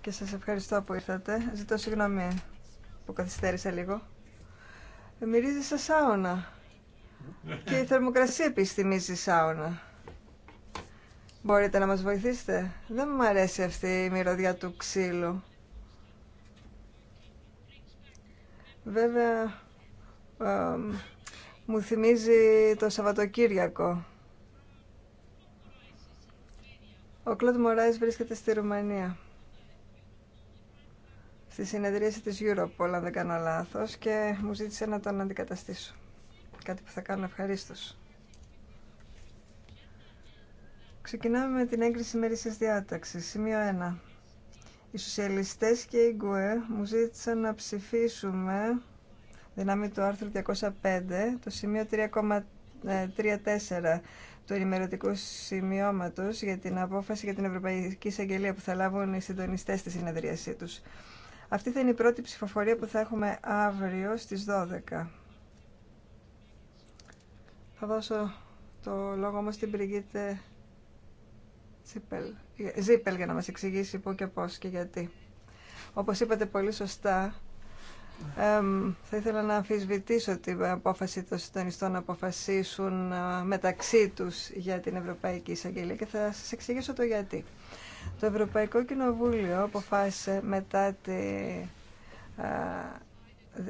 και σας ευχαριστώ που ήρθατε. Ζητώ συγγνώμη που καθυστέρησα λίγο. Μυρίζει σε σάωνα. Και η θερμοκρασία επίσης θυμίζει σάωνα. Μπορείτε να μας βοηθήσετε. Δεν μου αρέσει αυτή η μυρωδιά του ξύλου. Βέβαια, μου θυμίζει το Σαββατοκύριακο. Ο Κλοντ Μωράης βρίσκεται στη Ρουμανία στη συνεδρίαση της Europol, αν δεν κάνω λάθος, και μου ζήτησε να τον αντικαταστήσω. Κάτι που θα κάνω ευχαρίστω. Ξεκινάμε με την έγκριση μερίσιας διάταξης. Σημείο 1. Οι σοσιαλιστές και οι ΓΚΟΕ μου ζήτησαν να ψηφίσουμε δυνάμει του άρθρου 205, το σημείο 3,34 του ενημερωτικού σημειώματος για την απόφαση για την Ευρωπαϊκή Εισαγγελία που θα λάβουν οι συντονιστές στη συνεδρίασή τους. Αυτή θα είναι η πρώτη ψηφοφορία που θα έχουμε αύριο στις 12. Θα δώσω το λόγο όμως στην Πριγκίτε Ζίπελ για να μας εξηγήσει πού και πώς και γιατί. Όπως είπατε πολύ σωστά, θα ήθελα να αμφισβητήσω την απόφαση των συντονιστών να αποφασίσουν ε, μεταξύ τους για την Ευρωπαϊκή Εισαγγελία και θα σας εξηγήσω το γιατί. Το Ευρωπαϊκό Κοινοβούλιο αποφάσισε μετά τη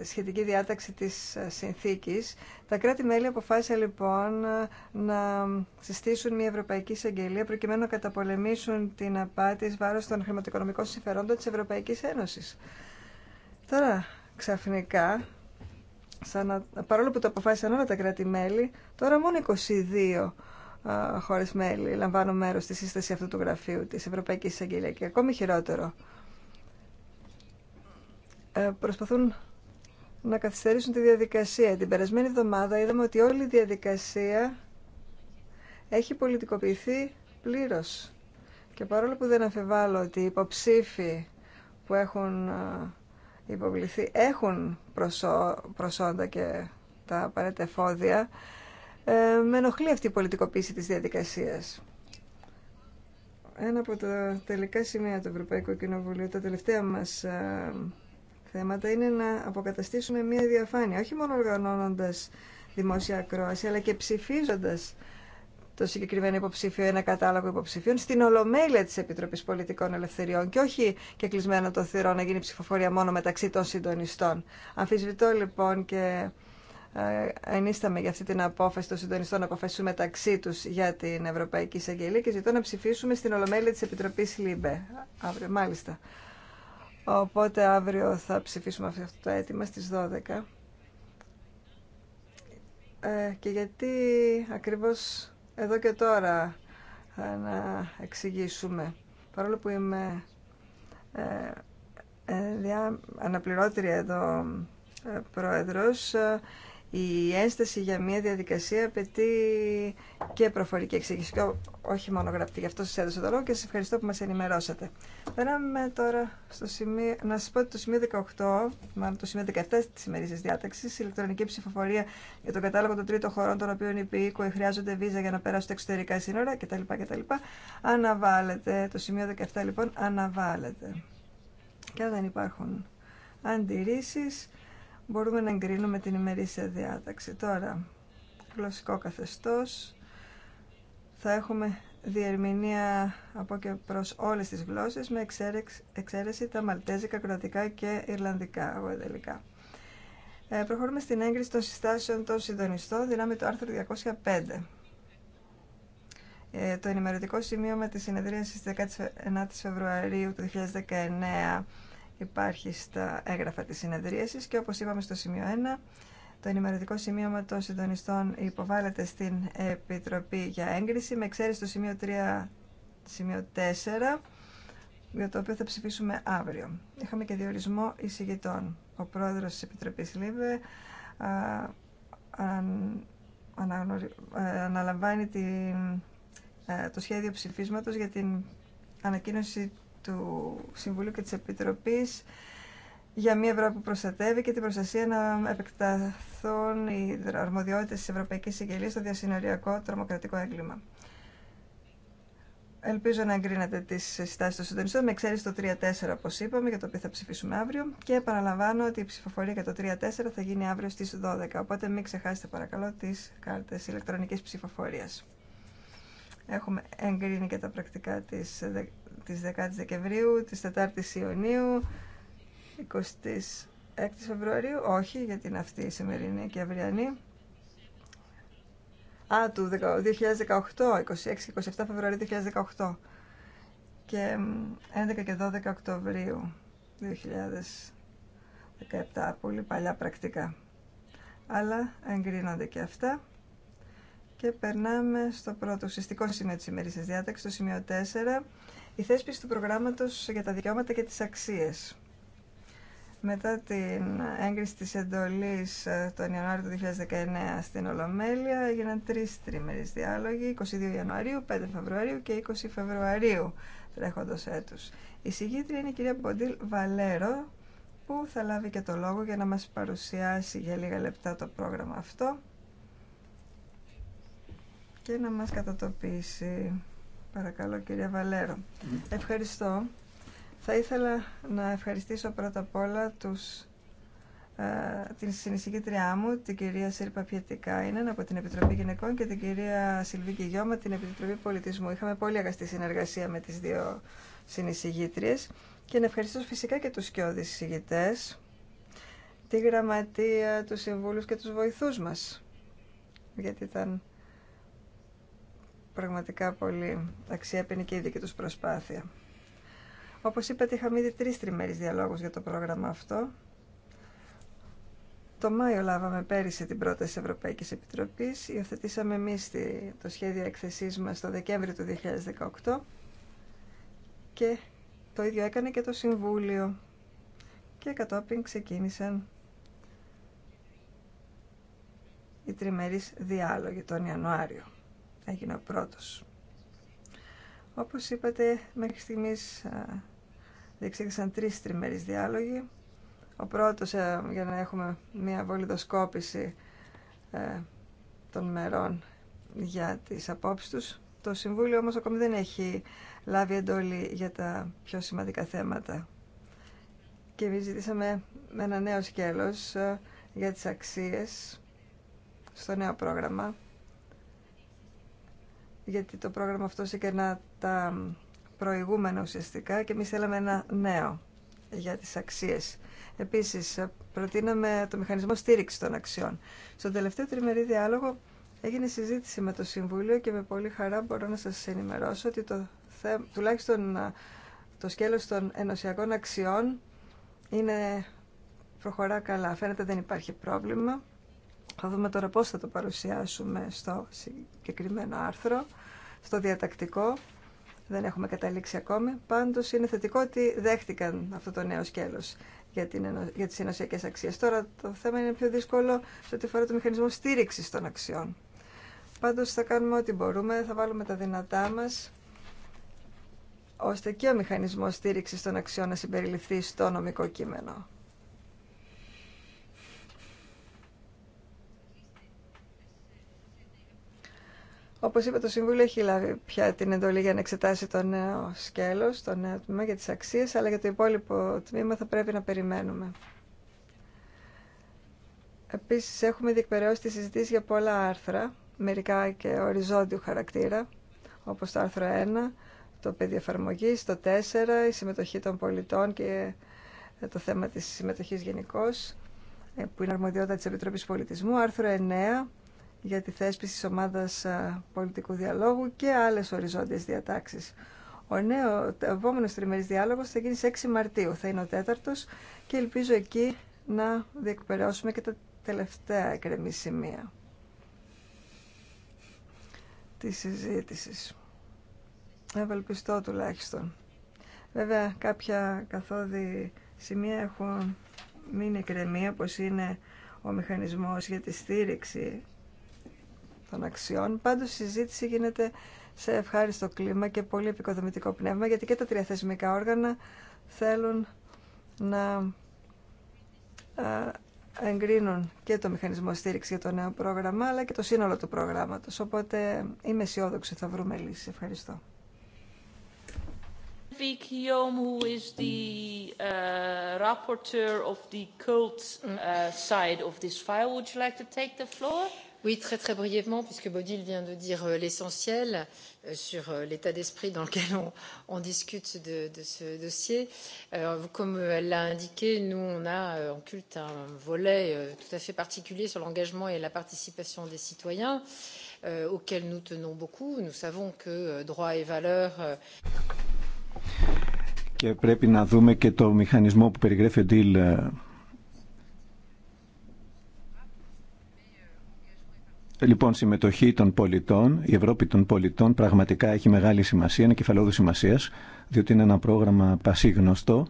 σχετική διάταξη της συνθήκης. Τα κράτη-μέλη αποφάσισαν λοιπόν να συστήσουν μια Ευρωπαϊκή Εισαγγελία προκειμένου να καταπολεμήσουν την απάτη εις βάρος των χρηματοοικονομικών συμφερόντων της Ευρωπαϊκής Ένωσης. Τώρα, ξαφνικά, σαν παρόλο που το αποφάσισαν όλα τα κράτη-μέλη, τώρα μόνο 22 χώρε μέλη λαμβάνουν μέρο στη σύσταση αυτού του γραφείου τη Ευρωπαϊκή Εισαγγελία. Και ακόμη χειρότερο, ε, προσπαθούν να καθυστερήσουν τη διαδικασία. Την περασμένη εβδομάδα είδαμε ότι όλη η διαδικασία έχει πολιτικοποιηθεί πλήρως. Και παρόλο που δεν αμφιβάλλω ότι οι υποψήφοι που έχουν υποβληθεί έχουν προσόντα και τα απαραίτητα εφόδια, ε, με ενοχλεί αυτή η πολιτικοποίηση της διαδικασίας. Ένα από τα τελικά σημεία του Ευρωπαϊκού Κοινοβουλίου, τα τελευταία μας ε, θέματα, είναι να αποκαταστήσουμε μία διαφάνεια, όχι μόνο οργανώνοντας δημόσια ακρόαση, αλλά και ψηφίζοντας το συγκεκριμένο υποψήφιο, ένα κατάλογο υποψηφίων, στην ολομέλεια τη Επιτροπή Πολιτικών Ελευθεριών και όχι και κλεισμένο το θηρό να γίνει ψηφοφορία μόνο μεταξύ των συντονιστών. Αμφισβητώ λοιπόν και ε, ενίσταμε για αυτή την απόφαση των συντονιστών να αποφασίσουν μεταξύ του για την Ευρωπαϊκή Εισαγγελία και ζητώ να ψηφίσουμε στην Ολομέλεια τη Επιτροπή ΛΥΜΠΕ. Αύριο, μάλιστα. Οπότε αύριο θα ψηφίσουμε αυτό το αίτημα στις 12. Ε, και γιατί ακριβώς εδώ και τώρα να εξηγήσουμε. Παρόλο που είμαι ε, ε, αναπληρώτρια εδώ ε, πρόεδρος, ε, η ένσταση για μια διαδικασία απαιτεί και προφορική εξήγηση, όχι μόνο γραπτή. Γι' αυτό σα έδωσα το λόγο και σα ευχαριστώ που μα ενημερώσατε. Περάμε τώρα στο σημείο, να σα πω ότι το σημείο 18, μάλλον το σημείο 17 τη ημερήσια διάταξη, Η ηλεκτρονική ψηφοφορία για τον κατάλογο των τρίτων χωρών των οποίων οι υπήκοοι «Ε, χρειάζονται βίζα για να περάσουν τα εξωτερικά σύνορα κτλ. κτλ. Αναβάλλεται. Το σημείο 17 λοιπόν αναβάλλεται. Και αν δεν υπάρχουν αντιρρήσει μπορούμε να εγκρίνουμε την ημερήσια διάταξη. Τώρα, γλωσσικό καθεστώς. Θα έχουμε διερμηνία από και προς όλες τις γλώσσες με εξαίρεση τα μαλτέζικα, κροατικά και ιρλανδικά αγωγελικά. Ε, προχωρούμε στην έγκριση των συστάσεων των συντονιστών δυνάμει του άρθρο 205. Ε, το ενημερωτικό σημείο με τη συνεδρίαση της 19 Φεβρουαρίου του 2019 υπάρχει στα έγγραφα της συνεδρίασης και όπως είπαμε στο σημείο 1, το ενημερωτικό σημείωμα των συντονιστών υποβάλλεται στην Επιτροπή για έγκριση με εξαίρεση το σημείο 3, σημείο 4, για το οποίο θα ψηφίσουμε αύριο. Είχαμε και διορισμό εισηγητών. Ο πρόεδρος της Επιτροπής Λίβε ε, αναλαμβάνει ε, το σχέδιο ψηφίσματος για την ανακοίνωση του Συμβουλίου και της Επιτροπής για μια Ευρώπη που προστατεύει και την προστασία να επεκταθούν οι αρμοδιότητες της Ευρωπαϊκής Συγγελίας στο διασυνοριακό τρομοκρατικό έγκλημα. Ελπίζω να εγκρίνετε τι συστάσει των συντονιστών με εξαίρεση το 3-4, όπω είπαμε, για το οποίο θα ψηφίσουμε αύριο. Και επαναλαμβάνω ότι η ψηφοφορία για το 3-4 θα γίνει αύριο στι 12. Οπότε μην ξεχάσετε, παρακαλώ, τι κάρτε ηλεκτρονική ψηφοφορία. Έχουμε εγκρίνει και τα πρακτικά τη της 10 Δεκεμβρίου, της 4 η Ιουνίου, 26 Φεβρουαρίου, όχι γιατί είναι αυτή η σημερινή και αυριανή. Α, του 2018, 26 27 Φεβρουαρίου 2018 και 11 και 12 Οκτωβρίου 2017, πολύ παλιά πρακτικά. Αλλά εγκρίνονται και αυτά. Και περνάμε στο πρώτο ουσιαστικό σημείο της ημέρης διάταξης, το σημείο 4, η θέσπιση του προγράμματος για τα δικαιώματα και τις αξίες. Μετά την έγκριση της εντολής ε, τον Ιανουάριο του 2019 στην Ολομέλεια έγιναν τρεις τρίμερες διάλογοι, 22 Ιανουαρίου, 5 Φεβρουαρίου και 20 Φεβρουαρίου τρέχοντος έτους. Η συγγήτρια είναι η κυρία Μποντήλ Βαλέρο που θα λάβει και το λόγο για να μας παρουσιάσει για λίγα λεπτά το πρόγραμμα αυτό και να μας κατατοπίσει. Παρακαλώ κυρία Βαλέρο. Mm. Ευχαριστώ. Θα ήθελα να ευχαριστήσω πρώτα απ' όλα τους, ε, την συνεισηγήτριά μου, την κυρία Σύρπα είναι από την Επιτροπή Γυναικών και την κυρία Σιλβίκη Γιώμα, την Επιτροπή Πολιτισμού. Είχαμε πολύ αγαστή συνεργασία με τις δύο συνεισηγήτριες και να ευχαριστήσω φυσικά και τους σκιώδεις συγητές, τη γραμματεία, τους συμβούλους και τους βοηθούς μας, γιατί ήταν πραγματικά πολύ αξιέπαινη και η δική τους προσπάθεια. Όπως είπατε, είχαμε ήδη τρεις τριμέρεις διαλόγους για το πρόγραμμα αυτό. Το Μάιο λάβαμε πέρυσι την πρόταση Ευρωπαϊκής Επιτροπής. Υιοθετήσαμε εμείς το σχέδιο εκθεσής μας το Δεκέμβριο του 2018 και το ίδιο έκανε και το Συμβούλιο και κατόπιν ξεκίνησαν οι τριμερείς διάλογοι τον Ιανουάριο έγινε ο πρώτος. Όπως είπατε, μέχρι στιγμής διεξήγησαν τρεις τριμερείς διάλογοι. Ο πρώτος για να έχουμε μια βολιδοσκόπηση των μερών για τις απόψεις τους. Το Συμβούλιο όμως ακόμη δεν έχει λάβει εντόλη για τα πιο σημαντικά θέματα. Και εμείς ζητήσαμε ένα νέο σκέλος για τις αξίες στο νέο πρόγραμμα γιατί το πρόγραμμα αυτό συγκερνά τα προηγούμενα ουσιαστικά και εμεί θέλαμε ένα νέο για τις αξίες. Επίσης, προτείναμε το μηχανισμό στήριξη των αξιών. Στον τελευταίο τριμερή διάλογο έγινε συζήτηση με το Συμβούλιο και με πολύ χαρά μπορώ να σας ενημερώσω ότι το τουλάχιστον το σκέλος των ενωσιακών αξιών είναι, προχωρά καλά. Φαίνεται δεν υπάρχει πρόβλημα. Θα δούμε τώρα πώς θα το παρουσιάσουμε στο συγκεκριμένο άρθρο στο διατακτικό. Δεν έχουμε καταλήξει ακόμη. Πάντως είναι θετικό ότι δέχτηκαν αυτό το νέο σκέλος για, την, για τις ενωσιακές αξίες. Τώρα το θέμα είναι πιο δύσκολο σε ό,τι αφορά το μηχανισμό στήριξης των αξιών. Πάντως θα κάνουμε ό,τι μπορούμε, θα βάλουμε τα δυνατά μας ώστε και ο μηχανισμός στήριξης των αξιών να συμπεριληφθεί στο νομικό κείμενο. Όπως είπα, το Συμβούλιο έχει λάβει πια την εντολή για να εξετάσει το νέο σκέλος, το νέο τμήμα για τις αξίες, αλλά για το υπόλοιπο τμήμα θα πρέπει να περιμένουμε. Επίσης, έχουμε διεκπαιρεώσει τη συζήτηση για πολλά άρθρα, μερικά και οριζόντιου χαρακτήρα, όπως το άρθρο 1, το πεδίο εφαρμογή, το 4, η συμμετοχή των πολιτών και ε, το θέμα της συμμετοχής γενικώ, ε, που είναι αρμοδιότητα της Επιτροπής Πολιτισμού, άρθρο 9, για τη θέσπιση της ομάδας ε, πολιτικού διαλόγου και άλλες οριζόντιες διατάξεις. Ο νέο επόμενο τριμερής διάλογος θα γίνει σε 6 Μαρτίου, θα είναι ο τέταρτος και ελπίζω εκεί να διεκπαιρεώσουμε και τα τελευταία εκκρεμή σημεία της συζήτηση. Ευελπιστώ τουλάχιστον. Βέβαια κάποια καθόδη σημεία έχουν μείνει εκκρεμή, όπως είναι ο μηχανισμός για τη στήριξη των αξιών. Πάντως η συζήτηση γίνεται σε ευχάριστο κλίμα και πολύ επικοδομητικό πνεύμα γιατί και τα τρία θεσμικά όργανα θέλουν να εγκρίνουν και το μηχανισμό στήριξη για το νέο πρόγραμμα αλλά και το σύνολο του προγράμματος. Οπότε είμαι αισιόδοξη, θα βρούμε λύση. Ευχαριστώ. Oui, très très brièvement, puisque Bodil vient de dire l'essentiel sur l'état d'esprit dans lequel on discute de ce dossier. Comme elle l'a indiqué, nous, on a en culte un volet tout à fait particulier sur l'engagement et la participation des citoyens, auquel nous tenons beaucoup. Nous savons que droit et valeurs. Και πρέπει να δούμε και le mécanisme που περιγράφει ο Λοιπόν, συμμετοχή των πολιτών, η Ευρώπη των πολιτών πραγματικά έχει μεγάλη σημασία, είναι κεφαλαίου σημασία, διότι είναι ένα πρόγραμμα πασίγνωστο,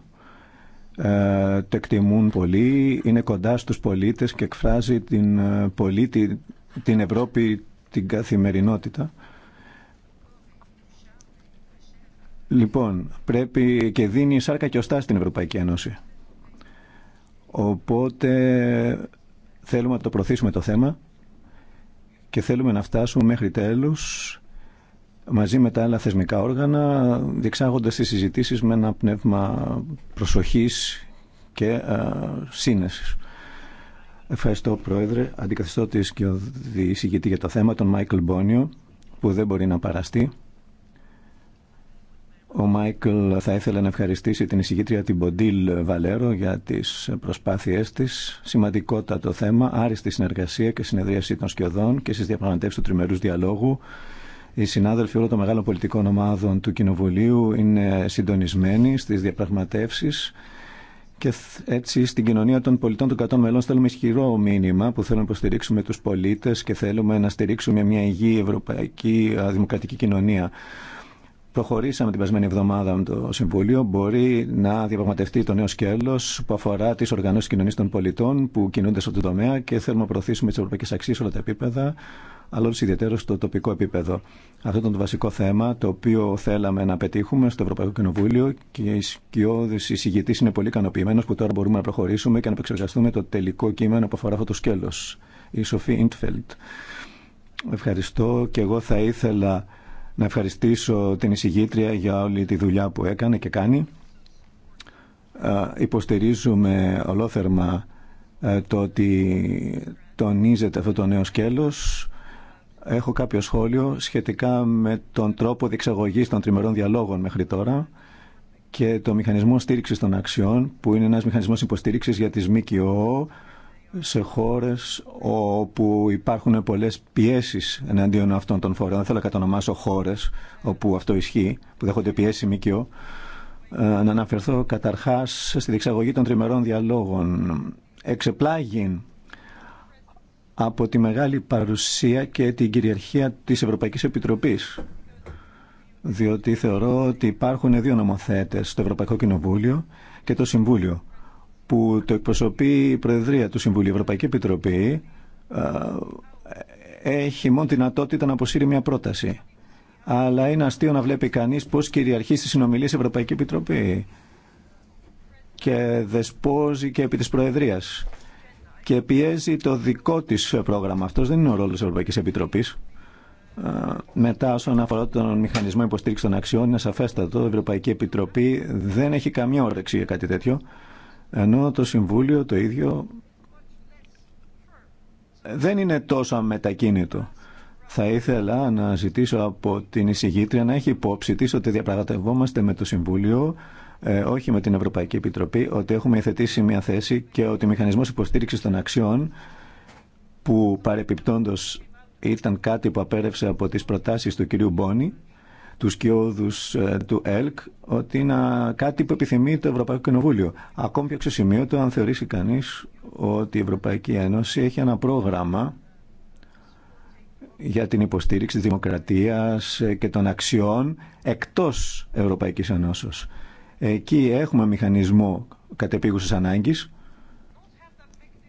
ε, το εκτιμούν πολύ, είναι κοντά στους πολίτες και εκφράζει την ε, πολίτη, την Ευρώπη, την καθημερινότητα. Λοιπόν, πρέπει και δίνει σάρκα και οστά στην Ευρωπαϊκή Ένωση. Οπότε θέλουμε να το προωθήσουμε το θέμα και θέλουμε να φτάσουμε μέχρι τέλους μαζί με τα άλλα θεσμικά όργανα διεξάγοντας τις συζητήσεις με ένα πνεύμα προσοχής και α, ε, σύνεσης. Ευχαριστώ Πρόεδρε, αντικαθιστώ της και ο για το θέμα τον Μάικλ Μπόνιο που δεν μπορεί να παραστεί. Ο Μάικλ θα ήθελε να ευχαριστήσει την εισηγήτρια την Ποντίλ Βαλέρο για τις προσπάθειές της. Σημαντικότατο θέμα, άριστη συνεργασία και συνεδρίαση των σκιωδών και στις διαπραγματεύσεις του τριμερούς διαλόγου. Οι συνάδελφοι όλων των μεγάλων πολιτικών ομάδων του Κοινοβουλίου είναι συντονισμένοι στις διαπραγματεύσεις και έτσι στην κοινωνία των πολιτών των 100 μελών στέλνουμε ισχυρό μήνυμα που θέλουμε να υποστηρίξουμε τους πολίτες και θέλουμε να στηρίξουμε μια υγιή ευρωπαϊκή δημοκρατική κοινωνία προχωρήσαμε την περασμένη εβδομάδα με το Συμβούλιο μπορεί να διαπραγματευτεί το νέο σκέλο που αφορά τι οργανώσει κοινωνία των πολιτών που κινούνται σε αυτό το τομέα και θέλουμε να προωθήσουμε τι ευρωπαϊκέ αξίε όλα τα επίπεδα, αλλά όλο ιδιαίτερο στο τοπικό επίπεδο. Αυτό ήταν το βασικό θέμα το οποίο θέλαμε να πετύχουμε στο Ευρωπαϊκό Κοινοβούλιο και η σκιώδη εισηγητή είναι πολύ ικανοποιημένο που τώρα μπορούμε να προχωρήσουμε και να επεξεργαστούμε το τελικό κείμενο που αφορά αυτό το σκέλο. Η Σοφή Ιντφελτ. Ευχαριστώ και εγώ θα ήθελα να ευχαριστήσω την εισηγήτρια για όλη τη δουλειά που έκανε και κάνει. Ε, υποστηρίζουμε ολόθερμα ε, το ότι τονίζεται αυτό το νέο σκέλος. Έχω κάποιο σχόλιο σχετικά με τον τρόπο διεξαγωγής των τριμερών διαλόγων μέχρι τώρα και το μηχανισμό στήριξης των αξιών που είναι ένας μηχανισμός υποστήριξης για τις ΜΚΟ σε χώρες όπου υπάρχουν πολλές πιέσεις εναντίον αυτών των φορέων. Δεν θέλω να κατονομάσω χώρες όπου αυτό ισχύει, που δέχονται πιέσει ΜΚΟ. Ε, να αναφερθώ καταρχάς στη διεξαγωγή των τριμερών διαλόγων. Εξεπλάγει από τη μεγάλη παρουσία και την κυριαρχία της Ευρωπαϊκής Επιτροπής. Διότι θεωρώ ότι υπάρχουν δύο νομοθέτες, το Ευρωπαϊκό Κοινοβούλιο και το Συμβούλιο που το εκπροσωπεί η Προεδρία του Συμβουλίου. Η Ευρωπαϊκή Επιτροπή έχει μόνο δυνατότητα να αποσύρει μια πρόταση. Αλλά είναι αστείο να βλέπει κανείς πώς κυριαρχεί στη συνομιλία η Ευρωπαϊκή Επιτροπή και δεσπόζει και επί της Προεδρίας και πιέζει το δικό της πρόγραμμα. Αυτός δεν είναι ο ρόλος της Ευρωπαϊκής Επιτροπής. Μετά, όσον αφορά τον μηχανισμό υποστήριξη των αξιών, είναι σαφέστατο. Η Ευρωπαϊκή Επιτροπή δεν έχει καμία όρεξη για κάτι τέτοιο. Ενώ το Συμβούλιο το ίδιο δεν είναι τόσο αμετακίνητο. Θα ήθελα να ζητήσω από την εισηγήτρια να έχει υπόψη της ότι διαπραγματευόμαστε με το Συμβούλιο, ε, όχι με την Ευρωπαϊκή Επιτροπή, ότι έχουμε υθετήσει μια θέση και ότι ο μηχανισμός υποστήριξης των αξιών που παρεπιπτόντος ήταν κάτι που απέρευσε από τις προτάσεις του κυρίου Μπόνι του ε, του ΕΛΚ ότι είναι κάτι που επιθυμεί το Ευρωπαϊκό Κοινοβούλιο. Ακόμη πιο ξεσημείωτο αν θεωρήσει κανείς ότι η Ευρωπαϊκή Ένωση έχει ένα πρόγραμμα για την υποστήριξη της δημοκρατίας ε, και των αξιών εκτός Ευρωπαϊκής Ένωσης. Εκεί έχουμε μηχανισμό κατεπίγουσης ανάγκης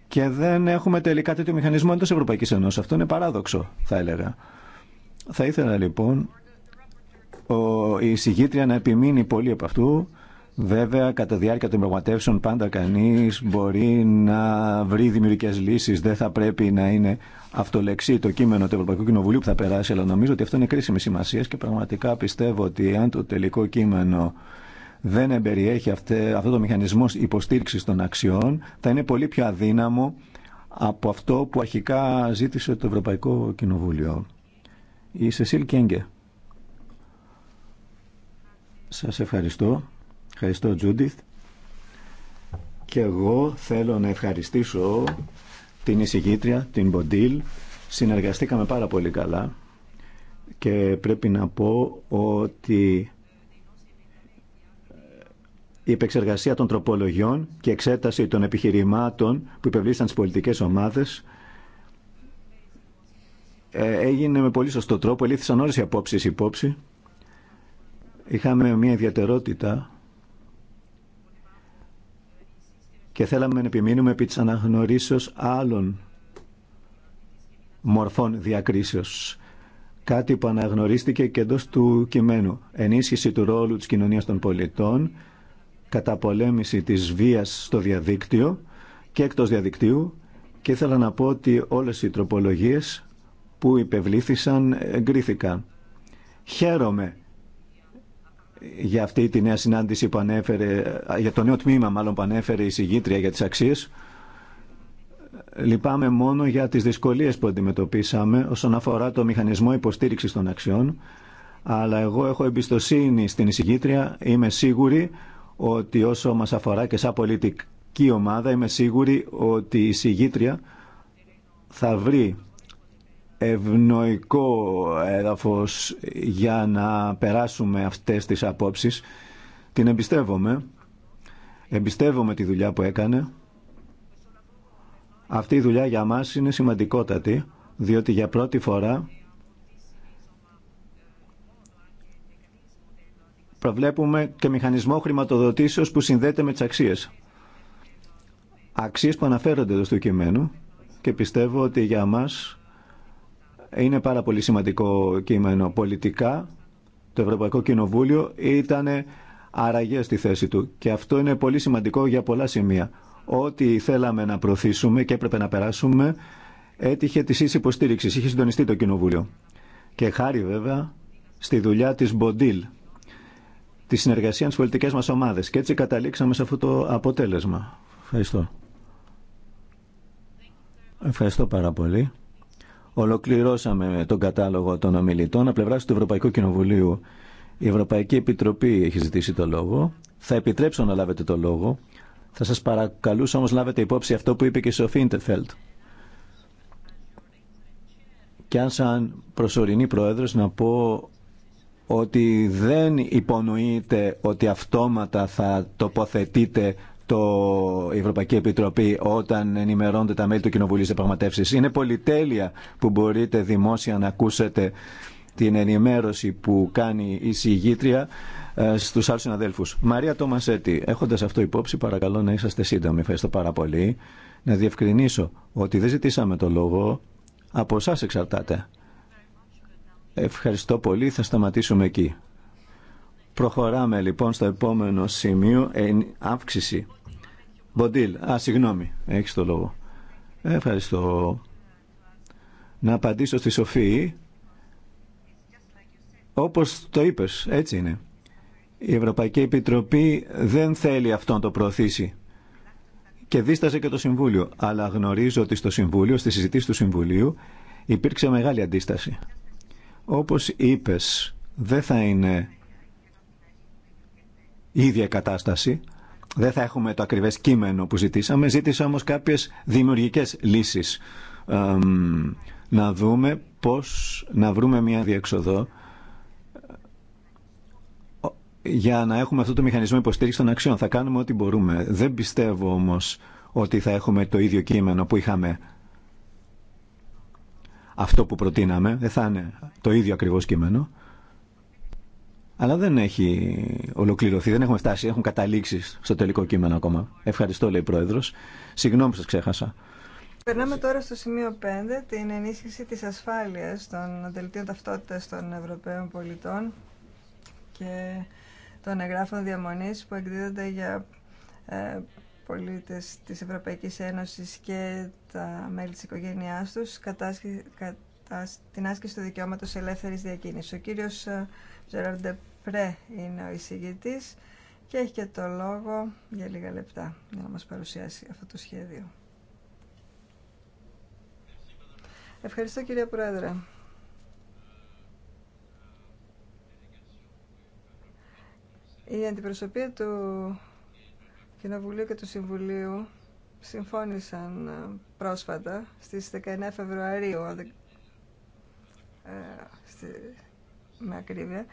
και δεν έχουμε τελικά τέτοιο μηχανισμό εντός Ευρωπαϊκής Ενώσεως. Αυτό είναι παράδοξο, θα έλεγα. Θα ήθελα λοιπόν ο, η συγγήτρια να επιμείνει πολύ από αυτού. Βέβαια, κατά διάρκεια των πραγματεύσεων πάντα κανεί μπορεί να βρει δημιουργικέ λύσει. Δεν θα πρέπει να είναι αυτολεξή το κείμενο του Ευρωπαϊκού Κοινοβουλίου που θα περάσει, αλλά νομίζω ότι αυτό είναι κρίσιμη σημασία και πραγματικά πιστεύω ότι αν το τελικό κείμενο δεν εμπεριέχει αυτέ, αυτό το μηχανισμό υποστήριξη των αξιών, θα είναι πολύ πιο αδύναμο από αυτό που αρχικά ζήτησε το Ευρωπαϊκό Κοινοβούλιο. Η Σεσίλ Κέγκε. Σας ευχαριστώ. Ευχαριστώ Τζούντιθ. Και εγώ θέλω να ευχαριστήσω την εισηγήτρια, την Μποντίλ. Συνεργαστήκαμε πάρα πολύ καλά και πρέπει να πω ότι η επεξεργασία των τροπολογιών και εξέταση των επιχειρημάτων που υπευλήθησαν στις πολιτικές ομάδες ε, έγινε με πολύ σωστό τρόπο, ελήφθησαν όλες οι απόψεις υπόψη είχαμε μια ιδιαιτερότητα και θέλαμε να επιμείνουμε επί της αναγνωρίσεως άλλων μορφών διακρίσεως. Κάτι που αναγνωρίστηκε και εντό του κειμένου. Ενίσχυση του ρόλου της κοινωνίας των πολιτών, καταπολέμηση της βίας στο διαδίκτυο και εκτός διαδικτύου και ήθελα να πω ότι όλες οι τροπολογίες που υπευλήθησαν εγκρίθηκαν. Χαίρομαι για αυτή τη νέα συνάντηση που ανέφερε, για το νέο τμήμα μάλλον που ανέφερε η συγγήτρια για τις αξίες. Λυπάμαι μόνο για τις δυσκολίες που αντιμετωπίσαμε όσον αφορά το μηχανισμό υποστήριξης των αξιών, αλλά εγώ έχω εμπιστοσύνη στην εισηγήτρια, είμαι σίγουρη ότι όσο μας αφορά και σαν πολιτική ομάδα, είμαι σίγουρη ότι η εισηγήτρια θα βρει ευνοϊκό έδαφος για να περάσουμε αυτές τις απόψεις. Την εμπιστεύομαι. Εμπιστεύομαι τη δουλειά που έκανε. Αυτή η δουλειά για μας είναι σημαντικότατη, διότι για πρώτη φορά προβλέπουμε και μηχανισμό χρηματοδοτήσεως που συνδέεται με τις αξίες. Αξίες που αναφέρονται εδώ στο κειμένο και πιστεύω ότι για μας είναι πάρα πολύ σημαντικό κείμενο πολιτικά. Το Ευρωπαϊκό Κοινοβούλιο ήταν αραγέ στη θέση του και αυτό είναι πολύ σημαντικό για πολλά σημεία. Ό,τι θέλαμε να προωθήσουμε και έπρεπε να περάσουμε έτυχε τη ίση υποστήριξη, είχε συντονιστεί το Κοινοβούλιο. Και χάρη βέβαια στη δουλειά τη Μποντίλ, τη συνεργασία με τι πολιτικέ μα ομάδε. Και έτσι καταλήξαμε σε αυτό το αποτέλεσμα. Ευχαριστώ. Ευχαριστώ πάρα πολύ. Ολοκληρώσαμε τον κατάλογο των ομιλητών. Από πλευρά του Ευρωπαϊκού Κοινοβουλίου, η Ευρωπαϊκή Επιτροπή έχει ζητήσει το λόγο. Θα επιτρέψω να λάβετε το λόγο. Θα σας παρακαλούσα όμως λάβετε υπόψη αυτό που είπε και η Σοφή Ιντεφέλτ. Και αν σαν προσωρινή πρόεδρος να πω ότι δεν υπονοείται ότι αυτόματα θα τοποθετείτε το, Ευρωπαϊκή Επιτροπή όταν ενημερώνετε τα μέλη του Κοινοβουλίου σε πραγματεύσεις. Είναι πολυτέλεια που μπορείτε δημόσια να ακούσετε την ενημέρωση που κάνει η συγγήτρια ε, στους άλλους συναδέλφους. Μαρία Τόμασέτη, έχοντας αυτό υπόψη, παρακαλώ να είσαστε σύντομοι. Ευχαριστώ πάρα πολύ. Να διευκρινίσω ότι δεν ζητήσαμε το λόγο. Από εσά εξαρτάται. Ευχαριστώ πολύ. Θα σταματήσουμε εκεί. Προχωράμε λοιπόν στο επόμενο σημείο, αύξηση Μποντήλ, α, συγγνώμη, έχεις το λόγο. Ε, ευχαριστώ. Να απαντήσω στη Σοφή. Όπως το είπες, έτσι είναι. Η Ευρωπαϊκή Επιτροπή δεν θέλει αυτό να το προωθήσει. Και δίσταζε και το Συμβούλιο. Αλλά γνωρίζω ότι στο Συμβούλιο, στη συζητήση του Συμβουλίου, υπήρξε μεγάλη αντίσταση. Όπως είπες, δεν θα είναι η ίδια κατάσταση, δεν θα έχουμε το ακριβές κείμενο που ζητήσαμε. Ζήτησα όμως κάποιες δημιουργικές λύσεις. να δούμε πώς να βρούμε μια διεξοδό για να έχουμε αυτό το μηχανισμό υποστήριξη των αξιών. Θα κάνουμε ό,τι μπορούμε. Δεν πιστεύω όμως ότι θα έχουμε το ίδιο κείμενο που είχαμε αυτό που προτείναμε. Δεν θα είναι το ίδιο ακριβώς κείμενο αλλά δεν έχει ολοκληρωθεί, δεν έχουμε φτάσει, έχουν καταλήξει στο τελικό κείμενο ακόμα. Ευχαριστώ, λέει η Πρόεδρος. Συγγνώμη που σας ξέχασα. Περνάμε τώρα στο σημείο 5, την ενίσχυση της ασφάλειας των δελτίων ταυτότητα των Ευρωπαίων πολιτών και των εγγράφων διαμονής που εκδίδονται για ε, πολίτες της Ευρωπαϊκής Ένωσης και τα μέλη της οικογένειάς τους κατά, κατά την άσκηση του δικαιώματος ελεύθερης διακίνησης. Ο κύριος ε, Πρέ είναι ο εισηγητής και έχει και το λόγο για λίγα λεπτά για να μας παρουσιάσει αυτό το σχέδιο. Ευχαριστώ κύριε Πρόεδρε. Η αντιπροσωπεία του Κοινοβουλίου και του Συμβουλίου συμφώνησαν ε, πρόσφατα στις 19 Φεβρουαρίου ε, με ακρίβεια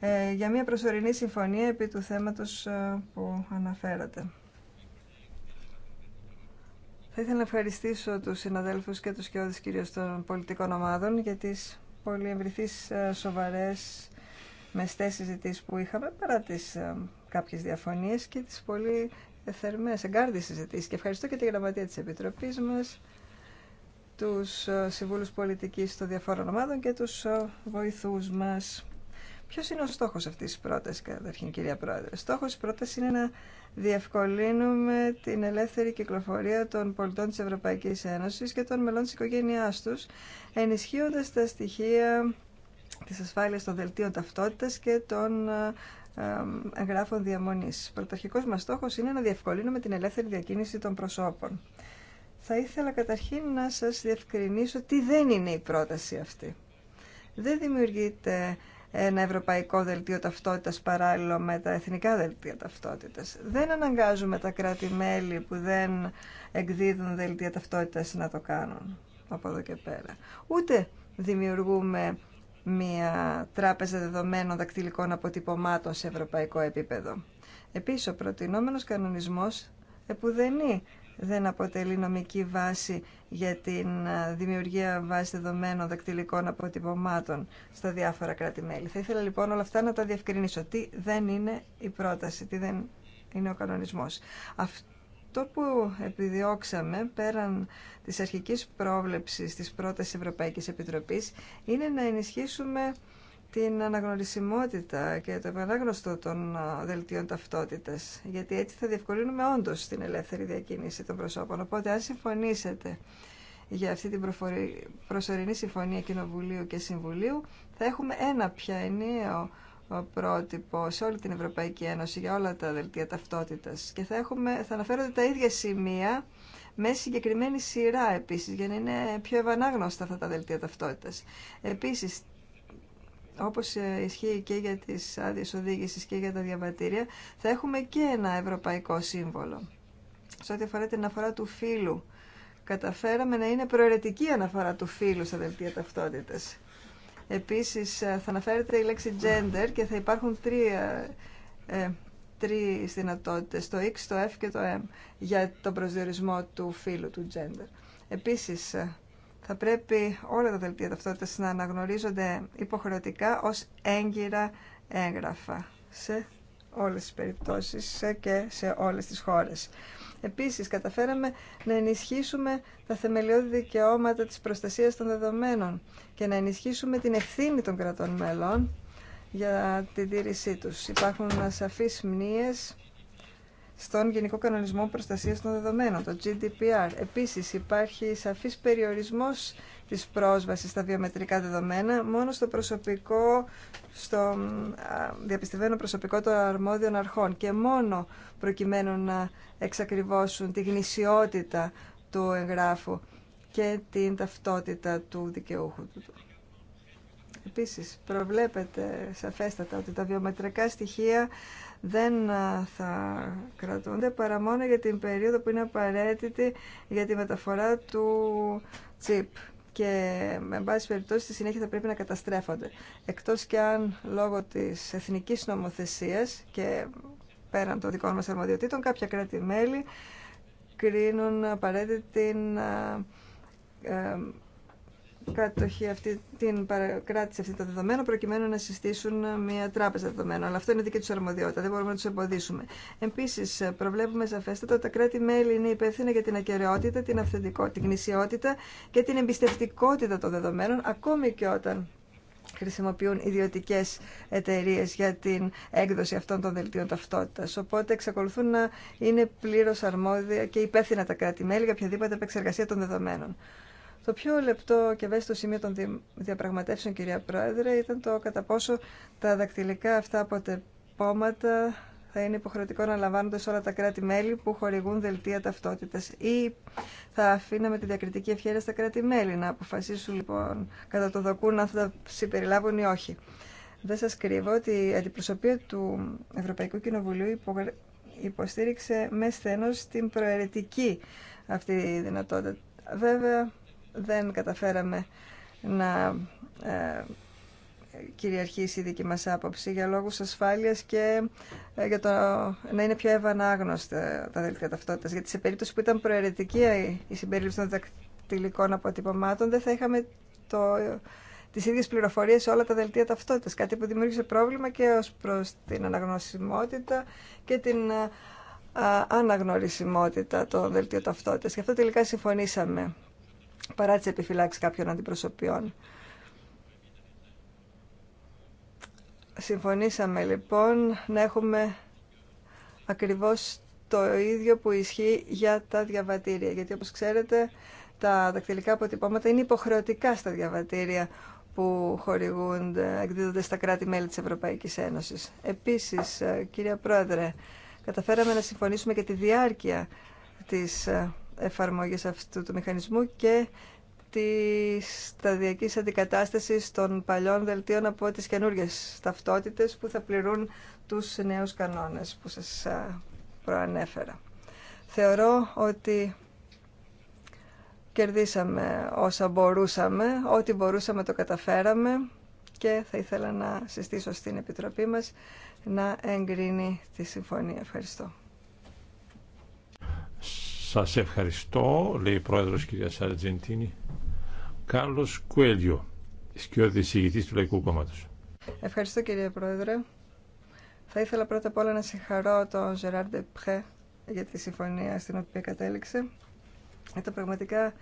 ε, για μια προσωρινή συμφωνία επί του θέματος ε, που αναφέρατε. Θα ήθελα να ευχαριστήσω τους συναδέλφους και τους κοιόδης κυρίως των πολιτικών ομάδων για τις πολύ ευρυθείς ε, σοβαρές μεστές συζητήσεις που είχαμε παρά τις κάποιες διαφωνίες και τις πολύ θερμές εγκάρδιες συζητήσεις. Και ευχαριστώ και τη γραμματεία της Επιτροπής μας, τους συμβούλους πολιτικής των διαφόρων ομάδων και τους βοηθούς μας. Ποιο είναι ο στόχο αυτή τη πρόταση, καταρχήν, κυρία Πρόεδρε. Στόχο τη πρόταση είναι να διευκολύνουμε την ελεύθερη κυκλοφορία των πολιτών τη Ευρωπαϊκή Ένωση και των μελών τη οικογένειά του, ενισχύοντα τα στοιχεία τη ασφάλεια των δελτίων ταυτότητα και των ε, εγγράφων διαμονή. Πρωταρχικό μα στόχο είναι να διευκολύνουμε την ελεύθερη διακίνηση των προσώπων. Θα ήθελα καταρχήν να σας διευκρινίσω τι δεν είναι η πρόταση αυτή. Δεν δημιουργείται ένα ευρωπαϊκό δελτίο ταυτότητας παράλληλο με τα εθνικά δελτία ταυτότητας. Δεν αναγκάζουμε τα κράτη-μέλη που δεν εκδίδουν δελτία ταυτότητας να το κάνουν από εδώ και πέρα. Ούτε δημιουργούμε μια τράπεζα δεδομένων δακτυλικών αποτυπωμάτων σε ευρωπαϊκό επίπεδο. Επίσης, ο προτινόμενος κανονισμός επουδενεί δεν αποτελεί νομική βάση για τη ε, δημιουργία βάση δεδομένων δακτυλικών αποτυπωμάτων στα διάφορα κράτη-μέλη. Θα ήθελα λοιπόν όλα αυτά να τα διευκρινίσω. Τι δεν είναι η πρόταση, τι δεν είναι ο κανονισμός. Αυτό που επιδιώξαμε πέραν της αρχικής πρόβλεψης της πρώτης Ευρωπαϊκής Επιτροπής είναι να ενισχύσουμε την αναγνωρισιμότητα και το επανάγνωστο των δελτίων ταυτότητας, γιατί έτσι θα διευκολύνουμε όντως την ελεύθερη διακίνηση των προσώπων. Οπότε, αν συμφωνήσετε για αυτή την προσωρινή συμφωνία Κοινοβουλίου και Συμβουλίου, θα έχουμε ένα πια ενίο πρότυπο σε όλη την Ευρωπαϊκή Ένωση για όλα τα δελτία ταυτότητα. και θα, θα αναφέρονται τα ίδια σημεία με συγκεκριμένη σειρά επίσης για να είναι πιο ευανάγνωστα αυτά τα δελτία ταυτότητας. Επίσης όπως ε, ισχύει και για τις άδειε οδήγηση και για τα διαβατήρια, θα έχουμε και ένα ευρωπαϊκό σύμβολο. Σε ό,τι αφορά την αναφορά του φύλου, καταφέραμε να είναι προαιρετική αναφορά του φύλου στα δελτία ταυτότητας. Επίσης, ε, θα αναφέρεται η λέξη gender και θα υπάρχουν τρία, ε, τρεις το X, το F και το M, για τον προσδιορισμό του φύλου, του gender. Επίσης, ε, θα πρέπει όλα τα δελτία ταυτότητα να αναγνωρίζονται υποχρεωτικά ως έγκυρα έγγραφα σε όλες τις περιπτώσεις και σε όλες τις χώρες. Επίσης, καταφέραμε να ενισχύσουμε τα θεμελιώδη δικαιώματα της προστασίας των δεδομένων και να ενισχύσουμε την ευθύνη των κρατών μελών για την τήρησή τους. Υπάρχουν σαφείς μνήες στον Γενικό Κανονισμό Προστασίας των Δεδομένων, το GDPR. Επίσης υπάρχει σαφής περιορισμός της πρόσβασης στα βιομετρικά δεδομένα μόνο στο προσωπικό, στο διαπιστευμένο προσωπικό των αρμόδιων αρχών και μόνο προκειμένου να εξακριβώσουν τη γνησιότητα του εγγράφου και την ταυτότητα του δικαιούχου του. Επίσης, προβλέπεται σαφέστατα ότι τα βιομετρικά στοιχεία δεν ε, θα κρατούνται παρά μόνο για την περίοδο που είναι απαραίτητη για τη μεταφορά του τσιπ και με βάση περιπτώσει στη συνέχεια θα πρέπει να καταστρέφονται. Εκτός και αν λόγω της εθνικής νομοθεσίας και πέραν των δικών μας αρμοδιοτήτων κάποια κράτη-μέλη κρίνουν απαραίτητη την ε, ε, κατοχή αυτή, την παρακράτηση αυτή των δεδομένων προκειμένου να συστήσουν μια τράπεζα δεδομένων. Αλλά αυτό είναι δική του αρμοδιότητα, δεν μπορούμε να του εμποδίσουμε. Επίση, προβλέπουμε σαφέστατα ότι τα κράτη-μέλη είναι υπεύθυνα για την ακαιρεότητα, την αυθεντικότητα, την γνησιότητα και την εμπιστευτικότητα των δεδομένων, ακόμη και όταν χρησιμοποιούν ιδιωτικέ εταιρείε για την έκδοση αυτών των δελτίων ταυτότητα. Οπότε εξακολουθούν να είναι πλήρω αρμόδια και υπεύθυνα τα κράτη-μέλη για οποιαδήποτε επεξεργασία των δεδομένων. Το πιο λεπτό και ευαίσθητο σημείο των διαπραγματεύσεων, κυρία Πρόεδρε, ήταν το κατά πόσο τα δακτυλικά αυτά αποτεπώματα θα είναι υποχρεωτικό να λαμβάνονται σε όλα τα κράτη-μέλη που χορηγούν δελτία ταυτότητα. Ή θα αφήναμε τη διακριτική ευχαίρεια στα κράτη-μέλη να αποφασίσουν λοιπόν κατά το δοκούν αν θα τα συμπεριλάβουν ή όχι. Δεν σα κρύβω ότι η αντιπροσωπεία του Ευρωπαϊκού Κοινοβουλίου υποστήριξε με στένος την προαιρετική αυτή δυνατότητα. Βέβαια, δεν καταφέραμε να ε, κυριαρχήσει η δική μας άποψη για λόγους ασφάλειας και ε, για το να είναι πιο ευανάγνωστα τα δελτία ταυτότητας. Γιατί σε περίπτωση που ήταν προαιρετική η συμπερίληψη των δακτυλικών αποτυπωμάτων δεν θα είχαμε το, τις ίδιες πληροφορίες σε όλα τα δελτία ταυτότητας. Κάτι που δημιούργησε πρόβλημα και ως προς την αναγνωσιμότητα και την ε, αναγνωρισιμότητα των δελτίων ταυτότητας. Γι' αυτό τελικά συμφωνήσαμε παρά τι επιφυλάξει κάποιων αντιπροσωπιών. Συμφωνήσαμε λοιπόν να έχουμε ακριβώς το ίδιο που ισχύει για τα διαβατήρια. Γιατί όπως ξέρετε τα δακτυλικά αποτυπώματα είναι υποχρεωτικά στα διαβατήρια που χορηγούνται, εκδίδονται στα κράτη-μέλη της Ευρωπαϊκής Ένωσης. Επίσης, κύριε Πρόεδρε, καταφέραμε να συμφωνήσουμε και τη διάρκεια της ε, εφαρμογής αυτού του μηχανισμού και τη σταδιακή αντικατάστασης των παλιών δελτίων από τις καινούργιες ταυτότητες που θα πληρούν τους νέους κανόνες που σας προανέφερα. Θεωρώ ότι κερδίσαμε όσα μπορούσαμε, ό,τι μπορούσαμε το καταφέραμε και θα ήθελα να συστήσω στην Επιτροπή μας να εγκρίνει τη συμφωνία. Ευχαριστώ. Σας ευχαριστώ, λέει η πρόεδρος κυρία Σαρτζεντίνη. Κάρλος Κουέλιο, σκιώδης ηγητής του Λαϊκού Κόμματος. Ευχαριστώ κύριε πρόεδρε. Θα ήθελα πρώτα απ' όλα να συγχαρώ τον Ζεράρ Πχε για τη συμφωνία στην οποία κατέληξε. Ήταν πραγματικά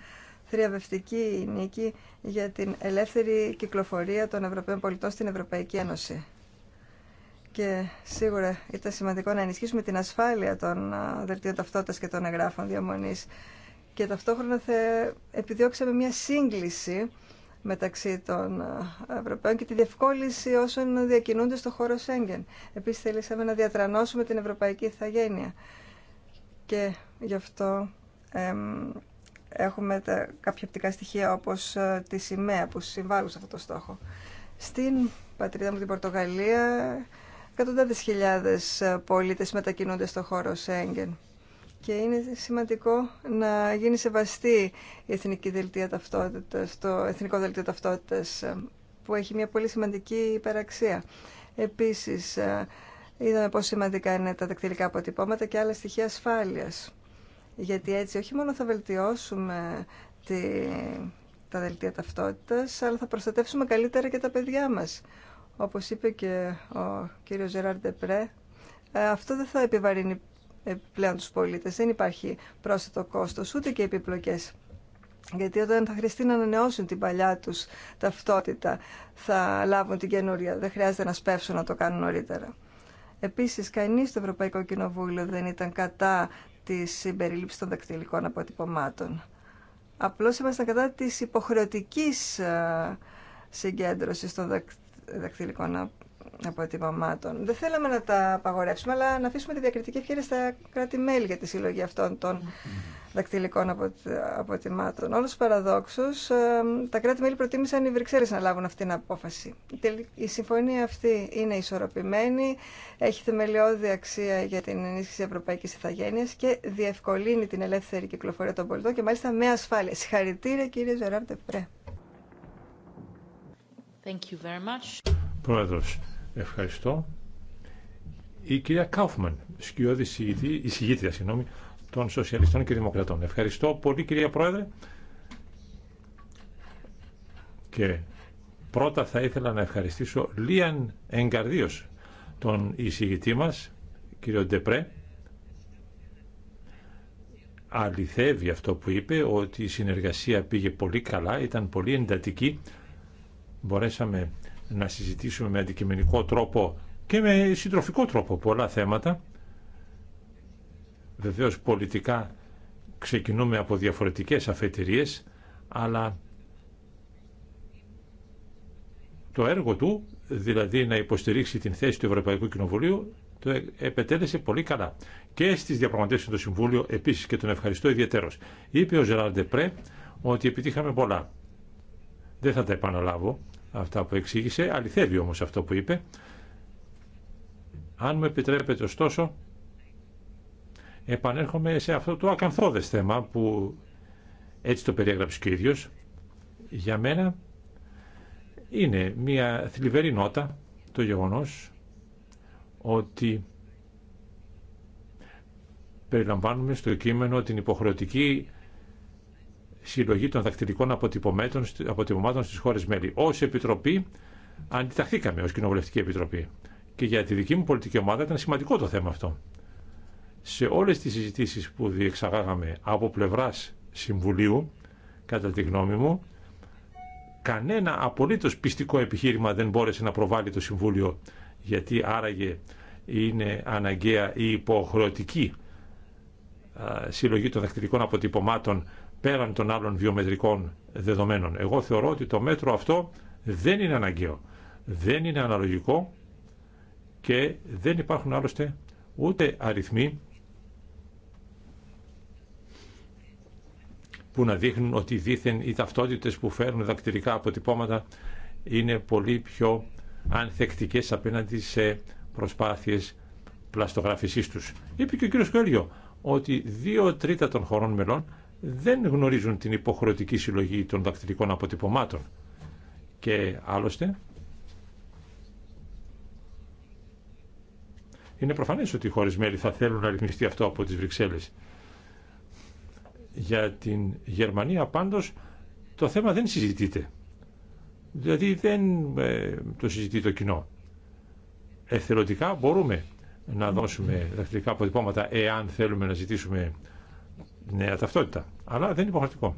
θριαβευτική νίκη για την ελεύθερη κυκλοφορία των Ευρωπαίων πολιτών στην Ευρωπαϊκή Ένωση και σίγουρα ήταν σημαντικό να ενισχύσουμε την ασφάλεια των δελτίων ταυτότητας και των εγγράφων διαμονή και ταυτόχρονα θα επιδιώξαμε μια σύγκληση μεταξύ των Ευρωπαίων και τη διευκόλυνση όσων διακινούνται στο χώρο Σέγγεν. Επίσης θέλησαμε να διατρανώσουμε την ευρωπαϊκή ηθαγένεια και γι' αυτό έχουμε τα, κάποια οπτικά στοιχεία όπως τη σημαία που συμβάλλουν σε αυτό το στόχο. Στην πατρίδα μου την Πορτογαλία Εκατοντάδες χιλιάδες ε, πολίτες μετακινούνται στο χώρο Σέγγεν και είναι σημαντικό να γίνει σεβαστή η εθνική δελτία ταυτότητας, το εθνικό δελτίο ταυτότητας ε, που έχει μια πολύ σημαντική υπεραξία. Επίσης, ε, είδαμε πόσο σημαντικά είναι τα δεκτυλικά αποτυπώματα και άλλα στοιχεία ασφάλειας. Γιατί έτσι όχι μόνο θα βελτιώσουμε τη, τα δελτία ταυτότητας, αλλά θα προστατεύσουμε καλύτερα και τα παιδιά μας. Όπως είπε και ο κύριος Ζεράρ Ντεπρέ, αυτό δεν θα επιβαρύνει ε, πλέον τους πολίτες. Δεν υπάρχει πρόσθετο κόστος, ούτε και επιπλοκές. Γιατί όταν θα χρειαστεί να ανανεώσουν την παλιά τους ταυτότητα, θα λάβουν την καινούρια. Δεν χρειάζεται να σπεύσουν να το κάνουν νωρίτερα. Επίσης, κανείς στο Ευρωπαϊκό Κοινοβούλιο δεν ήταν κατά της συμπερίληψης των δακτυλικών αποτυπωμάτων. Απλώς ήμασταν κατά της υποχρεωτικής ε, συγκέντρωσης των δακτυλικών δακτυλικών αποτυπωμάτων. Δεν θέλαμε να τα απαγορεύσουμε, αλλά να αφήσουμε τη διακριτική ευκαιρία στα κράτη-μέλη για τη συλλογή αυτών των δακτυλικών αποτυπωμάτων. Όλο παραδόξω, ε, τα κράτη-μέλη προτίμησαν οι Βρυξέλλε να λάβουν αυτή την απόφαση. Η συμφωνία αυτή είναι ισορροπημένη, έχει θεμελιώδη αξία για την ενίσχυση ευρωπαϊκή ηθαγένεια και διευκολύνει την ελεύθερη κυκλοφορία των πολιτών και μάλιστα με ασφάλεια. Συγχαρητήρια, κύριε Ζεράρντε Πρέ. Thank you very much. Πρόεδρος, ευχαριστώ. Η κυρία Κάουφμαν, σκιώδη εισηγήτρια συγγνώμη, των Σοσιαλιστών και Δημοκρατών. Ευχαριστώ πολύ κυρία Πρόεδρε. Και πρώτα θα ήθελα να ευχαριστήσω Λίαν Εγκαρδίος, τον εισηγητή μας, κύριο Ντεπρέ. Αληθεύει αυτό που είπε, ότι η συνεργασία πήγε πολύ καλά, ήταν πολύ εντατική μπορέσαμε να συζητήσουμε με αντικειμενικό τρόπο και με συντροφικό τρόπο πολλά θέματα. Βεβαίως πολιτικά ξεκινούμε από διαφορετικές αφετηρίες, αλλά το έργο του, δηλαδή να υποστηρίξει την θέση του Ευρωπαϊκού Κοινοβουλίου, το επετέλεσε πολύ καλά. Και στις διαπραγματεύσεις του Συμβούλιο επίσης και τον ευχαριστώ ιδιαίτερω. Είπε ο Ζεράρντε Πρέ ότι επιτύχαμε πολλά. Δεν θα τα επαναλάβω αυτά που εξήγησε, αληθεύει όμως αυτό που είπε. Αν μου επιτρέπετε ωστόσο, επανέρχομαι σε αυτό το ακαθόδες θέμα που έτσι το περιέγραψε και ο ίδιος. Για μένα είναι μια θλιβερή νότα το γεγονός ότι περιλαμβάνουμε στο κείμενο την υποχρεωτική συλλογή των δακτυλικών αποτυπωμάτων στι χώρε μέλη. Ω Επιτροπή αντιταχθήκαμε ω Κοινοβουλευτική Επιτροπή και για τη δική μου πολιτική ομάδα ήταν σημαντικό το θέμα αυτό. Σε όλε τι συζητήσει που διεξαγάγαμε από πλευρά Συμβουλίου, κατά τη γνώμη μου, κανένα απολύτω πιστικό επιχείρημα δεν μπόρεσε να προβάλλει το Συμβούλιο γιατί άραγε είναι αναγκαία η υποχρεωτική συλλογή των δακτυλικών αποτυπωμάτων πέραν των άλλων βιομετρικών δεδομένων. Εγώ θεωρώ ότι το μέτρο αυτό δεν είναι αναγκαίο, δεν είναι αναλογικό και δεν υπάρχουν άλλωστε ούτε αριθμοί που να δείχνουν ότι δήθεν οι ταυτότητες που φέρνουν δακτυλικά αποτυπώματα είναι πολύ πιο ανθεκτικές απέναντι σε προσπάθειες πλαστογραφησής τους. Είπε και ο κύριος Κέλιο ότι δύο τρίτα των χωρών μελών δεν γνωρίζουν την υποχρεωτική συλλογή των δακτυλικών αποτυπωμάτων. Και άλλωστε, είναι προφανές ότι οι χώρες μέλη θα θέλουν να ρυθμιστεί αυτό από τις Βρυξέλλες. Για την Γερμανία πάντως το θέμα δεν συζητείται. Δηλαδή δεν ε, το συζητεί το κοινό. Εθελοντικά μπορούμε να δώσουμε δακτυλικά αποτυπώματα εάν θέλουμε να ζητήσουμε νέα ταυτότητα. Αλλά δεν είναι υποχρεωτικό.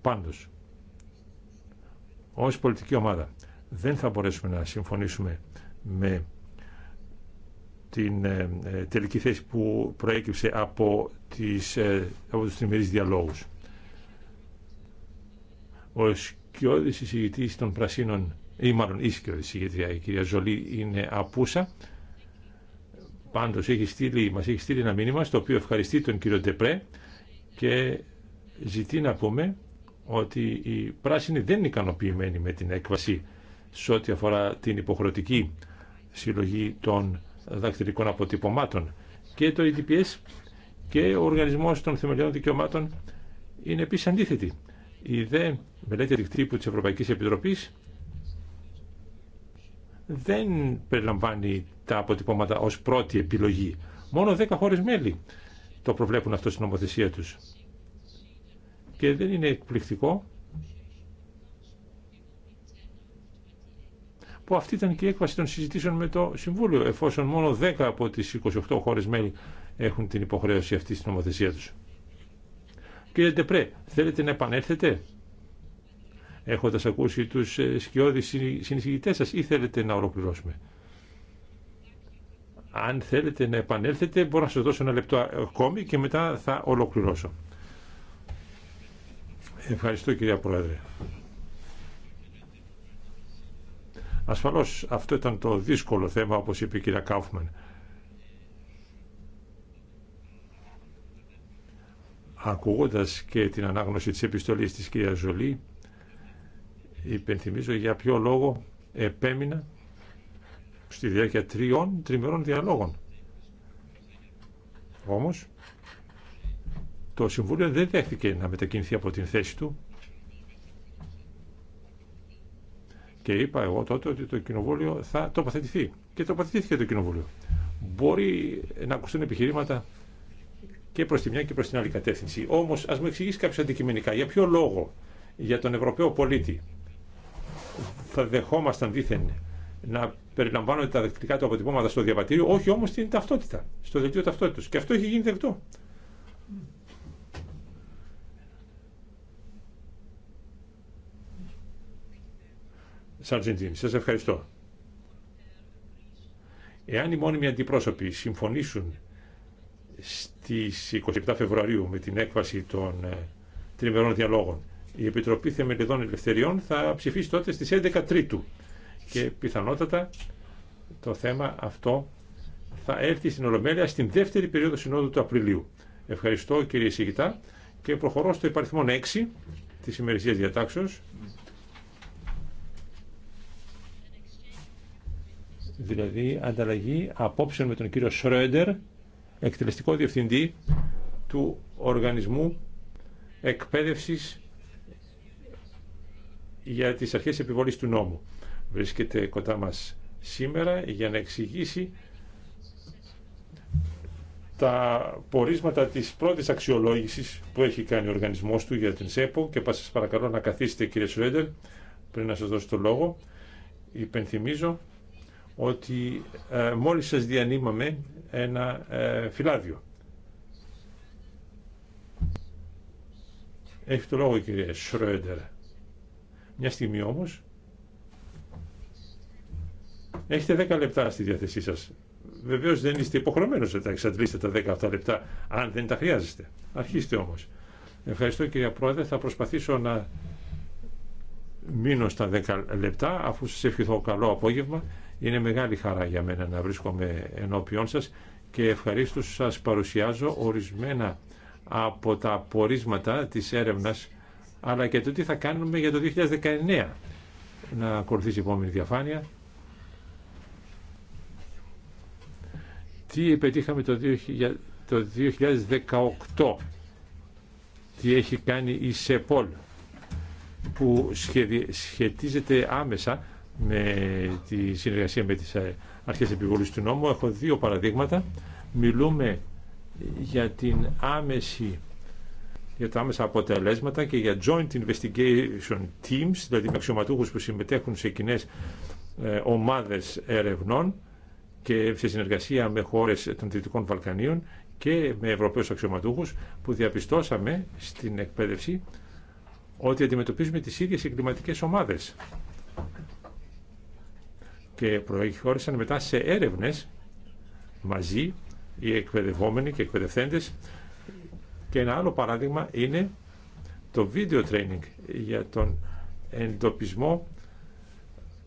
Πάντως, ως πολιτική ομάδα δεν θα μπορέσουμε να συμφωνήσουμε με την ε, ε, τελική θέση που προέκυψε από, τις, ε, από τους τριμερείς διαλόγους. Ο σκιώδης εισηγητής των Πρασίνων, ή μάλλον η σκιώδης εισηγητρία, η κυρία Ζολή, είναι απούσα Πάντω έχει στείλει, μας έχει στείλει ένα μήνυμα στο οποίο ευχαριστεί τον κύριο Ντεπρέ και ζητεί να πούμε ότι η πράσινη δεν είναι ικανοποιημένοι με την έκβαση σε ό,τι αφορά την υποχρεωτική συλλογή των δακτυλικών αποτυπωμάτων και το EDPS και ο Οργανισμός των Θεμελιών Δικαιωμάτων είναι επίσης αντίθετη. Η δε μελέτη δικτύπου της Ευρωπαϊκής Επιτροπής δεν περιλαμβάνει τα αποτυπώματα ως πρώτη επιλογή. Μόνο 10 χώρες μέλη το προβλέπουν αυτό στην νομοθεσία τους. Και δεν είναι εκπληκτικό που αυτή ήταν και η έκβαση των συζητήσεων με το Συμβούλιο, εφόσον μόνο 10 από τις 28 χώρες μέλη έχουν την υποχρέωση αυτή στην νομοθεσία τους. Κύριε Ντεπρέ, θέλετε να επανέλθετε έχοντας ακούσει τους ε, σκιώδεις συνεισηγητές σας ή θέλετε να ολοκληρώσουμε. Αν θέλετε να επανέλθετε μπορώ να σας δώσω ένα λεπτό ακόμη και μετά θα ολοκληρώσω. Ευχαριστώ κυρία Πρόεδρε. Ασφαλώς αυτό ήταν το δύσκολο θέμα όπως είπε η κυρία Κάουφμαν. Ακούγοντας και την ανάγνωση της επιστολής της κυρία Ζολή υπενθυμίζω για ποιο λόγο επέμεινα στη διάρκεια τριών τριμερών διαλόγων. Όμως, το Συμβούλιο δεν δέχτηκε να μετακινηθεί από την θέση του και είπα εγώ τότε ότι το Κοινοβούλιο θα τοποθετηθεί. Και τοποθετήθηκε το Κοινοβούλιο. Μπορεί να ακουστούν επιχειρήματα και προ τη μια και προ την άλλη κατεύθυνση. Όμω, ας μου εξηγήσει κάποιο αντικειμενικά για ποιο λόγο για τον Ευρωπαίο πολίτη θα δεχόμασταν δήθεν να περιλαμβάνονται τα δεκτικά του αποτυπώματα στο διαβατήριο, όχι όμω την ταυτότητα, στο δελτίο ταυτότητα. Και αυτό έχει γίνει δεκτό. Σαρτζεντίνη, σα ευχαριστώ. Εάν οι μόνιμοι αντιπρόσωποι συμφωνήσουν στι 27 Φεβρουαρίου με την έκβαση των ε, τριμερών διαλόγων, η Επιτροπή Θεμελιδών Ελευθεριών θα ψηφίσει τότε στι 11 Τρίτου και πιθανότατα το θέμα αυτό θα έρθει στην Ολομέλεια στην δεύτερη περίοδο συνόδου του Απριλίου. Ευχαριστώ κύριε Σιγητά και προχωρώ στο υπαριθμό 6 της ημερησίας διατάξεως. Δηλαδή ανταλλαγή απόψεων με τον κύριο Σρόντερ, εκτελεστικό διευθυντή του Οργανισμού Εκπαίδευσης για τις αρχές επιβολής του νόμου βρίσκεται κοντά μας σήμερα για να εξηγήσει τα πορίσματα της πρώτης αξιολόγησης που έχει κάνει ο οργανισμός του για την ΣΕΠΟ και σας παρακαλώ να καθίσετε κύριε Σρόιντερ πριν να σας δώσω το λόγο. Υπενθυμίζω ότι ε, μόλις σας διανύμαμε ένα ε, φυλάδιο. Έχει το λόγο κύριε Σρόιντερ Μια στιγμή όμως Έχετε 10 λεπτά στη διάθεσή σα. Βεβαίω δεν είστε υποχρεωμένο να τα εξαντλήσετε τα 10 αυτά λεπτά, αν δεν τα χρειάζεστε. Αρχίστε όμω. Ευχαριστώ κύριε Πρόεδρε. Θα προσπαθήσω να μείνω στα 10 λεπτά, αφού σας ευχηθώ καλό απόγευμα. Είναι μεγάλη χαρά για μένα να βρίσκομαι ενώπιόν σας και ευχαρίστω σα παρουσιάζω ορισμένα από τα απορίσματα τη έρευνα, αλλά και το τι θα κάνουμε για το 2019. Να ακολουθήσει η επόμενη διαφάνεια. τι πετύχαμε το 2018, τι έχει κάνει η ΣΕΠΟΛ που σχετίζεται άμεσα με τη συνεργασία με τις ε, αρχές επιβολής του νόμου. Έχω δύο παραδείγματα. Μιλούμε για την άμεση για τα άμεσα αποτελέσματα και για joint investigation teams, δηλαδή με αξιωματούχους που συμμετέχουν σε κοινέ ε, ομάδες ερευνών και σε συνεργασία με χώρε των Δυτικών Βαλκανίων και με Ευρωπαίου Αξιωματούχου, που διαπιστώσαμε στην εκπαίδευση ότι αντιμετωπίζουμε τι ίδιε εγκληματικέ ομάδε. και προχώρησαν μετά σε έρευνε μαζί οι εκπαιδευόμενοι και εκπαιδευτέντε. και ένα άλλο παράδειγμα είναι το βίντεο training για τον εντοπισμό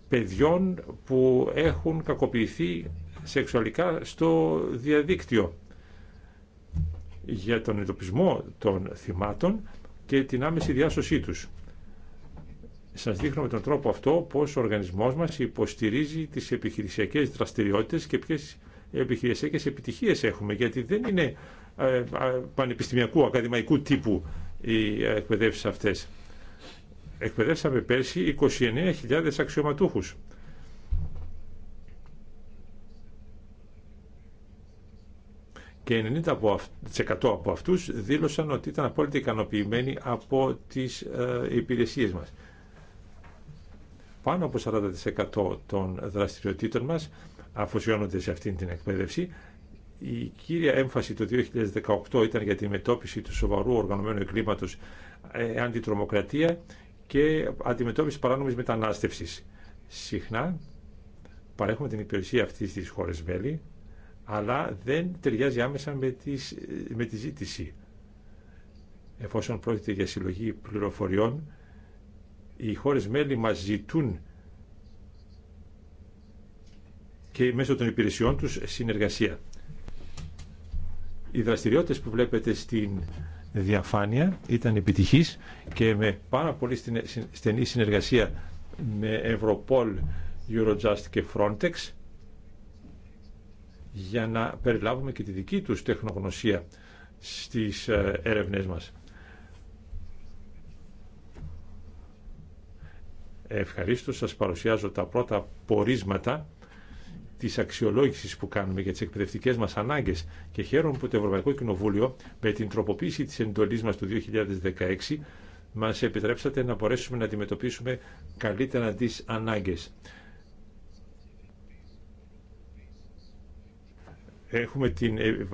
παιδιών που έχουν κακοποιηθεί σεξουαλικά στο διαδίκτυο για τον εντοπισμό των θυμάτων και την άμεση διάσωσή τους. Σας δείχνω με τον τρόπο αυτό πώς ο οργανισμός μας υποστηρίζει τις επιχειρησιακές δραστηριότητες και ποιες επιχειρησιακές επιτυχίες έχουμε, γιατί δεν είναι ε, πανεπιστημιακού, ακαδημαϊκού τύπου οι εκπαιδεύσεις αυτές. Εκπαιδεύσαμε πέρσι 29.000 αξιωματούχους και 90% από αυτούς δήλωσαν ότι ήταν απόλυτα ικανοποιημένοι από τις ε, υπηρεσίες μας. Πάνω από 40% των δραστηριοτήτων μας αφοσιώνονται σε αυτήν την εκπαίδευση. Η κύρια έμφαση το 2018 ήταν για τη μετώπιση του σοβαρού οργανωμένου εγκλήματος ε, αντιτρομοκρατία και αντιμετώπιση παράνομης μετανάστευσης. Συχνά παρέχουμε την υπηρεσία αυτή της χώρες μέλη αλλά δεν ταιριάζει άμεσα με, τις, με τη ζήτηση. Εφόσον πρόκειται για συλλογή πληροφοριών, οι χώρες μέλη μας ζητούν και μέσω των υπηρεσιών τους συνεργασία. Οι δραστηριότητες που βλέπετε στην διαφάνεια ήταν επιτυχής και με πάρα πολύ στενή συνεργασία με Ευρωπόλ, Eurojust και Frontex για να περιλάβουμε και τη δική τους τεχνογνωσία στις ε, έρευνές μας. Ευχαρίστω σας παρουσιάζω τα πρώτα πορίσματα της αξιολόγησης που κάνουμε για τις εκπαιδευτικές μας ανάγκες και χαίρομαι που το Ευρωπαϊκό Κοινοβούλιο με την τροποποίηση της εντολής μας του 2016 μας επιτρέψατε να μπορέσουμε να αντιμετωπίσουμε καλύτερα τις ανάγκες. έχουμε την ε,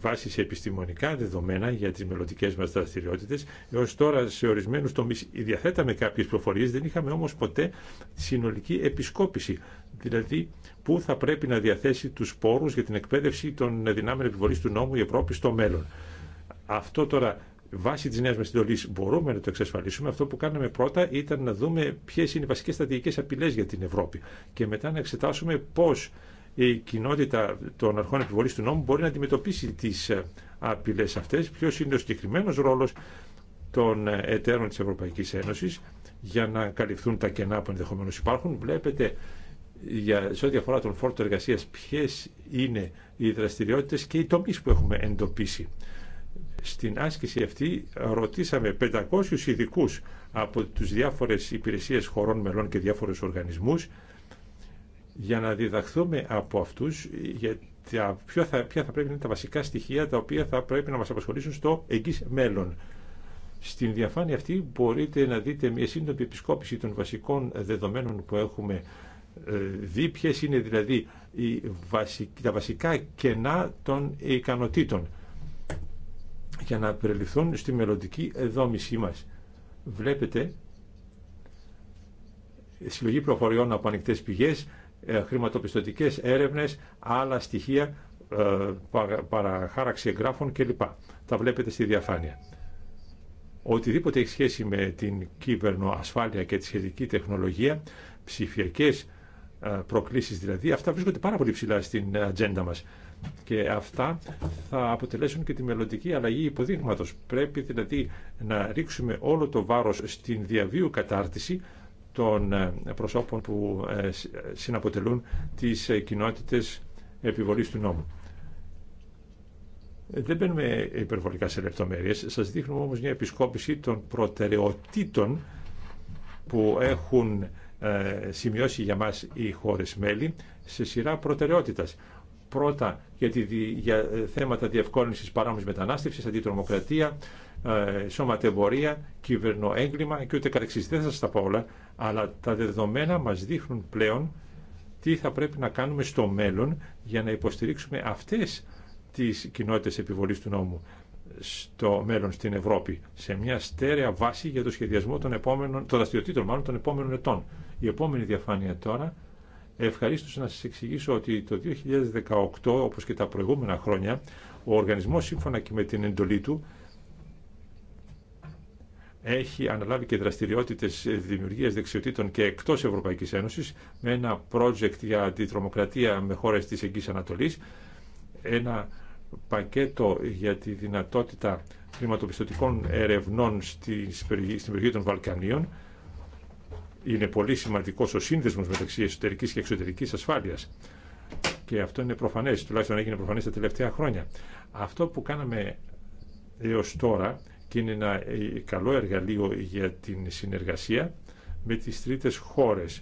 βάση σε επιστημονικά δεδομένα για τις μελλοντικέ μας δραστηριότητες. Έως τώρα σε ορισμένους τομείς διαθέταμε κάποιες προφορίες, δεν είχαμε όμως ποτέ συνολική επισκόπηση, δηλαδή που θα πρέπει να διαθέσει τους πόρους για την εκπαίδευση των δυνάμεων επιβολής του νόμου η Ευρώπη στο μέλλον. Αυτό τώρα βάσει τη νέα μα συντολή μπορούμε να το εξασφαλίσουμε. Αυτό που κάναμε πρώτα ήταν να δούμε ποιε είναι οι βασικέ στρατηγικέ απειλέ για την Ευρώπη και μετά να εξετάσουμε πώ η κοινότητα των αρχών επιβολή του νόμου μπορεί να αντιμετωπίσει τι ε, απειλέ αυτέ. Ποιο είναι ο συγκεκριμένο ρόλο των ε, εταίρων τη Ευρωπαϊκή Ένωση για να καλυφθούν τα κενά που ενδεχομένω υπάρχουν. Βλέπετε για, σε ό,τι αφορά τον φόρτο εργασία, ποιε είναι οι δραστηριότητε και οι τομεί που έχουμε εντοπίσει. Στην άσκηση αυτή ρωτήσαμε 500 ειδικού από τις διάφορες υπηρεσίες χωρών μελών και διάφορους οργανισμούς για να διδαχθούμε από αυτούς για τα, ποια, θα, θα πρέπει να είναι τα βασικά στοιχεία τα οποία θα πρέπει να μας απασχολήσουν στο εγγύς μέλλον. Στην διαφάνεια αυτή μπορείτε να δείτε μια σύντομη επισκόπηση των βασικών δεδομένων που έχουμε ε, δει, ποιε είναι δηλαδή οι τα βασικά κενά των ικανοτήτων για να περιληφθούν στη μελλοντική δόμησή μας. Βλέπετε συλλογή προφοριών από ανοιχτέ πηγές, ε, χρηματοπιστωτικές έρευνες, άλλα στοιχεία, ε, παραχάραξη εγγράφων κλπ. Τα βλέπετε στη διαφάνεια. Οτιδήποτε έχει σχέση με την κυβερνοασφάλεια και τη σχετική τεχνολογία, ψηφιακές ε, προκλήσεις δηλαδή, αυτά βρίσκονται πάρα πολύ ψηλά στην ατζέντα μας. Και αυτά θα αποτελέσουν και τη μελλοντική αλλαγή υποδείγματος. Πρέπει δηλαδή να ρίξουμε όλο το βάρος στην διαβίου κατάρτιση, των ε, προσώπων που ε, ε, συναποτελούν τις κοινότητες επιβολής του νόμου. Δεν μπαίνουμε υπερβολικά σε λεπτομέρειες, σας δείχνουμε όμως μια επισκόπηση των προτεραιοτήτων που έχουν σημειώσει για μας οι χώρες μέλη σε σειρά προτεραιότητας. Πρώτα για, τη, για θέματα διευκόλυνσης παράνομης μετανάστευσης, αντιτρομοκρατία, ε, σωματεμπορία, κυβερνοέγκλημα και ούτε καταξής. Δεν θα σας τα πω όλα, αλλά τα δεδομένα μας δείχνουν πλέον τι θα πρέπει να κάνουμε στο μέλλον για να υποστηρίξουμε αυτές τις κοινότητες επιβολής του νόμου στο μέλλον στην Ευρώπη σε μια στέρεα βάση για το σχεδιασμό των, επόμενων, των δραστηριοτήτων μάλλον των επόμενων ετών. Η επόμενη διαφάνεια τώρα ευχαρίστω να σας εξηγήσω ότι το 2018 όπως και τα προηγούμενα χρόνια ο οργανισμός σύμφωνα και με την εντολή του έχει αναλάβει και δραστηριότητε δημιουργία δεξιοτήτων και εκτό Ευρωπαϊκή Ένωση, με ένα project για αντιτρομοκρατία με χώρε τη Εγγύης Ανατολή, ένα πακέτο για τη δυνατότητα χρηματοπιστωτικών ερευνών στην περιοχή των Βαλκανίων. Είναι πολύ σημαντικός ο σύνδεσμος μεταξύ εσωτερικής και εξωτερικής ασφάλειας. Και αυτό είναι προφανές, τουλάχιστον έγινε προφανές τα τελευταία χρόνια. Αυτό που κάναμε έως τώρα και είναι ένα ε, καλό εργαλείο για την συνεργασία με τις τρίτες χώρες.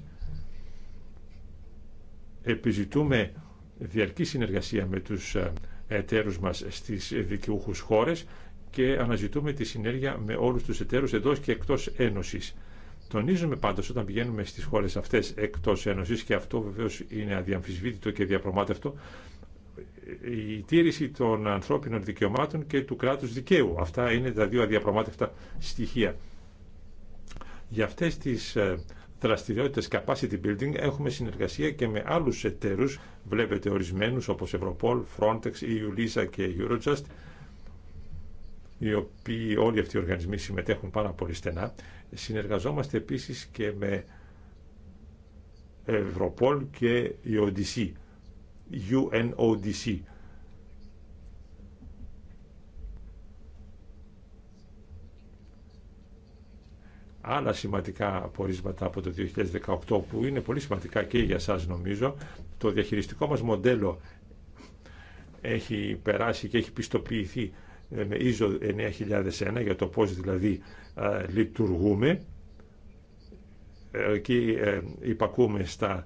Επιζητούμε διαρκή συνεργασία με τους ε, εταίρους μας στις δικαιούχους χώρες και αναζητούμε τη συνέργεια με όλους τους εταίρους εδώ και εκτός Ένωσης. Τονίζουμε πάντως όταν πηγαίνουμε στις χώρες αυτές εκτός Ένωσης και αυτό βεβαίως είναι αδιαμφισβήτητο και διαπρομάτευτο η τήρηση των ανθρώπινων δικαιωμάτων και του κράτους δικαίου. Αυτά είναι τα δύο αδιαπραγμάτευτα στοιχεία. Για αυτές τις ε, δραστηριότητες capacity building έχουμε συνεργασία και με άλλους εταίρους, βλέπετε ορισμένους όπως Ευρωπόλ, Frontex, EU, LISA και Eurojust, οι οποίοι όλοι αυτοί οι οργανισμοί συμμετέχουν πάρα πολύ στενά. Συνεργαζόμαστε επίσης και με Ευρωπόλ και η UNODC. Άλλα σημαντικά πορίσματα από το 2018 που είναι πολύ σημαντικά και για σας νομίζω. Το διαχειριστικό μας μοντέλο έχει περάσει και έχει πιστοποιηθεί ε, με ISO 9001 για το πώς δηλαδή ε, λειτουργούμε ε, και υπακούμε στα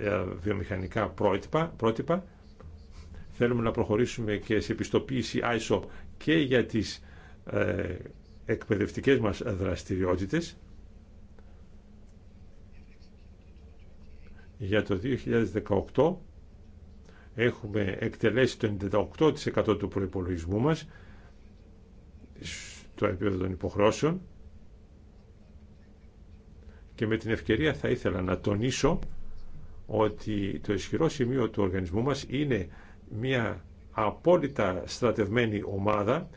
ε, βιομηχανικά πρότυπα, πρότυπα. Θέλουμε να προχωρήσουμε και σε επιστοποίηση ISO και για τις ε, εκπαιδευτικές μας δραστηριότητες. Για το 2018 έχουμε εκτελέσει το 98% του προϋπολογισμού μας στο επίπεδο των υποχρώσεων και με την ευκαιρία θα ήθελα να τονίσω ότι το ισχυρό σημείο του οργανισμού μας είναι μια απόλυτα στρατευμένη ομάδα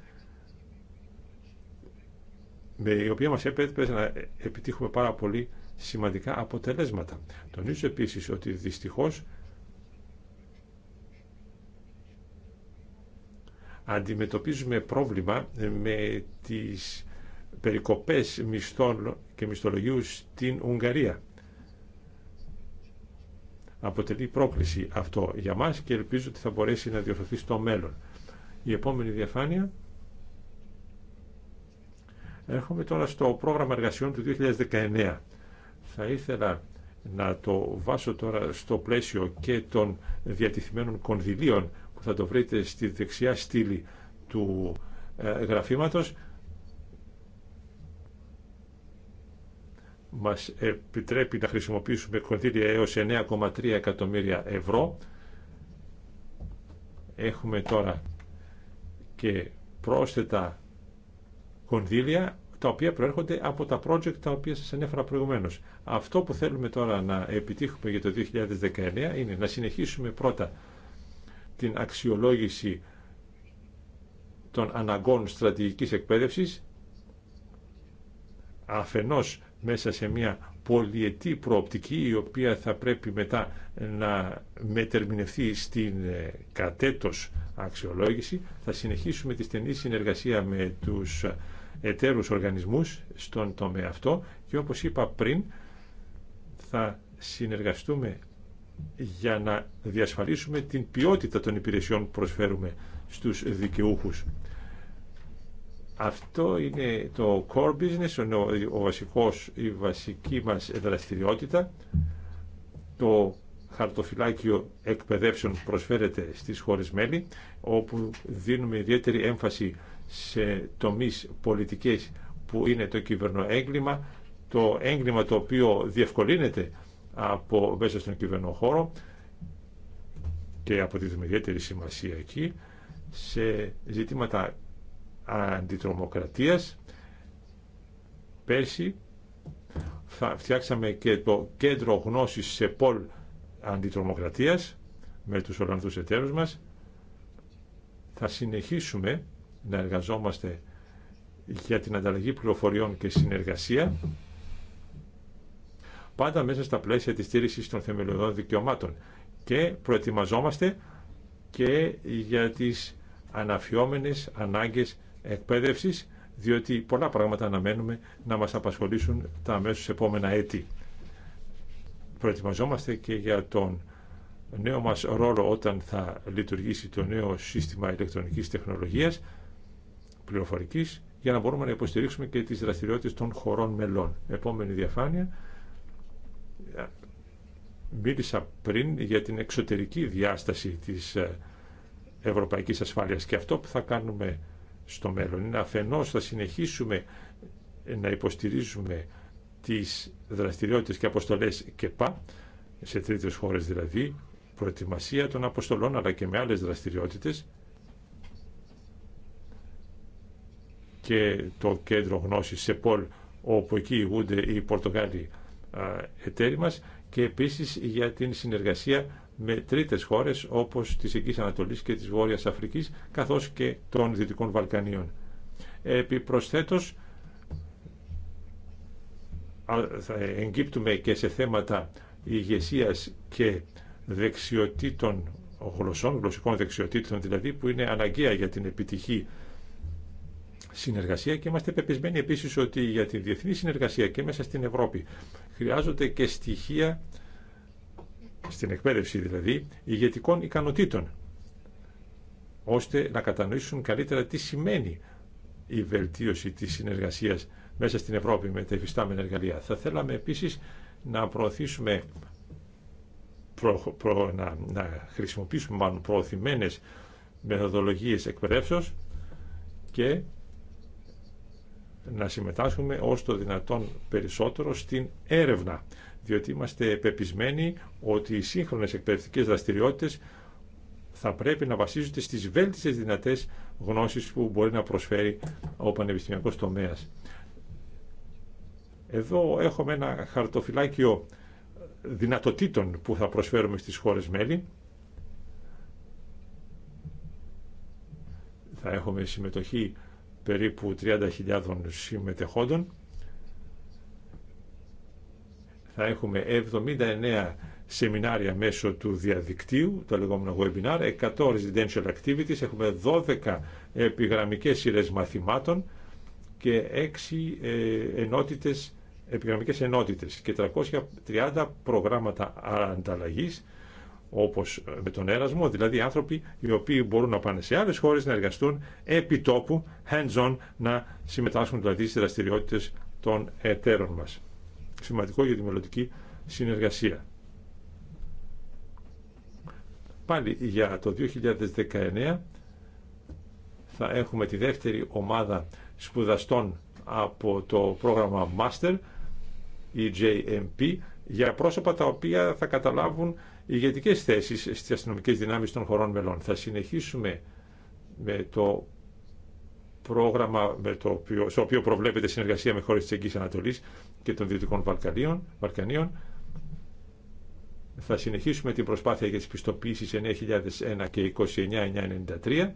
με η οποία μας έπρεπε να επιτύχουμε πάρα πολύ σημαντικά αποτελέσματα. Τονίζω επίσης ότι δυστυχώς αντιμετωπίζουμε πρόβλημα με τις περικοπές μισθών και μισθολογίου στην Ουγγαρία. Αποτελεί πρόκληση αυτό για μας και ελπίζω ότι θα μπορέσει να διορθωθεί στο μέλλον. Η επόμενη διαφάνεια. Έρχομαι τώρα στο πρόγραμμα εργασιών του 2019. Θα ήθελα να το βάσω τώρα στο πλαίσιο και των διατηθειμένων κονδυλίων που θα το βρείτε στη δεξιά στήλη του ε, γραφήματος μας επιτρέπει να χρησιμοποιήσουμε κονδύλια έως 9,3 εκατομμύρια ευρώ. Έχουμε τώρα και πρόσθετα κονδύλια τα οποία προέρχονται από τα project τα οποία σας ανέφερα προηγουμένως. Αυτό που θέλουμε τώρα να επιτύχουμε για το 2019 είναι να συνεχίσουμε πρώτα την αξιολόγηση των αναγκών στρατηγικής εκπαίδευσης αφενός μέσα σε μια πολυετή προοπτική η οποία θα πρέπει μετά να μετερμηνευτεί στην ε, κατέτος αξιολόγηση. Θα συνεχίσουμε τη στενή συνεργασία με τους εταίρους οργανισμούς στον τομέα αυτό και όπως είπα πριν θα συνεργαστούμε για να διασφαλίσουμε την ποιότητα των υπηρεσιών που προσφέρουμε στους δικαιούχους αυτό είναι το core business, ο βασικός, η βασική μας δραστηριότητα. Το χαρτοφυλάκιο εκπαιδεύσεων προσφέρεται στις χώρες μέλη, όπου δίνουμε ιδιαίτερη έμφαση σε τομείς πολιτικές που είναι το κυβερνοέγκλημα, το έγκλημα το οποίο διευκολύνεται από μέσα στον κυβερνοχώρο και αποδίδουμε ιδιαίτερη σημασία εκεί, σε ζητήματα αντιτρομοκρατίας. Πέρσι θα φτιάξαμε και το κέντρο γνώσης σε πόλ αντιτρομοκρατίας με τους Ολλανδούς εταίρους μας. Θα συνεχίσουμε να εργαζόμαστε για την ανταλλαγή πληροφοριών και συνεργασία πάντα μέσα στα πλαίσια της στήριξης των θεμελιωδών δικαιωμάτων και προετοιμαζόμαστε και για τις αναφιόμενες ανάγκες Εκπαίδευση διότι πολλά πράγματα αναμένουμε να μας απασχολήσουν τα αμέσω επόμενα έτη. Προετοιμαζόμαστε και για τον νέο μας ρόλο όταν θα λειτουργήσει το νέο σύστημα ηλεκτρονικής τεχνολογίας, πληροφορικής, για να μπορούμε να υποστηρίξουμε και τις δραστηριότητες των χωρών μελών. Επόμενη διαφάνεια. Μίλησα πριν για την εξωτερική διάσταση της ε, ευρωπαϊκής ασφάλειας και αυτό που θα κάνουμε στο μέλλον είναι αφενός θα συνεχίσουμε να υποστηρίζουμε τις δραστηριότητες και αποστολές ΚΕΠΑ, σε τρίτες χώρες δηλαδή, προετοιμασία των αποστολών αλλά και με άλλες δραστηριότητες και το κέντρο γνώσης πόλ όπου εκεί ηγούνται οι Πορτογάλοι εταίροι μας και επίσης για την συνεργασία με τρίτες χώρες όπως της Εγγύης Ανατολή και τη Βόρεια Αφρικής καθώς και των Δυτικών Βαλκανίων. Επιπροσθέτως θα εγκύπτουμε και σε θέματα ηγεσία και δεξιοτήτων γλωσσών, γλωσσικών δεξιοτήτων δηλαδή που είναι αναγκαία για την επιτυχή συνεργασία και είμαστε πεπισμένοι επίσης ότι για τη διεθνή συνεργασία και μέσα στην Ευρώπη χρειάζονται και στοιχεία στην εκπαίδευση δηλαδή, ηγετικών ικανοτήτων, ώστε να κατανοήσουν καλύτερα τι σημαίνει η βελτίωση της συνεργασίας μέσα στην Ευρώπη με τα υφιστάμενα εργαλεία. Θα θέλαμε επίσης να προωθήσουμε να, να, χρησιμοποιήσουμε μάλλον προωθημένες μεθοδολογίες εκπαιδεύσεως και να συμμετάσχουμε όσο το δυνατόν περισσότερο στην έρευνα διότι είμαστε πεπισμένοι ότι οι σύγχρονες εκπαιδευτικές δραστηριότητες θα πρέπει να βασίζονται στις βέλτιστες δυνατές γνώσεις που μπορεί να προσφέρει ο πανεπιστημιακός τομέας. Εδώ έχουμε ένα χαρτοφυλάκιο δυνατοτήτων που θα προσφέρουμε στις χώρες μέλη. Θα έχουμε συμμετοχή περίπου 30.000 συμμετεχόντων έχουμε 79 σεμινάρια μέσω του διαδικτύου, το λεγόμενο webinar, 100 residential activities, έχουμε 12 επιγραμμικές σειρές μαθημάτων και 6 ε, ενότητες, επιγραμμικές ενότητες και 330 προγράμματα ανταλλαγής όπως ε, με τον έρασμο, δηλαδή άνθρωποι οι οποίοι μπορούν να πάνε σε άλλες χώρες να εργαστούν επί τόπου, hands-on, να συμμετάσχουν δηλαδή στις δραστηριότητες των εταίρων μας σημαντικό για τη μελλοντική συνεργασία. Πάλι για το 2019 θα έχουμε τη δεύτερη ομάδα σπουδαστών από το πρόγραμμα Master, JMP για πρόσωπα τα οποία θα καταλάβουν ηγετικές θέσεις στις αστυνομικές δυνάμεις των χωρών μελών. Θα συνεχίσουμε με το πρόγραμμα με το οποίο, στο οποίο προβλέπεται συνεργασία με χώρες της Ανατολής και των Δυτικών Βαλκανίων, Βαλκανίων. Θα συνεχίσουμε την προσπάθεια για τις πιστοποίησεις 9001 και 29993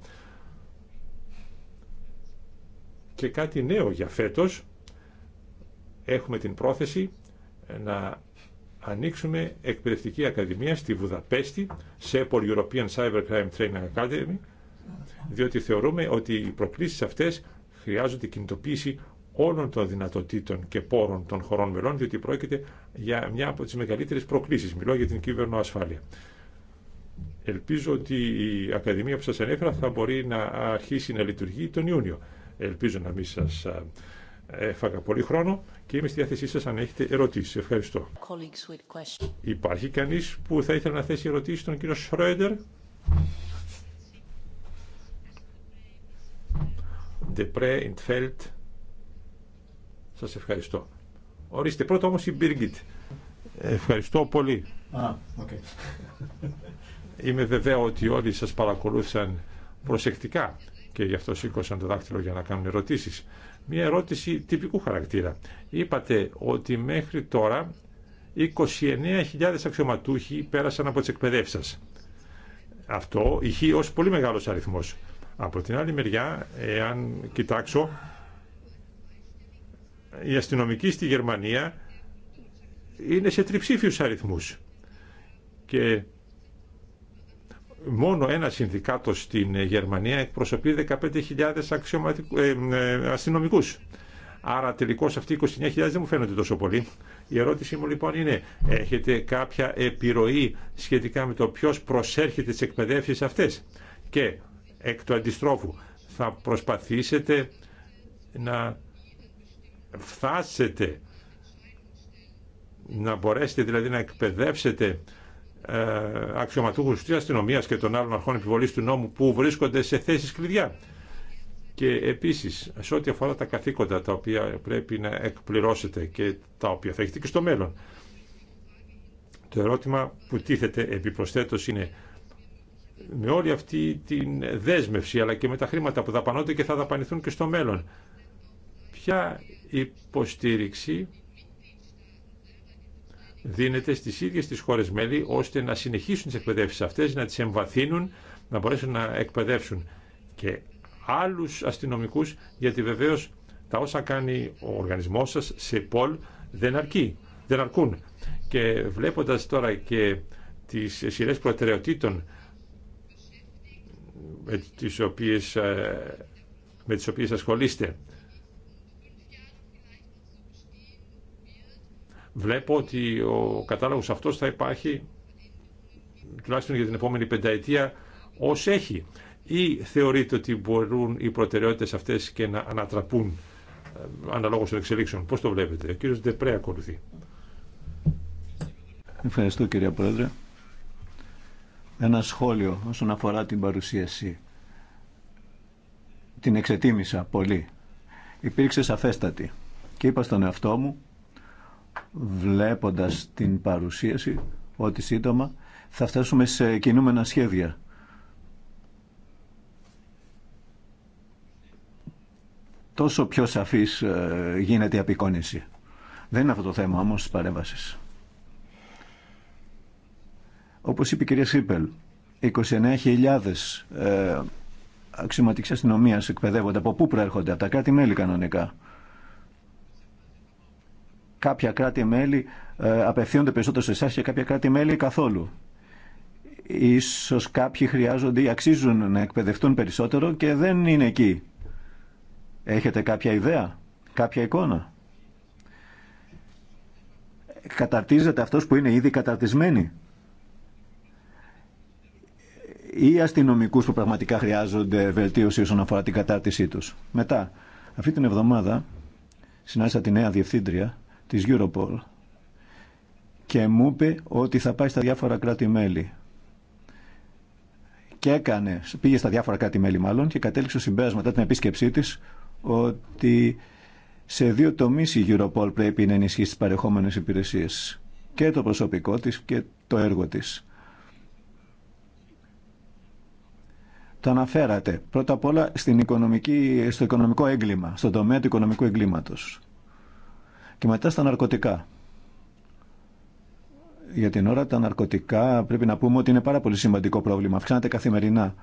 και κάτι νέο για φέτος. Έχουμε την πρόθεση να ανοίξουμε εκπαιδευτική ακαδημία στη Βουδαπέστη, σε European Cybercrime Training Academy, διότι θεωρούμε ότι οι προκλήσεις αυτές χρειάζονται κινητοποίηση όλων των δυνατοτήτων και πόρων των χωρών μελών, διότι πρόκειται για μια από τις μεγαλύτερες προκλήσεις. Μιλώ για την κυβερνοασφάλεια. Ελπίζω ότι η Ακαδημία που σας ανέφερα θα μπορεί να αρχίσει να λειτουργεί τον Ιούνιο. Ελπίζω να μην σας έφαγα πολύ χρόνο και είμαι στη διάθεσή σα αν έχετε ερωτήσεις. Ευχαριστώ. Υπάρχει κανεί που θα ήθελε να θέσει ερωτήσει στον κύριο Σρόιντερ. Σας ευχαριστώ. Ορίστε, πρώτα όμως η Μπίργκιτ. Ευχαριστώ πολύ. Α, okay. Είμαι βεβαίο ότι όλοι σας παρακολούθησαν προσεκτικά και γι' αυτό σήκωσαν το δάχτυλο για να κάνουν ερωτήσεις. Μία ερώτηση τυπικού χαρακτήρα. Είπατε ότι μέχρι τώρα 29.000 αξιωματούχοι πέρασαν από τις εκπαιδεύσεις σας. Αυτό ηχεί ως πολύ μεγάλος αριθμός. Από την άλλη μεριά, εάν κοιτάξω, οι αστυνομικοί στη Γερμανία είναι σε τριψήφιους αριθμούς και μόνο ένα συνδικάτο στην Γερμανία εκπροσωπεί 15.000 ε, ε, αστυνομικούς. Άρα τελικώς αυτοί 29.000 δεν μου φαίνονται τόσο πολύ. Η ερώτησή μου λοιπόν είναι, έχετε κάποια επιρροή σχετικά με το ποιος προσέρχεται τις εκπαιδεύσεις αυτές και εκ του αντιστρόφου θα προσπαθήσετε να φτάσετε να μπορέσετε δηλαδή να εκπαιδεύσετε ε, αξιωματούχους της αστυνομία και των άλλων αρχών επιβολής του νόμου που βρίσκονται σε θέσεις κλειδιά. Και επίσης, σε ό,τι αφορά τα καθήκοντα τα οποία πρέπει να εκπληρώσετε και τα οποία θα έχετε και στο μέλλον, το ερώτημα που τίθεται επιπροσθέτως είναι με όλη αυτή την δέσμευση αλλά και με τα χρήματα που δαπανώνται και θα δαπανηθούν και στο μέλλον. Ποια η υποστήριξη δίνεται στις ίδιες τις χώρες μέλη ώστε να συνεχίσουν τις εκπαιδεύσεις αυτές, να τις εμβαθύνουν, να μπορέσουν να εκπαιδεύσουν και άλλους αστυνομικούς, γιατί βεβαίως τα όσα κάνει ο οργανισμός σας σε πολ δεν, αρκεί, δεν αρκούν. Και βλέποντας τώρα και τις σειρέ προτεραιοτήτων με τις οποίες, ε, με τις οποίες ασχολείστε Βλέπω ότι ο κατάλογος αυτός θα υπάρχει τουλάχιστον για την επόμενη πενταετία ως έχει. Ή θεωρείτε ότι μπορούν οι προτεραιότητες αυτές και να ανατραπούν ε, αναλόγως των εξελίξεων. Πώς το βλέπετε. Ο κύριος Ντεπρέ ακολουθεί. Ευχαριστώ κύριε Πρόεδρε. Ένα σχόλιο όσον αφορά την παρουσίαση. Την εξετίμησα πολύ. Υπήρξε σαφέστατη. Και είπα στον εαυτό μου βλέποντας την παρουσίαση ότι σύντομα θα φτάσουμε σε κινούμενα σχέδια. Τόσο πιο σαφής ε, γίνεται η απεικόνηση. Δεν είναι αυτό το θέμα όμως της παρέμβασης. Όπως είπε η κυρία Σίπελ, 29.000 ε, αξιωματικοί αστυνομία εκπαιδεύονται. Από πού προέρχονται, από τα κράτη-μέλη κανονικά. Κάποια κράτη-μέλη ε, απευθύνονται περισσότερο σε εσά και κάποια κράτη-μέλη καθόλου. Ίσως κάποιοι χρειάζονται ή αξίζουν να εκπαιδευτούν περισσότερο και δεν είναι εκεί. Έχετε κάποια ιδέα, κάποια εικόνα. Καταρτίζεται αυτός που είναι ήδη καταρτισμένοι ή αστυνομικού που πραγματικά χρειάζονται βελτίωση όσον αφορά την κατάρτισή του. Μετά, αυτή την εβδομάδα συνάντησα τη νέα διευθύντρια της Europol και μου είπε ότι θα πάει στα διάφορα κράτη-μέλη. Και έκανε, πήγε στα διάφορα κράτη-μέλη μάλλον και κατέληξε ο συμπέρασμα μετά την επίσκεψή της ότι σε δύο τομείς η Europol πρέπει να ενισχύσει τις παρεχόμενες υπηρεσίες και το προσωπικό της και το έργο της. Το αναφέρατε πρώτα απ' όλα στην οικονομική, στο οικονομικό έγκλημα, στον τομέα του οικονομικού εγκλήματος. Και μετά στα ναρκωτικά. Για την ώρα τα ναρκωτικά πρέπει να πούμε ότι είναι πάρα πολύ σημαντικό πρόβλημα. Αυξάνεται καθημερινά.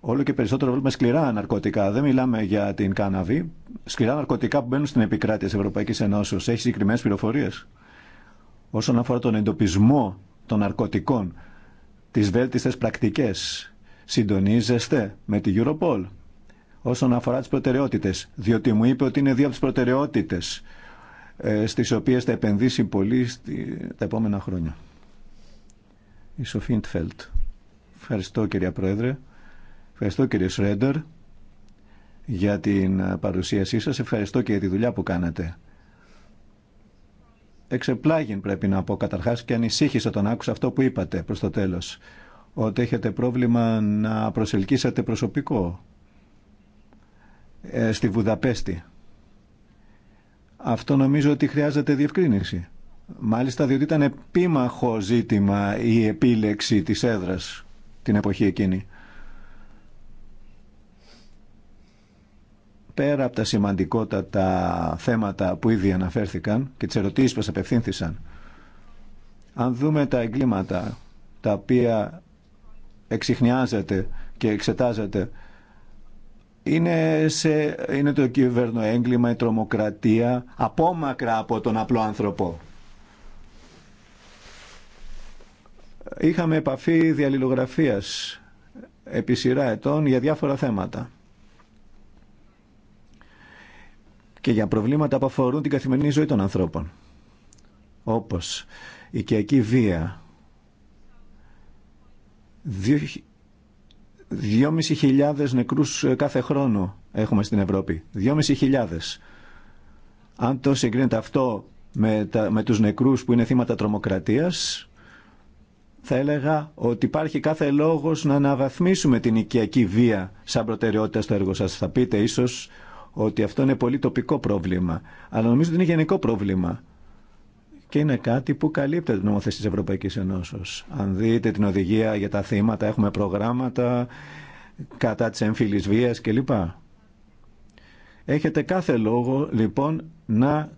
Όλο και περισσότερο βλέπουμε σκληρά ναρκωτικά. Δεν μιλάμε για την κάναβη. Σκληρά ναρκωτικά που μπαίνουν στην επικράτεια τη Ευρωπαϊκή Ενώσεω. Έχει συγκεκριμένε πληροφορίε. Όσον αφορά τον εντοπισμό των ναρκωτικών, τι βέλτιστε πρακτικέ, συντονίζεστε με τη Europol. Όσον αφορά τι προτεραιότητε, διότι μου είπε ότι είναι δύο από τι προτεραιότητε ε, στις οποίες θα επενδύσει πολύ τα επόμενα χρόνια. Η Σοφίντφελτ, Ευχαριστώ κυρία Πρόεδρε. Ευχαριστώ κύριε Σρέντερ για την ε, παρουσίασή σας. Ευχαριστώ και για τη δουλειά που κάνατε. Εξεπλάγιν πρέπει να πω καταρχάς και ανησύχησα τον άκουσα αυτό που είπατε προς το τέλος. Ότι έχετε πρόβλημα να προσελκύσετε προσωπικό ε, στη Βουδαπέστη. Αυτό νομίζω ότι χρειάζεται διευκρίνηση. Μάλιστα διότι ήταν επίμαχο ζήτημα η επίλεξη της έδρας την εποχή εκείνη. Πέρα από τα σημαντικότατα θέματα που ήδη αναφέρθηκαν και τις ερωτήσεις που απευθύνθησαν, αν δούμε τα εγκλήματα τα οποία εξηχνιάζεται και εξετάζεται είναι, σε, είναι το κυβέρνο έγκλημα, η τρομοκρατία, απόμακρα από τον απλό άνθρωπο. Είχαμε επαφή διαλληλογραφίας επί σειρά ετών για διάφορα θέματα και για προβλήματα που αφορούν την καθημερινή ζωή των ανθρώπων όπως η οικιακή βία 2.500 νεκρούς ε, κάθε χρόνο έχουμε στην Ευρώπη. 2.500. Αν το συγκρίνεται αυτό με, τα, με τους νεκρούς που είναι θύματα τρομοκρατίας, θα έλεγα ότι υπάρχει κάθε λόγος να αναβαθμίσουμε την οικιακή βία σαν προτεραιότητα στο έργο σας. Θα πείτε ίσως ότι αυτό είναι πολύ τοπικό πρόβλημα. Αλλά νομίζω ότι είναι γενικό πρόβλημα και είναι κάτι που καλύπτεται την νομοθεσία της Ευρωπαϊκής Ενώσεως. Αν δείτε την οδηγία για τα θύματα, έχουμε προγράμματα κατά της έμφυλης βίας κλπ. Έχετε κάθε λόγο λοιπόν να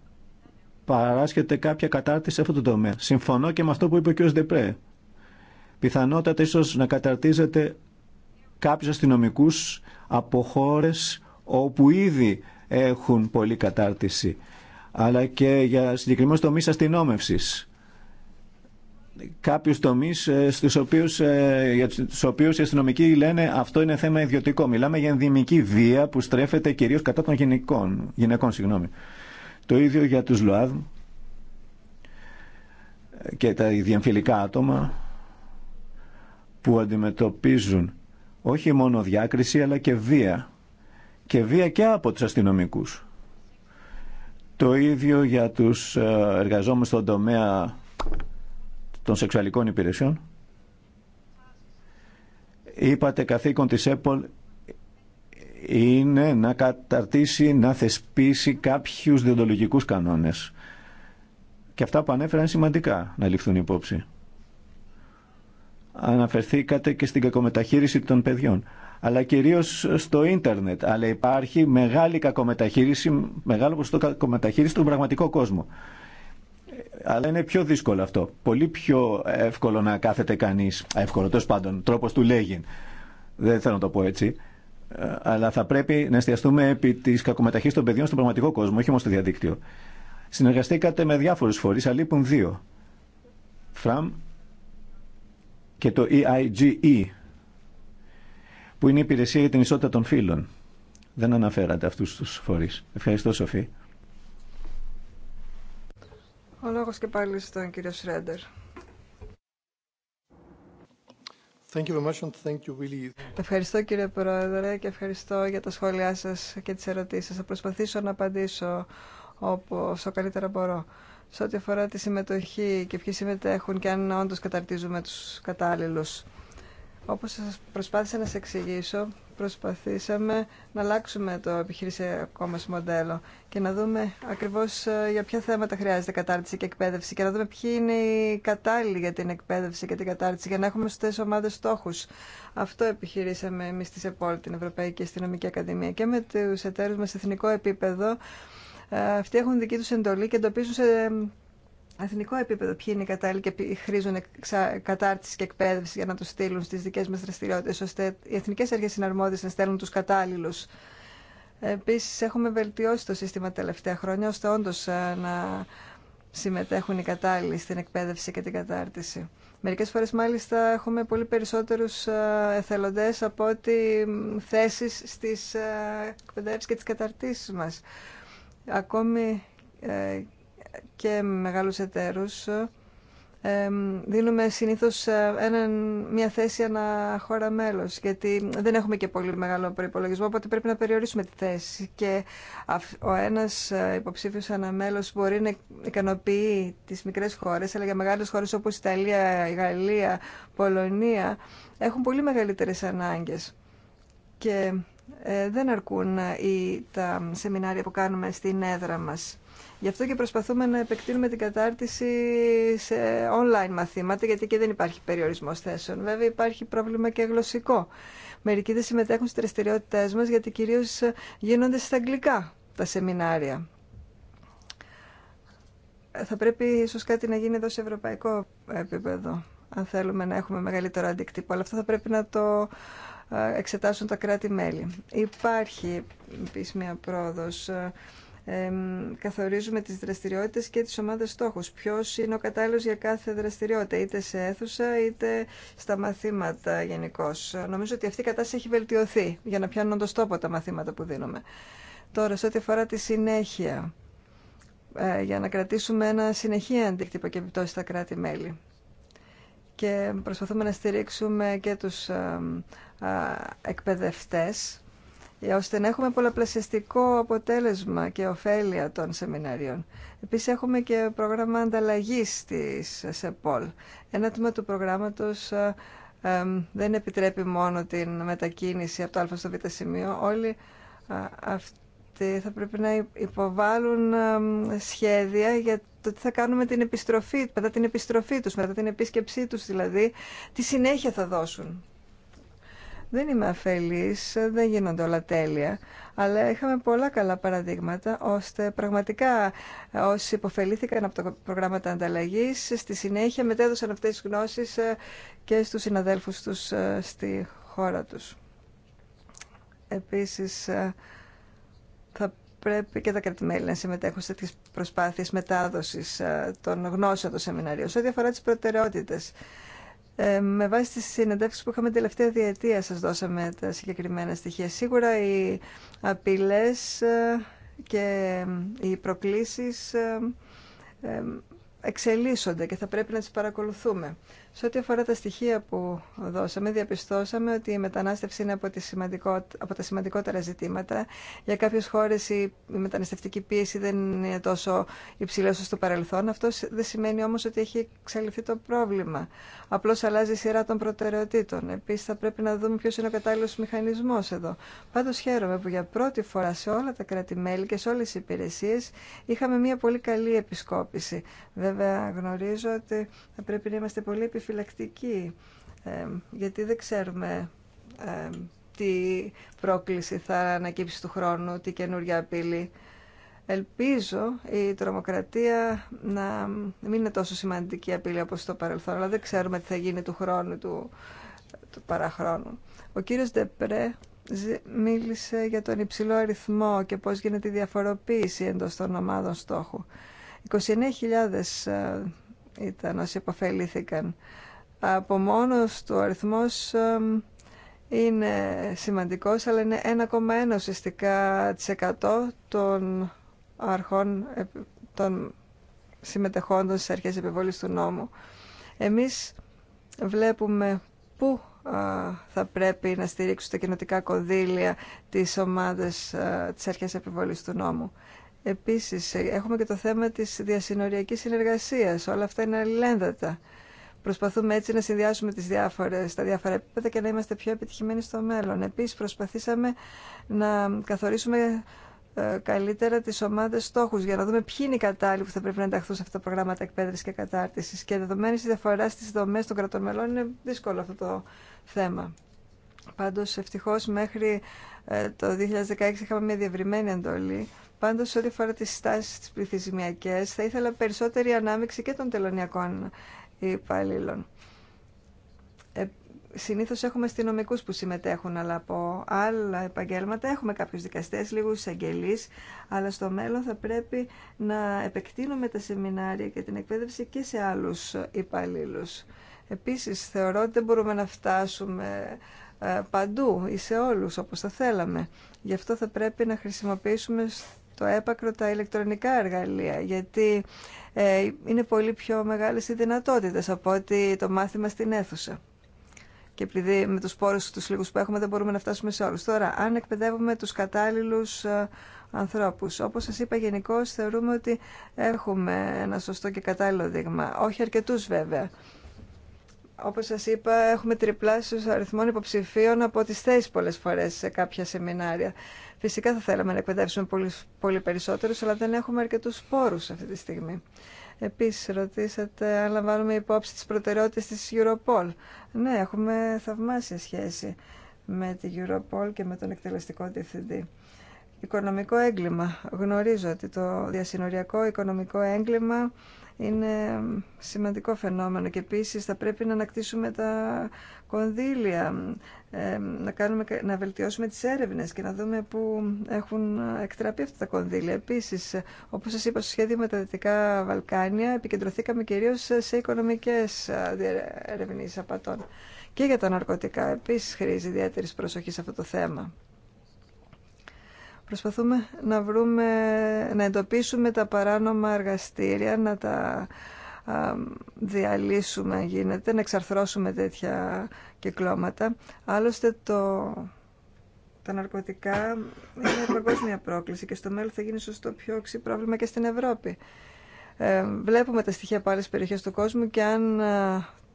παράσχετε κάποια κατάρτιση σε αυτό το τομέα. Συμφωνώ και με αυτό που είπε ο κ. Δεπρέ. Πιθανότατα ίσως να καταρτίζετε κάποιους αστυνομικούς από χώρε όπου ήδη έχουν πολλή κατάρτιση αλλά και για συγκεκριμένους τομείς αστυνόμευσης. Κάποιους τομείς ε, στους οποίους, ε, για τους οποίους οι αστυνομικοί λένε αυτό είναι θέμα ιδιωτικό. Μιλάμε για ενδυμική βία που στρέφεται κυρίως κατά των γυναικών. γυναικών συγγνώμη. Το ίδιο για τους ΛΟΑΔ και τα διεμφυλικά άτομα που αντιμετωπίζουν όχι μόνο διάκριση αλλά και βία. Και βία και από τους αστυνομικούς. Το ίδιο για τους ε, εργαζόμενους στον τομέα των σεξουαλικών υπηρεσιών. Είπατε καθήκον της ΕΠΟΛ είναι να καταρτήσει, να θεσπίσει κάποιους διοντολογικούς κανόνες. Και αυτά που ανέφερα είναι σημαντικά να ληφθούν υπόψη. Αναφερθήκατε και στην κακομεταχείριση των παιδιών αλλά κυρίως στο ίντερνετ. Αλλά υπάρχει μεγάλη κακομεταχείριση, μεγάλο ποσοστό κακομεταχείριση στον πραγματικό κόσμο. Αλλά είναι πιο δύσκολο αυτό. Πολύ πιο εύκολο να κάθεται κανείς, εύκολο τέλο πάντων, τρόπος του λέγει. Δεν θέλω να το πω έτσι. Ε, αλλά θα πρέπει να εστιαστούμε επί τη κακομεταχείρισης των παιδιών στον πραγματικό κόσμο, όχι μόνο στο διαδίκτυο. Συνεργαστήκατε με διάφορου φορεί, αλλά λείπουν δύο. ΦΡΑΜ και το EIGE που είναι η υπηρεσία για την ισότητα των φύλων. Δεν αναφέρατε αυτούς τους φορείς. Ευχαριστώ, Σοφή. Ο λόγος και πάλι στον κύριο Σρέντερ. Thank you very much and thank you really. Ευχαριστώ κύριε Πρόεδρε και ευχαριστώ για τα σχόλιά σας και τις ερωτήσεις Θα προσπαθήσω να απαντήσω όσο καλύτερα μπορώ. Σε ό,τι αφορά τη συμμετοχή και ποιοι συμμετέχουν και αν όντως καταρτίζουμε τους κατάλληλους. Όπως σας προσπάθησα να σας εξηγήσω, προσπαθήσαμε να αλλάξουμε το επιχειρησιακό μας μοντέλο και να δούμε ακριβώς ε, για ποια θέματα χρειάζεται κατάρτιση και εκπαίδευση και να δούμε ποιοι είναι οι κατάλληλοι για την εκπαίδευση και την κατάρτιση για να έχουμε σωστές ομάδες στόχους. Αυτό επιχειρήσαμε εμείς στη ΣΕΠΟΛ, την Ευρωπαϊκή Αστυνομική Ακαδημία και με τους εταίρους μας σε εθνικό επίπεδο. Ε, αυτοί έχουν δική τους εντολή και εντοπίζουν σε εθνικό επίπεδο ποιοι είναι οι κατάλληλοι και χρήζουν κατάρτιση και εκπαίδευση για να του στείλουν στι δικέ μα δραστηριότητε, ώστε οι εθνικέ αρχέ συναρμόδιε να στέλνουν του κατάλληλου. Επίση, έχουμε βελτιώσει το σύστημα τα τελευταία χρόνια, ώστε όντω ε, να συμμετέχουν οι κατάλληλοι στην εκπαίδευση και την κατάρτιση. Μερικέ φορέ, μάλιστα, έχουμε πολύ περισσότερου ε, εθελοντέ από ότι θέσει στι ε, εκπαιδεύσει και τι καταρτήσει μα. Ακόμη και μεγάλους εταίρους δίνουμε συνήθως ε, μια θέση ανά χώρα μέλος, γιατί δεν έχουμε και πολύ μεγάλο προϋπολογισμό, οπότε πρέπει να περιορίσουμε τη θέση. Και ο ένας ε, υποψήφιος ανά μέλος μπορεί να ικανοποιεί τις μικρές χώρες, αλλά για μεγάλες χώρες όπως Ιταλία, Γαλλία, Πολωνία, έχουν πολύ μεγαλύτερες ανάγκες. Και ε, δεν αρκούν τα σεμινάρια που κάνουμε στην έδρα μας. Γι' αυτό και προσπαθούμε να επεκτείνουμε την κατάρτιση σε online μαθήματα, γιατί εκεί δεν υπάρχει περιορισμό θέσεων. Βέβαια, υπάρχει πρόβλημα και γλωσσικό. Μερικοί δεν συμμετέχουν στι δραστηριότητέ μα, γιατί κυρίω γίνονται στα αγγλικά τα σεμινάρια. Θα πρέπει ίσω κάτι να γίνει εδώ σε ευρωπαϊκό επίπεδο, αν θέλουμε να έχουμε μεγαλύτερο αντικτύπο. Αλλά αυτό θα πρέπει να το ε, εξετάσουν τα κράτη-μέλη. Υπάρχει επίση μια πρόοδος ε, καθορίζουμε τις δραστηριότητες και τις ομάδες στόχους. Ποιος είναι ο κατάλληλος για κάθε δραστηριότητα, είτε σε αίθουσα είτε στα μαθήματα γενικώ. Νομίζω ότι αυτή η κατάσταση έχει βελτιωθεί για να πιάνουν το στόπο τα μαθήματα που δίνουμε. Τώρα, σε ό,τι αφορά τη συνέχεια, ε, για να κρατήσουμε ένα συνεχή αντίκτυπο και επιπτώσει στα κράτη-μέλη. Και προσπαθούμε να στηρίξουμε και τους εκπαιδευτές ε, ώστε να έχουμε πολλαπλασιαστικό αποτέλεσμα και ωφέλεια των σεμιναρίων. Επίσης έχουμε και πρόγραμμα ανταλλαγής της ΣΕΠΟΛ. Ένα τμήμα του προγράμματος ε, ε, δεν επιτρέπει μόνο την μετακίνηση από το α στο β σημείο. Όλοι αυτοί θα πρέπει να υποβάλουν σχέδια για το τι θα κάνουμε την επιστροφή, μετά την επιστροφή τους, μετά την επίσκεψή τους δηλαδή, τι συνέχεια θα δώσουν δεν είμαι αφελής, δεν γίνονται όλα τέλεια, αλλά είχαμε πολλά καλά παραδείγματα, ώστε πραγματικά ε, όσοι υποφελήθηκαν από τα προγράμματα ανταλλαγής, στη συνέχεια μετέδωσαν αυτές τις γνώσεις ε, και στους συναδέλφους τους ε, στη χώρα τους. Επίσης, θα πρέπει και τα κρατημέλη να συμμετέχουν σε τέτοιες προσπάθειες μετάδοσης των γνώσεων των σεμιναρίων. Σε ό,τι αφορά τις προτεραιότητες, ε, με βάση τις συνεντεύξεις που είχαμε τελευταία διετία σας δώσαμε τα συγκεκριμένα στοιχεία. Σίγουρα οι απειλές ε, και ε, οι προκλήσεις εξελίσσονται και θα πρέπει να τις παρακολουθούμε. Σε ό,τι αφορά τα στοιχεία που δώσαμε, διαπιστώσαμε ότι η μετανάστευση είναι από, από τα σημαντικότερα ζητήματα. Για κάποιε χώρε η μεταναστευτική πίεση δεν είναι τόσο υψηλή όσο στο παρελθόν. Αυτό δεν σημαίνει όμω ότι έχει εξαλειφθεί το πρόβλημα. Απλώ αλλάζει η σειρά των προτεραιοτήτων. Επίση, θα πρέπει να δούμε ποιο είναι ο κατάλληλο μηχανισμό εδώ. Πάντω, χαίρομαι που για πρώτη φορά σε όλα τα κράτη-μέλη και σε όλε τι υπηρεσίε είχαμε μια πολύ καλή επισκόπηση. Βέβαια, γνωρίζω ότι θα πρέπει να είμαστε πολύ επιφυλακτικοί επιφυλακτικοί, γιατί δεν ξέρουμε τι πρόκληση θα ανακύψει του χρόνου, τι καινούργια απειλή. Ελπίζω η τρομοκρατία να μην είναι τόσο σημαντική απειλή όπως στο παρελθόν, αλλά δεν ξέρουμε τι θα γίνει του χρόνου, του, του παραχρόνου. Ο κύριος Ντεπρέ μίλησε για τον υψηλό αριθμό και πώς γίνεται η διαφοροποίηση εντός των ομάδων στόχου. 29.000 ε, ήταν όσοι υποφελήθηκαν. Από μόνος του αριθμός είναι σημαντικός, αλλά είναι 1,1 ουσιαστικά των αρχών ε, των συμμετεχόντων στις αρχές επιβολής του νόμου. Εμείς βλέπουμε πού θα πρέπει να στηρίξουν τα κοινοτικά κονδύλια της ομάδες της αρχές επιβολής του νόμου. Επίσης, έχουμε και το θέμα της διασυνοριακής συνεργασίας. Όλα αυτά είναι αλληλένδετα. Προσπαθούμε έτσι να συνδυάσουμε τις διάφορες, τα διάφορα επίπεδα και να είμαστε πιο επιτυχημένοι στο μέλλον. Επίσης, προσπαθήσαμε να καθορίσουμε ε, καλύτερα τις ομάδες στόχους για να δούμε ποιοι είναι οι κατάλληλοι που θα πρέπει να ενταχθούν σε αυτά τα προγράμματα εκπαίδευσης και κατάρτισης και δεδομένης η διαφορά στις δομές των κρατών μελών είναι δύσκολο αυτό το θέμα. Πάντως ευτυχώ μέχρι ε, το 2016 είχαμε μια διευρυμένη εντολή Πάντως, ό,τι αφορά τι στάσει τι πληθυσμιακέ, θα ήθελα περισσότερη ανάμειξη και των τελωνιακών υπαλλήλων. Ε, συνήθως έχουμε αστυνομικού που συμμετέχουν, αλλά από άλλα επαγγέλματα έχουμε κάποιου δικαστέ λίγου αγγελείς, αλλά στο μέλλον θα πρέπει να επεκτείνουμε τα σεμινάρια και την εκπαίδευση και σε άλλου υπαλλήλου. Επίση, θεωρώ ότι δεν μπορούμε να φτάσουμε ε, παντού ή σε όλους όπως θα θέλαμε. Γι' αυτό θα πρέπει να χρησιμοποιήσουμε το έπακρο τα ηλεκτρονικά εργαλεία, γιατί ε, είναι πολύ πιο μεγάλες οι δυνατότητες από ότι το μάθημα στην αίθουσα. Και επειδή με τους πόρους τους λίγους που έχουμε δεν μπορούμε να φτάσουμε σε όλους. Τώρα, αν εκπαιδεύουμε τους κατάλληλους ε, ανθρώπους. Όπως σας είπα γενικώ θεωρούμε ότι έχουμε ένα σωστό και κατάλληλο δείγμα. Όχι αρκετούς βέβαια όπως σας είπα, έχουμε τριπλάσιους αριθμών υποψηφίων από τις θέσεις πολλές φορές σε κάποια σεμινάρια. Φυσικά θα θέλαμε να εκπαιδεύσουμε πολύ, πολύ περισσότερους, αλλά δεν έχουμε αρκετούς πόρους αυτή τη στιγμή. Επίσης, ρωτήσατε αν λαμβάνουμε υπόψη τις προτεραιότητες της Europol. Ναι, έχουμε θαυμάσια σχέση με την Europol και με τον εκτελεστικό διευθυντή. Οικονομικό έγκλημα. Γνωρίζω ότι το διασυνοριακό οικονομικό έγκλημα είναι σημαντικό φαινόμενο και επίσης θα πρέπει να ανακτήσουμε τα κονδύλια, ε, να, κάνουμε, να βελτιώσουμε τις έρευνες και να δούμε πού έχουν εκτραπεί αυτά τα κονδύλια. Επίσης, όπως σας είπα στο σχέδιο με τα Δυτικά Βαλκάνια, επικεντρωθήκαμε κυρίως σε οικονομικές ε, ερευνήσεις απατών. Και για τα ναρκωτικά επίσης χρήζει ιδιαίτερη προσοχή σε αυτό το θέμα. Προσπαθούμε να βρούμε, να εντοπίσουμε τα παράνομα εργαστήρια, να τα διαλύσουμε γίνεται, να εξαρθρώσουμε τέτοια κυκλώματα. Άλλωστε το, τα ναρκωτικά είναι παγκόσμια πρόκληση και στο μέλλον θα γίνει σωστό πιο οξύ πρόβλημα και στην Ευρώπη. Ε, βλέπουμε τα στοιχεία από άλλες περιοχές του κόσμου και αν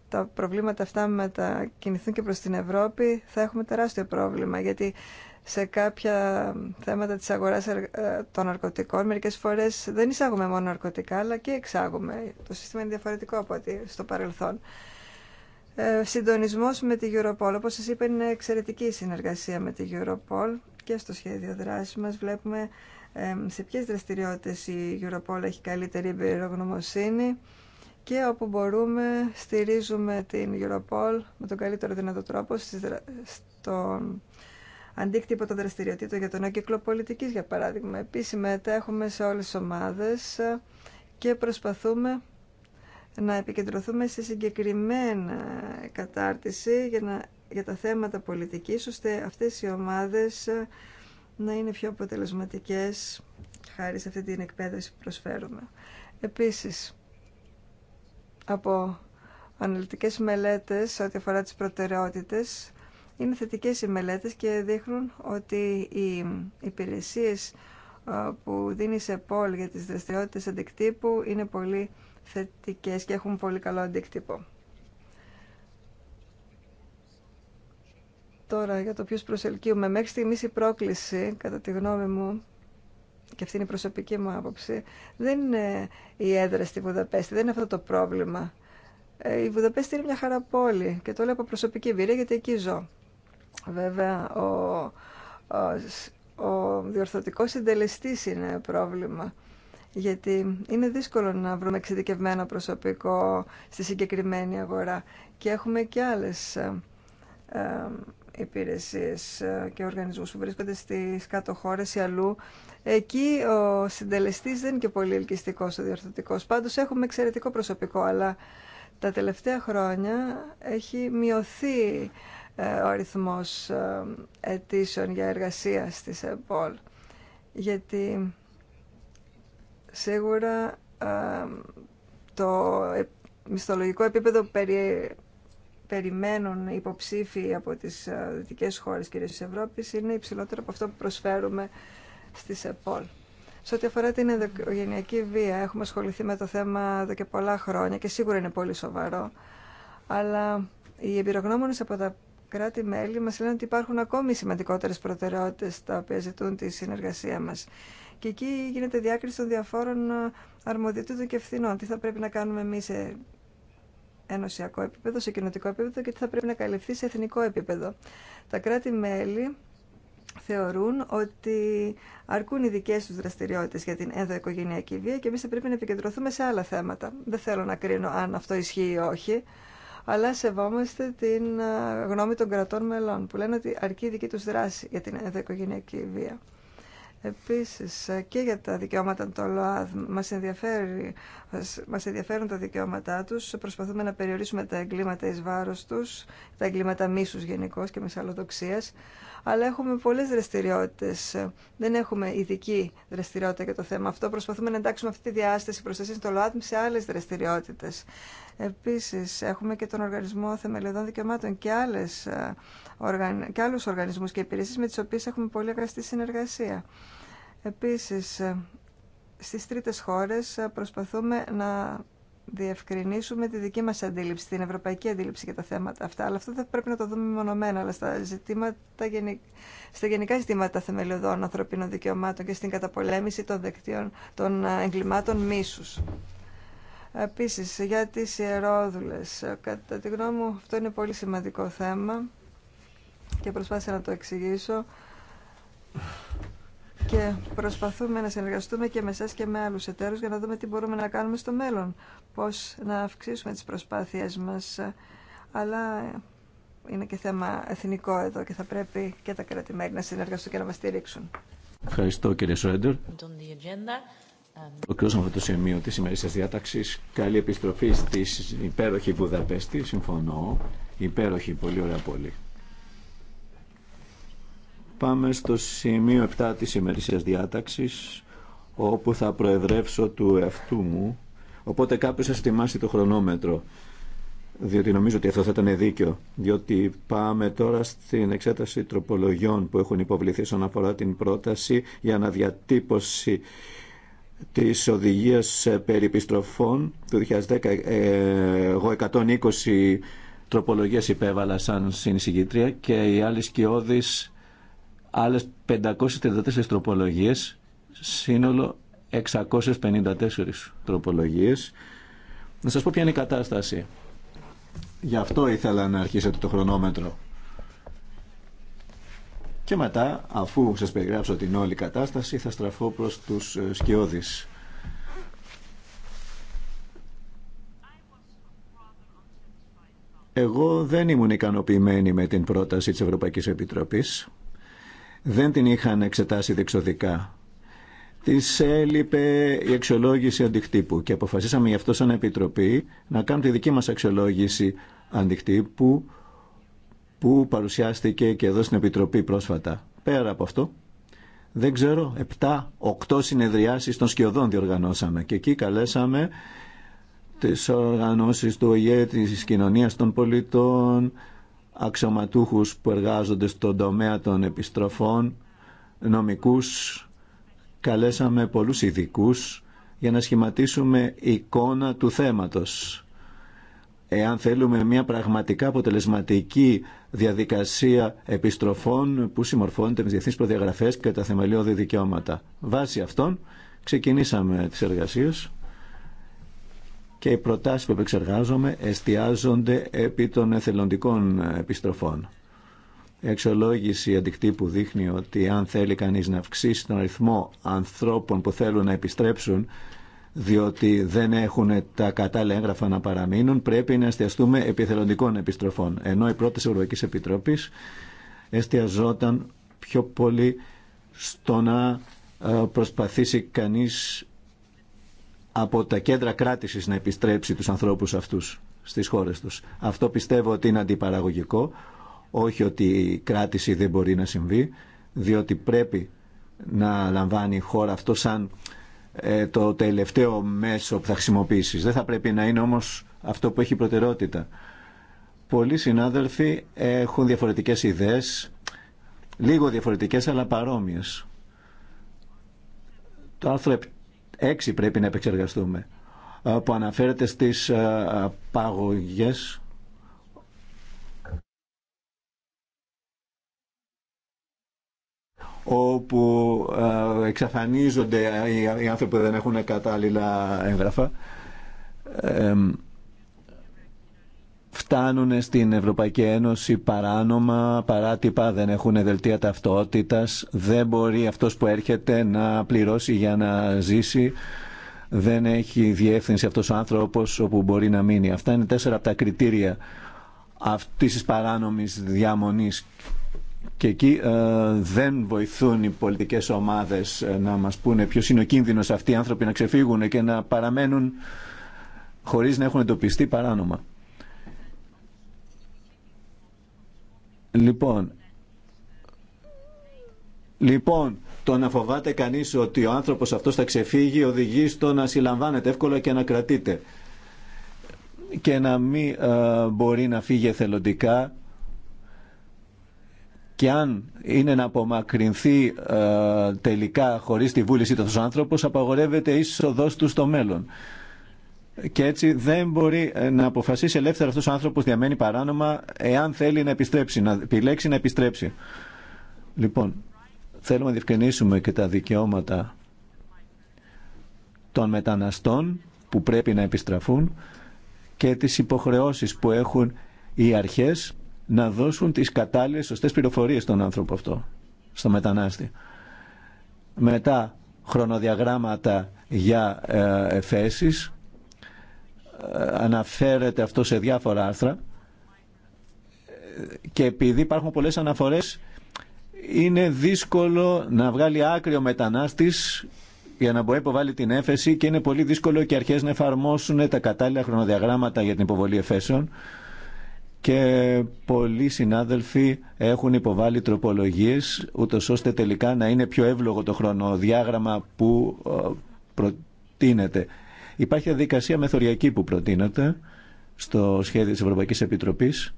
τα προβλήματα αυτά μετακινηθούν και προς την Ευρώπη θα έχουμε τεράστιο πρόβλημα γιατί σε κάποια θέματα της αγοράς ε, των ναρκωτικών. Μερικές φορές δεν εισάγουμε μόνο ναρκωτικά, αλλά και εξάγουμε. Το σύστημα είναι διαφορετικό από ό,τι στο παρελθόν. Ε, συντονισμός με τη Europol. Όπως σας είπα, είναι εξαιρετική η συνεργασία με τη Europol και στο σχέδιο δράσης μας βλέπουμε σε ποιες δραστηριότητες η Europol έχει καλύτερη εμπειρογνωμοσύνη και όπου μπορούμε στηρίζουμε την Europol με τον καλύτερο δυνατό τρόπο στον αντίκτυπο των δραστηριοτήτων για τον κύκλο πολιτική, για παράδειγμα. Επίση, έχουμε σε όλε τι ομάδε και προσπαθούμε να επικεντρωθούμε σε συγκεκριμένα κατάρτιση για, να, για τα θέματα πολιτικής, ώστε αυτές οι ομάδες να είναι πιο αποτελεσματικές χάρη σε αυτή την εκπαίδευση που προσφέρουμε. Επίσης, από αναλυτικές μελέτες ό,τι αφορά τις προτεραιότητες, είναι θετικές οι μελέτες και δείχνουν ότι οι υπηρεσίες ε, που δίνει σε πόλ για τις δραστηριότητες αντικτύπου είναι πολύ θετικές και έχουν πολύ καλό αντικτύπο. Τώρα για το ποιους προσελκύουμε. Μέχρι στιγμής η πρόκληση, κατά τη γνώμη μου, και αυτή είναι η προσωπική μου άποψη, δεν είναι η έδρα στη Βουδαπέστη, δεν είναι αυτό το πρόβλημα. Ε, η Βουδαπέστη είναι μια χαρά πόλη και το λέω από προσωπική εμπειρία γιατί εκεί ζω. Βέβαια, ο, ο, ο διορθωτικός συντελεστής είναι πρόβλημα γιατί είναι δύσκολο να βρούμε εξειδικευμένο προσωπικό στη συγκεκριμένη αγορά και έχουμε και άλλες ε, ε υπηρεσίες ε, και οργανισμούς που βρίσκονται στις κάτω χώρες ή αλλού. Εκεί ο συντελεστής δεν είναι και πολύ ελκυστικός ο διορθωτικός. Πάντως έχουμε εξαιρετικό προσωπικό, αλλά τα τελευταία χρόνια έχει μειωθεί ε, ο αριθμός ε, αιτήσεων για εργασία στη ΕΠΟΛ. Γιατί σίγουρα ε, το μισθολογικό επίπεδο περι, περιμένουν οι υποψήφοι από τις δυτικές χώρες, κυρίως της Ευρώπης, είναι υψηλότερο από αυτό που προσφέρουμε στη ΣΕΠΟΛ. Σε ό,τι αφορά την ενδογενειακή βία, έχουμε ασχοληθεί με το θέμα εδώ και πολλά χρόνια και σίγουρα είναι πολύ σοβαρό. Αλλά οι εμπειρογνώμονες από τα κράτη-μέλη μας λένε ότι υπάρχουν ακόμη σημαντικότερες προτεραιότητες τα οποία ζητούν τη συνεργασία μας. Και εκεί γίνεται διάκριση των διαφόρων ε, αρμοδιοτήτων και ευθυνών. Τι θα πρέπει να κάνουμε εμείς σε ενωσιακό επίπεδο, σε κοινωτικό επίπεδο και τι θα πρέπει να καλυφθεί σε εθνικό επίπεδο. Τα κράτη-μέλη θεωρούν ότι αρκούν οι δικές του δραστηριότητε για την ενδοοικογενειακή βία και εμεί θα πρέπει να επικεντρωθούμε σε άλλα θέματα. Δεν θέλω να κρίνω αν αυτό ισχύει ή όχι αλλά σεβόμαστε την ε, γνώμη των κρατών μελών που λένε ότι αρκεί η δική τους δράση για την ενδοοικογενειακή βία. Επίσης ε, και για τα δικαιώματα των ΛΟΑΔ μας, μας ενδιαφέρουν τα δικαιώματά τους. Προσπαθούμε να περιορίσουμε τα εγκλήματα εις βάρος τους, τα εγκλήματα μίσους γενικώ και μεσαλλοδοξίας. Αλλά έχουμε πολλές δραστηριότητες. Δεν έχουμε ειδική δραστηριότητα για το θέμα αυτό. Προσπαθούμε να εντάξουμε αυτή τη διάσταση προστασία των ΛΟΑΔ σε άλλες δραστηριότητες. Επίσης έχουμε και τον Οργανισμό Θεμελιωδών Δικαιωμάτων και, άλλες, ε, και άλλους οργανισμούς και υπηρεσίες με τις οποίες έχουμε πολύ αγαστή συνεργασία. Επίσης, ε, στις τρίτες χώρες ε, προσπαθούμε να διευκρινίσουμε τη δική μας αντίληψη, την ευρωπαϊκή αντίληψη για τα θέματα αυτά. Αλλά αυτό δεν πρέπει να το δούμε μονομένα, αλλά στα, ζητήματα, στα γενικά ζητήματα θεμελιωδών ανθρωπίνων δικαιωμάτων και στην καταπολέμηση των δεκτύων των ε, εγκλημάτων μίσους. Επίσης, για τις ιερόδουλες, κατά τη γνώμη μου αυτό είναι πολύ σημαντικό θέμα και προσπάθησα να το εξηγήσω και προσπαθούμε να συνεργαστούμε και με εσάς και με άλλους εταίρους για να δούμε τι μπορούμε να κάνουμε στο μέλλον, πώς να αυξήσουμε τις προσπάθειές μας, αλλά είναι και θέμα εθνικό εδώ και θα πρέπει και τα κρατη να συνεργαστούν και να μας στηρίξουν. Ευχαριστώ κύριε Σρέντερ. Um, Ολοκληρώσαμε αυτό το σημείο τη ημερήσια διάταξη. Καλή επιστροφή στη υπέροχη Βουδαπέστη. Συμφωνώ. Υπέροχη, πολύ ωραία πόλη. Πάμε στο σημείο 7 της ημερήσιας διάταξης, όπου θα προεδρεύσω του εαυτού μου. Οπότε κάποιος θα στιμάσει το χρονόμετρο, διότι νομίζω ότι αυτό θα ήταν δίκιο. Διότι πάμε τώρα στην εξέταση τροπολογιών που έχουν υποβληθεί όσον αφορά την πρόταση για αναδιατύπωση της οδηγίας περιπιστροφών του 2010. Ε, εγώ 120 τροπολογίες υπέβαλα σαν συνεισηγήτρια και οι άλλοι σκιώδεις άλλε 534 τροπολογίες, σύνολο 654 τροπολογίες. Να σας πω ποια είναι η κατάσταση. Γι' αυτό ήθελα να αρχίσετε το χρονόμετρο. Και μετά, αφού σας περιγράψω την όλη κατάσταση, θα στραφώ προς τους ε, σκιώδεις. Εγώ δεν ήμουν ικανοποιημένη με την πρόταση της Ευρωπαϊκής Επιτροπής δεν την είχαν εξετάσει διεξοδικά. Τη έλειπε η αξιολόγηση αντικτύπου και αποφασίσαμε γι' αυτό σαν Επιτροπή να κάνουμε τη δική μας αξιολόγηση αντικτύπου που παρουσιάστηκε και εδώ στην Επιτροπή πρόσφατα. Πέρα από αυτό, δεν ξέρω, 7-8 συνεδριάσεις των σκιωδών διοργανώσαμε και εκεί καλέσαμε τις οργανώσεις του ΟΙΕ, της κοινωνίας των πολιτών, αξιωματούχους που εργάζονται στον τομέα των επιστροφών, νομικούς, καλέσαμε πολλούς ειδικού για να σχηματίσουμε εικόνα του θέματος. Εάν θέλουμε μια πραγματικά αποτελεσματική διαδικασία επιστροφών που συμμορφώνεται με τις διεθνείς προδιαγραφές και τα θεμελιώδη δικαιώματα. Βάσει αυτών ξεκινήσαμε τις εργασίες και οι προτάσεις που επεξεργάζομαι εστιάζονται επί των εθελοντικών επιστροφών. Η αξιολόγηση αντικτύπου δείχνει ότι αν θέλει κανείς να αυξήσει τον αριθμό ανθρώπων που θέλουν να επιστρέψουν διότι δεν έχουν τα κατάλληλα έγγραφα να παραμείνουν, πρέπει να εστιαστούμε επί εθελοντικών επιστροφών. Ενώ η πρόταση Ευρωπαϊκής Επιτροπής εστιαζόταν πιο πολύ στο να ε, προσπαθήσει κανείς από τα κέντρα κράτησης να επιστρέψει τους ανθρώπους αυτούς στις χώρες τους. Αυτό πιστεύω ότι είναι αντιπαραγωγικό, όχι ότι η κράτηση δεν μπορεί να συμβεί, διότι πρέπει να λαμβάνει η χώρα αυτό σαν ε, το τελευταίο μέσο που θα χρησιμοποιήσει. Δεν θα πρέπει να είναι όμως αυτό που έχει προτεραιότητα. Πολλοί συνάδελφοι έχουν διαφορετικές ιδέες, λίγο διαφορετικές αλλά παρόμοιες. Το άρθρο Έξι πρέπει να επεξεργαστούμε ε, που αναφέρεται στις ε, παγωγές όπου ε, εξαφανίζονται οι άνθρωποι που δεν έχουν κατάλληλα έγγραφα φτάνουν στην Ευρωπαϊκή Ένωση παράνομα, παράτυπα, δεν έχουν δελτία ταυτότητας, δεν μπορεί αυτός που έρχεται να πληρώσει για να ζήσει, δεν έχει διεύθυνση αυτός ο άνθρωπος όπου μπορεί να μείνει. Αυτά είναι τέσσερα από τα κριτήρια αυτής της παράνομης διαμονής και εκεί ε, δεν βοηθούν οι πολιτικές ομάδες ε, να μας πούνε ποιος είναι ο κίνδυνος αυτοί οι άνθρωποι να ξεφύγουν και να παραμένουν χωρίς να έχουν εντοπιστεί παράνομα. Λοιπόν, λοιπόν, το να φοβάται κανείς ότι ο άνθρωπος αυτός θα ξεφύγει οδηγεί στο να συλλαμβάνεται εύκολα και να κρατείται και να μην ε, μπορεί να φύγει εθελοντικά και αν είναι να απομακρυνθεί ε, τελικά χωρίς τη βούλησή του άνθρωπος απαγορεύεται η είσοδος του στο μέλλον και έτσι δεν μπορεί ε, να αποφασίσει ελεύθερα αυτός ο άνθρωπος διαμένει παράνομα εάν θέλει να επιστρέψει, να επιλέξει να επιστρέψει. Λοιπόν, θέλουμε να διευκρινίσουμε και τα δικαιώματα των μεταναστών που πρέπει να επιστραφούν και τις υποχρεώσεις που έχουν οι αρχές να δώσουν τις κατάλληλες σωστές πληροφορίες στον άνθρωπο αυτό, στο μετανάστη. Μετά χρονοδιαγράμματα για ε, αναφέρεται αυτό σε διάφορα άρθρα και επειδή υπάρχουν πολλές αναφορές είναι δύσκολο να βγάλει άκριο ο μετανάστης για να μπορεί να υποβάλει την έφεση και είναι πολύ δύσκολο και αρχές να εφαρμόσουν τα κατάλληλα χρονοδιαγράμματα για την υποβολή εφέσεων και πολλοί συνάδελφοι έχουν υποβάλει τροπολογίες ούτω ώστε τελικά να είναι πιο εύλογο το χρονοδιάγραμμα που ε, προτείνεται. Υπάρχει διαδικασία μεθοριακή που προτείνεται στο σχέδιο της Ευρωπαϊκής Επιτροπής.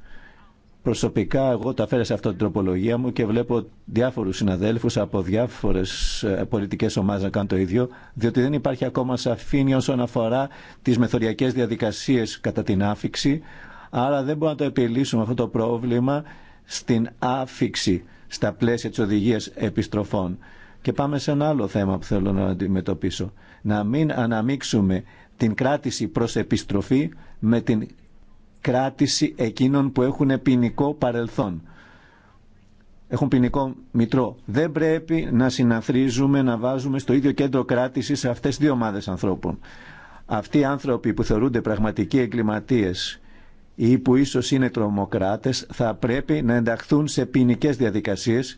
Προσωπικά εγώ τα φέρα σε την τροπολογία μου και βλέπω διάφορους συναδέλφους από διάφορες ε, πολιτικές ομάδες να κάνουν το ίδιο, διότι δεν υπάρχει ακόμα σαφήνεια όσον αφορά τις μεθοριακές διαδικασίες κατά την άφηξη, άρα δεν μπορούμε να το επιλύσουμε αυτό το πρόβλημα στην άφηξη στα πλαίσια της οδηγίας επιστροφών. Και πάμε σε ένα άλλο θέμα που θέλω να αντιμετωπίσω. Να μην αναμίξουμε την κράτηση προς επιστροφή με την κράτηση εκείνων που έχουν ποινικό παρελθόν. Έχουν ποινικό μητρό. Δεν πρέπει να συναθρίζουμε, να βάζουμε στο ίδιο κέντρο κράτηση... σε αυτές δύο ομάδες ανθρώπων. Αυτοί οι άνθρωποι που θεωρούνται πραγματικοί εγκληματίες ή που ίσως είναι τρομοκράτες θα πρέπει να ενταχθούν σε ποινικέ διαδικασίες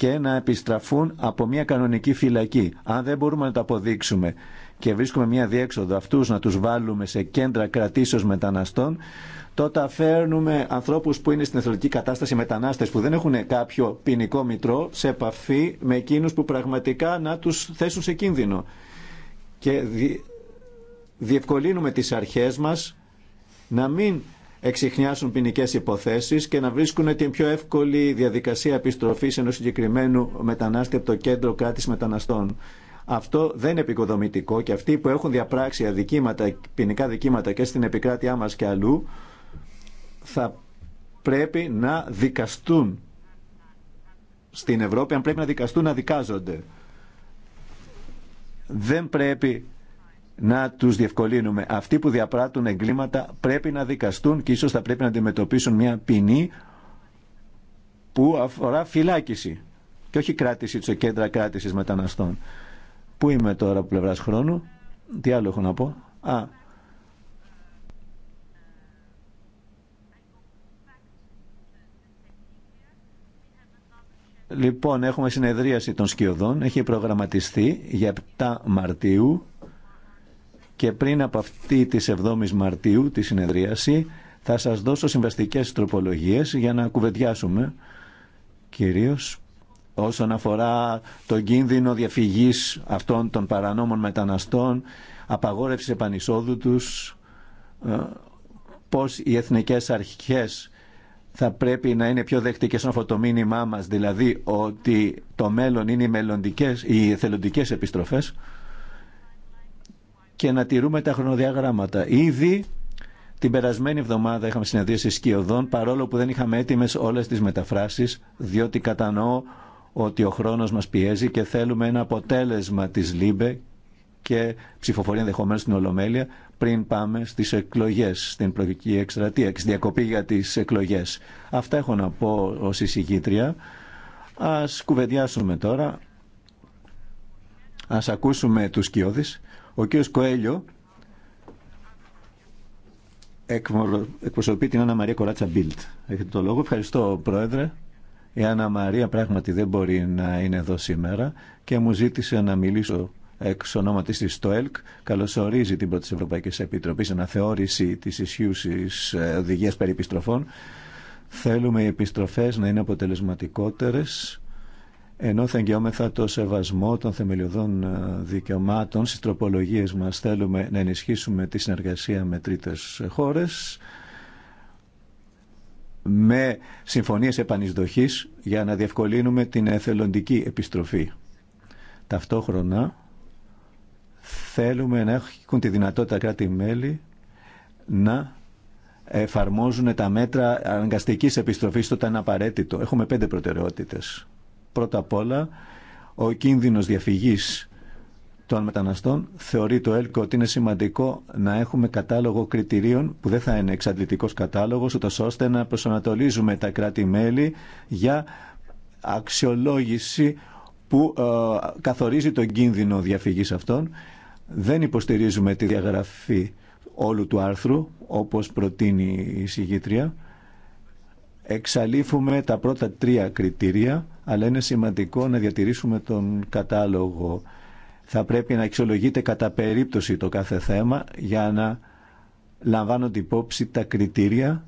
και να επιστραφούν από μια κανονική φυλακή. Αν δεν μπορούμε να το αποδείξουμε και βρίσκουμε μια διέξοδο αυτούς να τους βάλουμε σε κέντρα κρατήσεως μεταναστών, τότε φέρνουμε ανθρώπους που είναι στην εθνική κατάσταση μετανάστες που δεν έχουν κάποιο ποινικό μητρό σε επαφή με εκείνους που πραγματικά να τους θέσουν σε κίνδυνο. Και διευκολύνουμε τις αρχές μας να μην εξηχνιάσουν ποινικέ υποθέσει και να βρίσκουν την πιο εύκολη διαδικασία επιστροφή ενό συγκεκριμένου μετανάστη από το κέντρο κράτη μεταναστών. Αυτό δεν είναι επικοδομητικό και αυτοί που έχουν διαπράξει αδικήματα, ποινικά δικήματα και στην επικράτειά μα και αλλού θα πρέπει να δικαστούν στην Ευρώπη, αν πρέπει να δικαστούν να δικάζονται. Δεν πρέπει να τους διευκολύνουμε. Αυτοί που διαπράττουν εγκλήματα πρέπει να δικαστούν και ίσως θα πρέπει να αντιμετωπίσουν μια ποινή που αφορά φυλάκιση και όχι κράτηση του κέντρα κράτησης μεταναστών. Πού είμαι τώρα από πλευράς χρόνου, τι άλλο έχω να πω. Λοιπόν, έχουμε συνεδρίαση των σκιωδών. Έχει προγραμματιστεί για 7 Μαρτίου και πριν από αυτή της 7ης Μαρτίου τη συνεδρίαση θα σας δώσω συμβαστικές τροπολογίες για να κουβεντιάσουμε κυρίως όσον αφορά τον κίνδυνο διαφυγής αυτών των παρανόμων μεταναστών, απαγόρευση επανεισόδου τους, ε, πώς οι εθνικές αρχέ θα πρέπει να είναι πιο δέκτικες όσο το μήνυμά μας, δηλαδή ότι το μέλλον είναι οι, οι επιστροφές και να τηρούμε τα χρονοδιαγράμματα. Ήδη την περασμένη εβδομάδα είχαμε συναντήσει σκιωδών, παρόλο που δεν είχαμε έτοιμε όλε τι μεταφράσει, διότι κατανοώ ότι ο χρόνο μα πιέζει και θέλουμε ένα αποτέλεσμα τη ΛΥΜΠΕ και ψηφοφορία ενδεχομένω στην Ολομέλεια πριν πάμε στι εκλογέ, στην προεκλογική εκστρατεία και στη διακοπή για τι εκλογέ. Αυτά έχω να πω ω εισηγήτρια. Α κουβεντιάσουμε τώρα. Α ακούσουμε του σκιώδει ο κύριος Κοέλιο εκπροσωπεί την Άννα Μαρία Κοράτσα Μπίλτ. Έχετε το λόγο. Ευχαριστώ, Πρόεδρε. Η Άννα Μαρία πράγματι δεν μπορεί να είναι εδώ σήμερα και μου ζήτησε να μιλήσω εξ ονόματι της στο ΕΛΚ καλωσορίζει την πρώτη Ευρωπαϊκή Επιτροπή αναθεώρηση της ισχύουσης ε, οδηγίας περί επιστροφών. Θέλουμε οι επιστροφές να είναι αποτελεσματικότερες ενώ θα εγγυόμεθα το σεβασμό των θεμελιωδών ε, δικαιωμάτων στις τροπολογίες μας θέλουμε να ενισχύσουμε τη συνεργασία με τρίτες χώρες με συμφωνίες επανεισδοχής για να διευκολύνουμε την εθελοντική επιστροφή. Ταυτόχρονα θέλουμε να έχουν τη δυνατότητα κράτη-μέλη να εφαρμόζουν τα μέτρα αναγκαστικής επιστροφής όταν απαραίτητο. Έχουμε πέντε προτεραιότητες. Πρώτα απ' όλα, ο κίνδυνος διαφυγής των μεταναστών θεωρεί το ΕΛΚΟ ότι είναι σημαντικό να έχουμε κατάλογο κριτηρίων που δεν θα είναι εξαντλητικός κατάλογος, ούτως ώστε να προσανατολίζουμε τα κράτη-μέλη για αξιολόγηση που ε, καθορίζει τον κίνδυνο διαφυγής αυτών. Δεν υποστηρίζουμε τη διαγραφή όλου του άρθρου, όπως προτείνει η συγγήτρια. Εξαλείφουμε τα πρώτα τρία κριτήρια αλλά είναι σημαντικό να διατηρήσουμε τον κατάλογο. Θα πρέπει να αξιολογείται κατά περίπτωση το κάθε θέμα για να λαμβάνονται υπόψη τα κριτήρια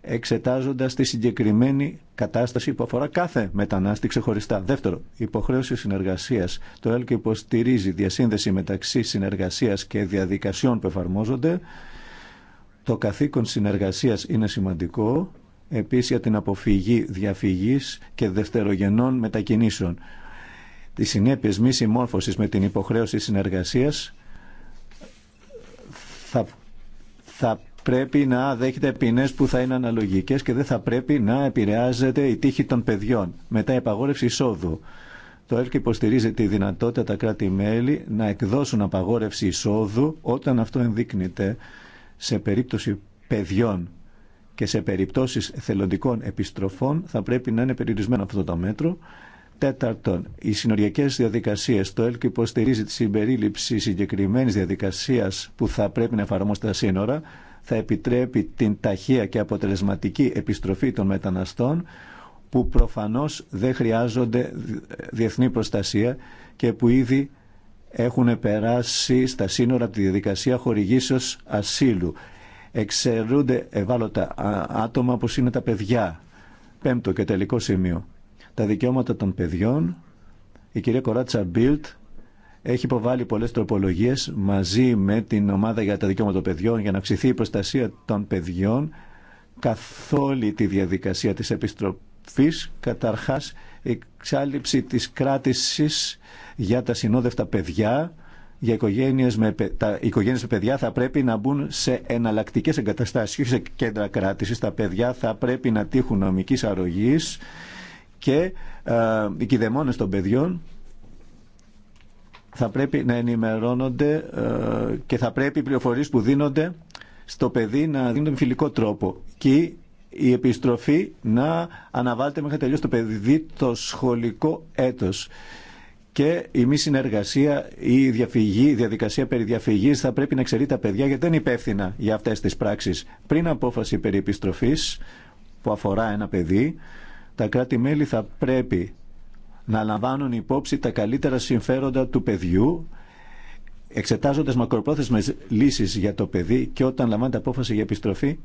εξετάζοντας τη συγκεκριμένη κατάσταση που αφορά κάθε μετανάστη ξεχωριστά. Δεύτερο, υποχρέωση συνεργασίας. Το ΕΛΚ υποστηρίζει διασύνδεση μεταξύ συνεργασίας και διαδικασιών που εφαρμόζονται. Το καθήκον συνεργασίας είναι σημαντικό επίσης για την αποφυγή διαφυγής και δευτερογενών μετακινήσεων. Τι συνέπειε μη συμμόρφωση με την υποχρέωση συνεργασίας θα, θα πρέπει να δέχεται ποινέ που θα είναι αναλογικές και δεν θα πρέπει να επηρεάζεται η τύχη των παιδιών. Μετά η απαγόρευση εισόδου. Το ΕΛΚ υποστηρίζει τη δυνατότητα τα κράτη-μέλη να εκδώσουν απαγόρευση εισόδου όταν αυτό ενδείκνεται σε περίπτωση παιδιών και σε περιπτώσεις θελοντικών επιστροφών θα πρέπει να είναι περιορισμένο αυτό το μέτρο. Τέταρτον, οι συνοριακές διαδικασίε, Το ΕΛΚ υποστηρίζει τη συμπερίληψη συγκεκριμένη διαδικασία που θα πρέπει να εφαρμόσει τα σύνορα. Θα επιτρέπει την ταχεία και αποτελεσματική επιστροφή των μεταναστών που προφανώς δεν χρειάζονται διεθνή προστασία και που ήδη έχουν περάσει στα σύνορα από τη διαδικασία χορηγήσεως ασύλου εξαιρούνται ευάλωτα άτομα όπως είναι τα παιδιά. Πέμπτο και τελικό σημείο. Τα δικαιώματα των παιδιών. Η κυρία Κοράτσα Μπίλτ έχει υποβάλει πολλές τροπολογίες μαζί με την ομάδα για τα δικαιώματα των παιδιών για να αυξηθεί η προστασία των παιδιών καθ' όλη τη διαδικασία της επιστροφής. Καταρχάς, η εξάλληψη της κράτησης για τα συνόδευτα παιδιά για οικογένειε με, τα οικογένειες παιδιά θα πρέπει να μπουν σε εναλλακτικέ εγκαταστάσεις, όχι σε κέντρα κράτηση. Τα παιδιά θα πρέπει να τύχουν νομική αρρωγή και οι κυδεμόνε των παιδιών θα πρέπει να ενημερώνονται και θα πρέπει οι πληροφορίες που δίνονται στο παιδί να δίνονται με φιλικό τρόπο. Και η επιστροφή να αναβάλλεται μέχρι τελειώσει το παιδί το σχολικό έτος και η μη συνεργασία ή η διαφυγή, η η περί διαφυγής θα πρέπει να ξερεί τα παιδιά γιατί δεν είναι υπεύθυνα για αυτές τις πράξεις. Πριν απόφαση περί επιστροφής που αφορά ένα παιδί, τα κράτη-μέλη θα πρέπει να λαμβάνουν υπόψη τα καλύτερα συμφέροντα του παιδιού εξετάζοντας μακροπρόθεσμες λύσεις για το παιδί και όταν λαμβάνεται απόφαση για επιστροφή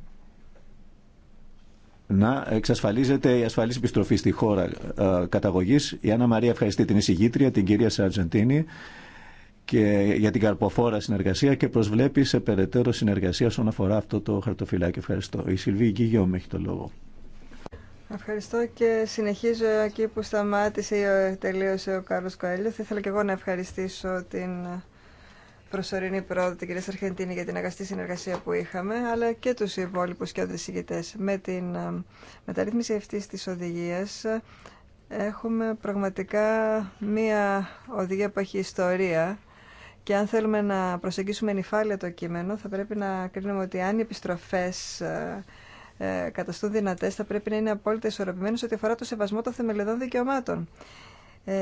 να εξασφαλίζεται η ασφαλής επιστροφή στη χώρα ε, καταγωγής. Η Άννα Μαρία ευχαριστεί την εισηγήτρια, την κυρία Σαρτζεντίνη και για την καρποφόρα συνεργασία και προσβλέπει σε περαιτέρω συνεργασία όσον αφορά αυτό το χαρτοφυλάκι. Ευχαριστώ. Η Σιλβή με έχει το λόγο. Ευχαριστώ και συνεχίζω εκεί που σταμάτησε ή τελείωσε ο Κάρλος Κοέλιο. Θα ήθελα και εγώ να ευχαριστήσω την προσωρινή πρόοδο την κυρία Σαρχεντίνη για την αγαστή συνεργασία που είχαμε, αλλά και τους υπόλοιπους και οδησηγητές. Με την ε, μεταρρύθμιση αυτής της οδηγίας ε, έχουμε πραγματικά μία οδηγία που έχει ιστορία και αν θέλουμε να προσεγγίσουμε νυφάλια το κείμενο θα πρέπει να κρίνουμε ότι αν οι επιστροφές ε, καταστούν δυνατές θα πρέπει να είναι απόλυτα ισορροπημένες ό,τι αφορά το σεβασμό των θεμελιωδών δικαιωμάτων.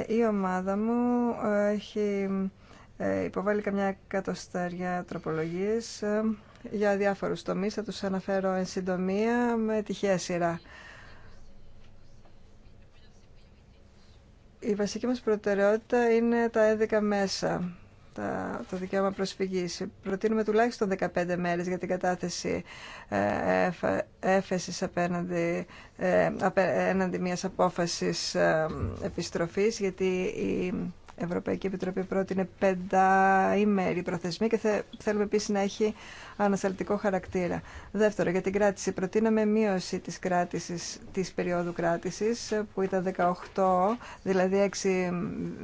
η ομάδα μου έχει ε, υποβάλλει καμιά εκατοσταριά τροπολογίες ε, για διάφορους τομείς. Θα τους αναφέρω εν συντομία με τυχαία σειρά. Η βασική μας προτεραιότητα είναι τα 11 μέσα, τα, το δικαίωμα προσφυγής. Προτείνουμε τουλάχιστον 15 μέρες για την κατάθεση ε, έφεσης απέναντι, απέναντι μιας απόφασης επιστροφής, γιατί η Ευρωπαϊκή Επιτροπή πρότεινε ημέρη προθεσμία και θέλουμε επίση να έχει ανασταλτικό χαρακτήρα. Δεύτερο, για την κράτηση. Προτείναμε μείωση τη κράτησης, της περίοδου κράτηση, που ήταν 18, δηλαδή 6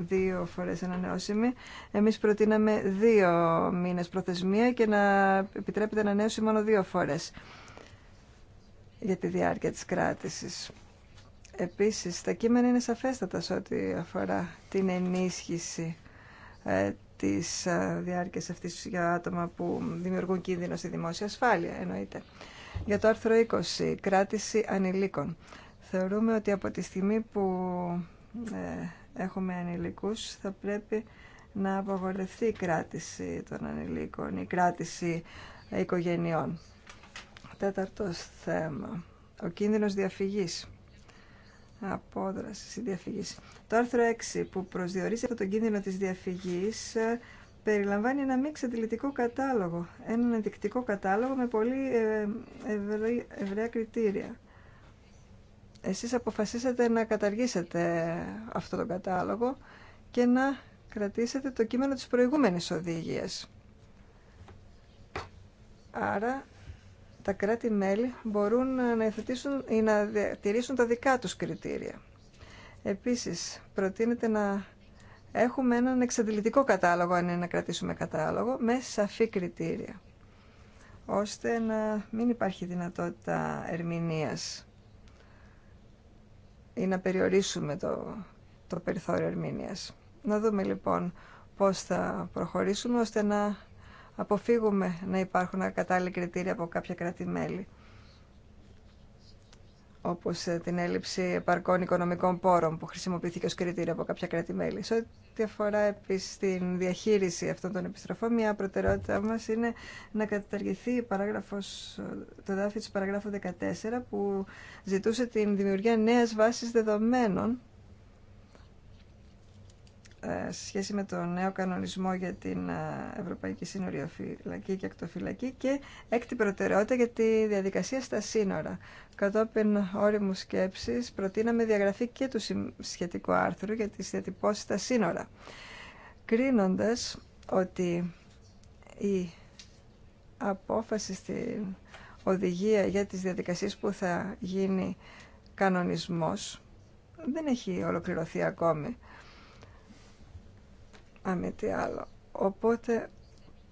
δύο φορέ ανανεώσιμη. Εμεί προτείναμε δύο μήνε προθεσμία και να επιτρέπεται ανανέωση μόνο δύο φορέ για τη διάρκεια της κράτησης. Επίσης, τα κείμενα είναι σαφέστατα σε ό,τι αφορά την ενίσχυση ε, της ε, διάρκειας αυτής για άτομα που δημιουργούν κίνδυνο στη δημόσια ασφάλεια, εννοείται. Για το άρθρο 20, κράτηση ανηλίκων. Θεωρούμε ότι από τη στιγμή που ε, έχουμε ανηλικούς θα πρέπει να απογορευτεί η κράτηση των ανηλίκων, η κράτηση ε, οικογενειών. Τέταρτος θέμα, ο κίνδυνος διαφυγής απόδραση ή Το άρθρο 6 που προσδιορίζει αυτό τον κίνδυνο της διαφυγής ε, περιλαμβάνει ένα μη εξαντλητικό κατάλογο, έναν ενδεικτικό κατάλογο με πολύ ε, ευρεία κριτήρια. Εσείς αποφασίσατε να καταργήσετε αυτό τον κατάλογο και να κρατήσετε το κείμενο της προηγούμενης οδηγίας. Άρα τα κράτη-μέλη μπορούν να υιοθετήσουν ή να διατηρήσουν τα δικά τους κριτήρια. Επίσης, προτείνεται να έχουμε έναν εξαντλητικό κατάλογο, αν είναι να κρατήσουμε κατάλογο, με σαφή κριτήρια, ώστε να μην υπάρχει δυνατότητα ερμηνείας ή να περιορίσουμε το, το περιθώριο ερμηνείας. Να δούμε λοιπόν πώς θα προχωρήσουμε ώστε να αποφύγουμε να υπάρχουν ακατάλληλα κριτήρια από κάποια κράτη-μέλη όπως ε, την έλλειψη επαρκών οικονομικών πόρων που χρησιμοποιήθηκε ως κριτήριο από κάποια κράτη-μέλη. Σε ό,τι αφορά επίσης την διαχείριση αυτών των επιστροφών, μια προτεραιότητα μας είναι να καταργηθεί παράγραφος, το δάφιο της παραγράφου 14 που ζητούσε την δημιουργία νέας βάσης δεδομένων σε σχέση με τον νέο κανονισμό για την ε, Ευρωπαϊκή Σύνοριοφυλακή και Ακτοφυλακή και έκτη προτεραιότητα για τη διαδικασία στα σύνορα. Κατόπιν όριμου σκέψης προτείναμε διαγραφή και του σχετικού άρθρου για τι διατυπώσει στα σύνορα. Κρίνοντας ότι η απόφαση στην οδηγία για τις διαδικασίες που θα γίνει κανονισμός δεν έχει ολοκληρωθεί ακόμη αν ναι, τι άλλο. Οπότε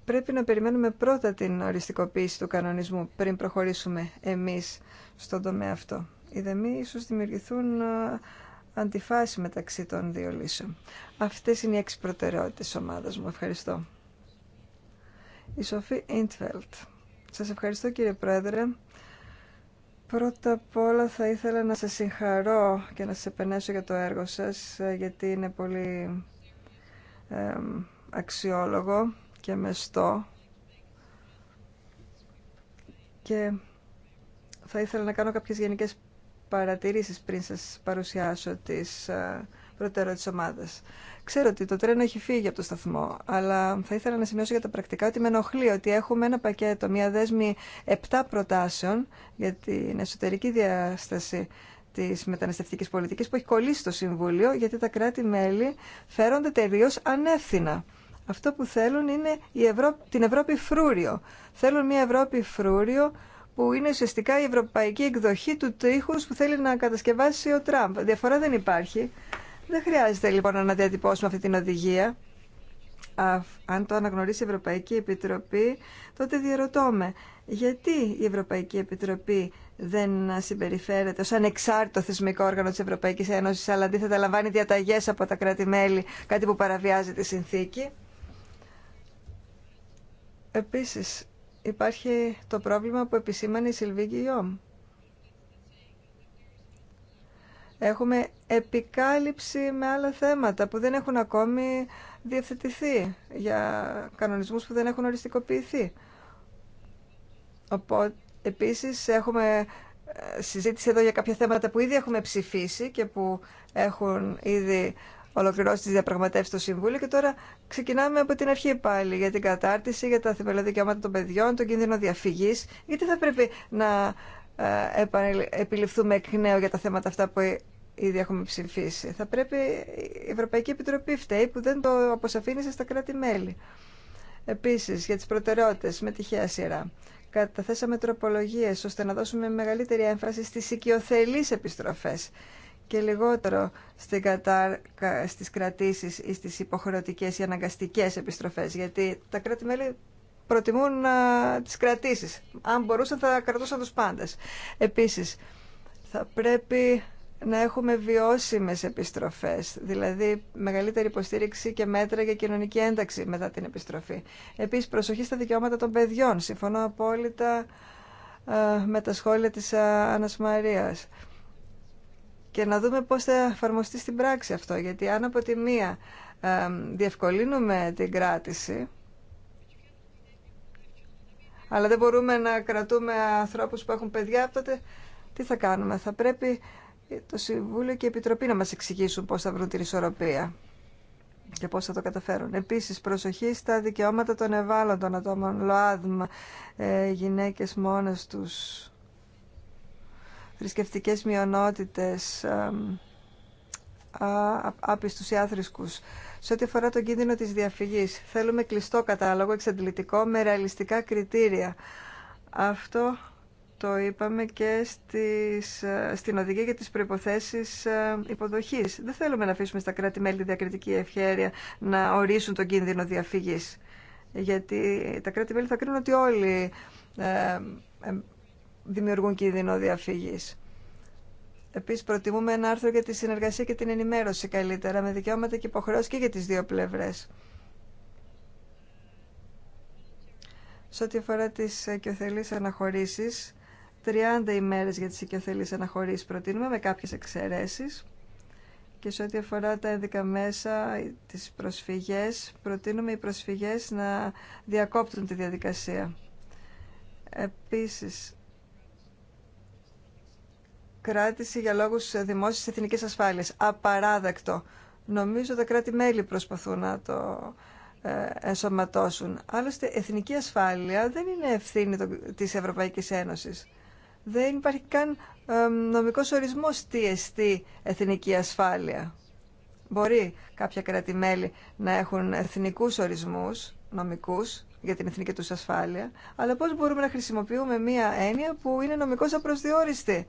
πρέπει να περιμένουμε πρώτα την οριστικοποίηση του κανονισμού πριν προχωρήσουμε εμείς στον τομέα αυτό. Οι δεμοί ίσως δημιουργηθούν αντιφάσει μεταξύ των δύο λύσεων. Αυτές είναι οι έξι προτεραιότητες της ομάδας μου. Ευχαριστώ. Η Σοφή Ιντφελτ. Σας ευχαριστώ κύριε Πρόεδρε. Πρώτα απ' όλα θα ήθελα να σας συγχαρώ και να σας επενέσω για το έργο σας, ε, γιατί είναι πολύ αξιόλογο και μεστό και θα ήθελα να κάνω κάποιες γενικές παρατηρήσεις πριν σας παρουσιάσω τις ε, προτεραιότητες της ομάδας. Ξέρω ότι το τρένο έχει φύγει από το σταθμό, αλλά θα ήθελα να σημειώσω για τα πρακτικά ότι με ενοχλεί ότι έχουμε ένα πακέτο, μια δέσμη 7 προτάσεων για την εσωτερική διάσταση Τη μεταναστευτική πολιτική που έχει κολλήσει στο Συμβούλιο γιατί τα κράτη-μέλη φέρονται τελείω ανεύθυνα. Αυτό που θέλουν είναι η Ευρώπη, την Ευρώπη φρούριο. Θέλουν μια Ευρώπη φρούριο που είναι ουσιαστικά η ευρωπαϊκή εκδοχή του τείχου που θέλει να κατασκευάσει ο Τραμπ. Διαφορά δεν υπάρχει. Δεν χρειάζεται λοιπόν να αναδιατυπώσουμε αυτή την οδηγία. αν το αναγνωρίσει η Ευρωπαϊκή Επιτροπή, τότε διαρωτώ με. Γιατί η Ευρωπαϊκή Επιτροπή δεν συμπεριφέρεται ως ανεξάρτητο θεσμικό όργανο της Ευρωπαϊκής Ένωσης, αλλά αντίθετα λαμβάνει διαταγές από τα κράτη-μέλη, κάτι που παραβιάζει τη συνθήκη. Επίσης, υπάρχει το πρόβλημα που επισήμανε η Σιλβί Ιόμ. Έχουμε επικάλυψη με άλλα θέματα που δεν έχουν ακόμη διευθετηθεί για κανονισμούς που δεν έχουν οριστικοποιηθεί. Οπότε, επίσης, έχουμε ε, συζήτηση εδώ για κάποια θέματα που ήδη έχουμε ψηφίσει και που έχουν ήδη ολοκληρώσει τι διαπραγματεύσει στο Συμβούλιο και τώρα ξεκινάμε από την αρχή πάλι για την κατάρτιση, για τα θεμελιώδη δικαιώματα των παιδιών, τον κίνδυνο διαφυγής. Γιατί θα πρέπει να ε, επιληφθούμε εκ νέου για τα θέματα αυτά που ήδη έχουμε ψηφίσει. Θα πρέπει η Ευρωπαϊκή Επιτροπή φταίει που δεν το αποσαφήνισε στα κράτη-μέλη. Επίσης, για τι προτεραιότητε με τυχαία σειρά καταθέσαμε τροπολογίες ώστε να δώσουμε μεγαλύτερη έμφαση στις οικειοθελείς επιστροφές και λιγότερο στις κρατήσεις ή στις υποχρεωτικές ή αναγκαστικές επιστροφές γιατί τα κράτη-μέλη προτιμούν τις κρατήσεις. Αν μπορούσαν θα κρατούσαν τους πάντες. Επίσης, θα πρέπει να έχουμε βιώσιμες επιστροφές, δηλαδή μεγαλύτερη υποστήριξη και μέτρα για κοινωνική ένταξη μετά την επιστροφή. Επίσης, προσοχή στα δικαιώματα των παιδιών. Συμφωνώ απόλυτα ε, με τα σχόλια της ε, Μαρίας. Και να δούμε πώς θα εφαρμοστεί στην πράξη αυτό, γιατί αν από τη μία ε, διευκολύνουμε την κράτηση, αλλά δεν μπορούμε να κρατούμε ανθρώπους που έχουν παιδιά, τότε τι θα κάνουμε. Θα πρέπει το Συμβούλιο και η Επιτροπή να μας εξηγήσουν πώς θα βρουν την ισορροπία και πώς θα το καταφέρουν. Επίσης, προσοχή στα δικαιώματα των ευάλωτων ατόμων, ΛΟΑΔΜΑ, ε, γυναίκες μόνες τους, θρησκευτικές μειονότητες, άπιστους ή άθρησκους. Σε ό,τι αφορά τον κίνδυνο της διαφυγής, θέλουμε κλειστό κατάλογο, εξαντλητικό, με ρεαλιστικά κριτήρια. Αυτό το είπαμε και στις, στην οδηγία για τις προϋποθέσεις ε, υποδοχής. Δεν θέλουμε να αφήσουμε στα κράτη-μέλη τη διακριτική ευχέρεια να ορίσουν τον κίνδυνο διαφυγής. Γιατί τα κράτη-μέλη θα κρίνουν ότι όλοι ε, ε, δημιουργούν κίνδυνο διαφυγής. Επίσης προτιμούμε ένα άρθρο για τη συνεργασία και την ενημέρωση καλύτερα, με δικαιώματα και υποχρεώσεις και για τις δύο πλευρές. Σε ό,τι αφορά τις κοιοθελείς αναχωρήσεις, 30 ημέρες για τις οικειοθελείς αναχωρήσεις προτείνουμε με κάποιες εξαιρέσεις και σε ό,τι αφορά τα ένδικα μέσα, τις προσφυγές, προτείνουμε οι προσφυγές να διακόπτουν τη διαδικασία. Επίσης, κράτηση για λόγους δημόσιας εθνικής ασφάλειας. Απαράδεκτο. Νομίζω τα κράτη-μέλη προσπαθούν να το ε, ενσωματώσουν. Άλλωστε, εθνική ασφάλεια δεν είναι ευθύνη της Ευρωπαϊκής Ένωσης δεν υπάρχει καν νομικός ορισμός τι εστί εθνική ασφάλεια. Μπορεί κάποια κράτη-μέλη να έχουν εθνικούς ορισμούς νομικούς για την εθνική τους ασφάλεια, αλλά πώς μπορούμε να χρησιμοποιούμε μία έννοια που είναι νομικώς απροσδιόριστη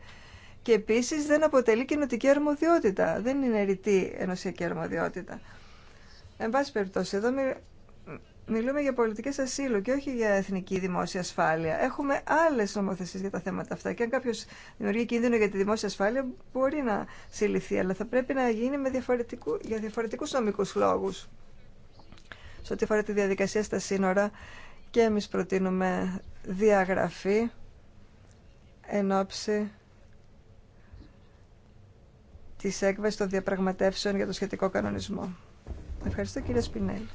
και επίσης δεν αποτελεί κοινοτική αρμοδιότητα, δεν είναι ρητή ενωσιακή αρμοδιότητα. Εν πάση περιπτώσει, εδώ μιλούμε για πολιτικέ ασύλου και όχι για εθνική δημόσια ασφάλεια. Έχουμε άλλε νομοθεσίε για τα θέματα αυτά και αν κάποιο δημιουργεί κίνδυνο για τη δημόσια ασφάλεια μπορεί να συλληφθεί, αλλά θα πρέπει να γίνει με διαφορετικού, για διαφορετικούς νομικούς λόγους. Σε ό,τι αφορά τη διαδικασία στα σύνορα και εμεί προτείνουμε διαγραφή εν ώψη της έκβασης των διαπραγματεύσεων για το σχετικό κανονισμό. Ευχαριστώ κύριε Σπινέλη.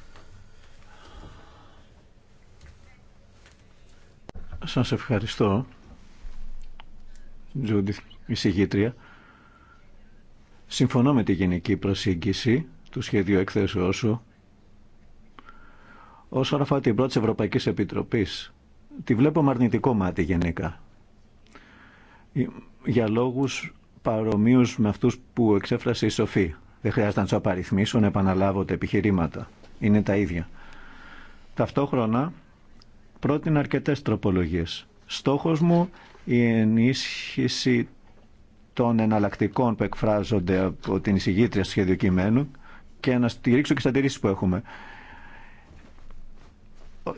Σας ευχαριστώ, Τζούντι, εισηγήτρια. Συμφωνώ με τη γενική προσέγγιση του σχεδίου εκθέσεώς σου. όσο αφορά την πρώτη Ευρωπαϊκή Επιτροπή, τη βλέπω με αρνητικό μάτι γενικά. Για λόγους παρομοίου με αυτούς που εξέφρασε η Σοφή. Δεν χρειάζεται να του απαριθμίσω, να επαναλάβω τα επιχειρήματα. Είναι τα ίδια. Ταυτόχρονα πρότεινα αρκετές τροπολογίες. Στόχος μου η ενίσχυση των εναλλακτικών που εκφράζονται από την εισηγήτρια του σχέδιου κειμένου και να στηρίξω και τις που έχουμε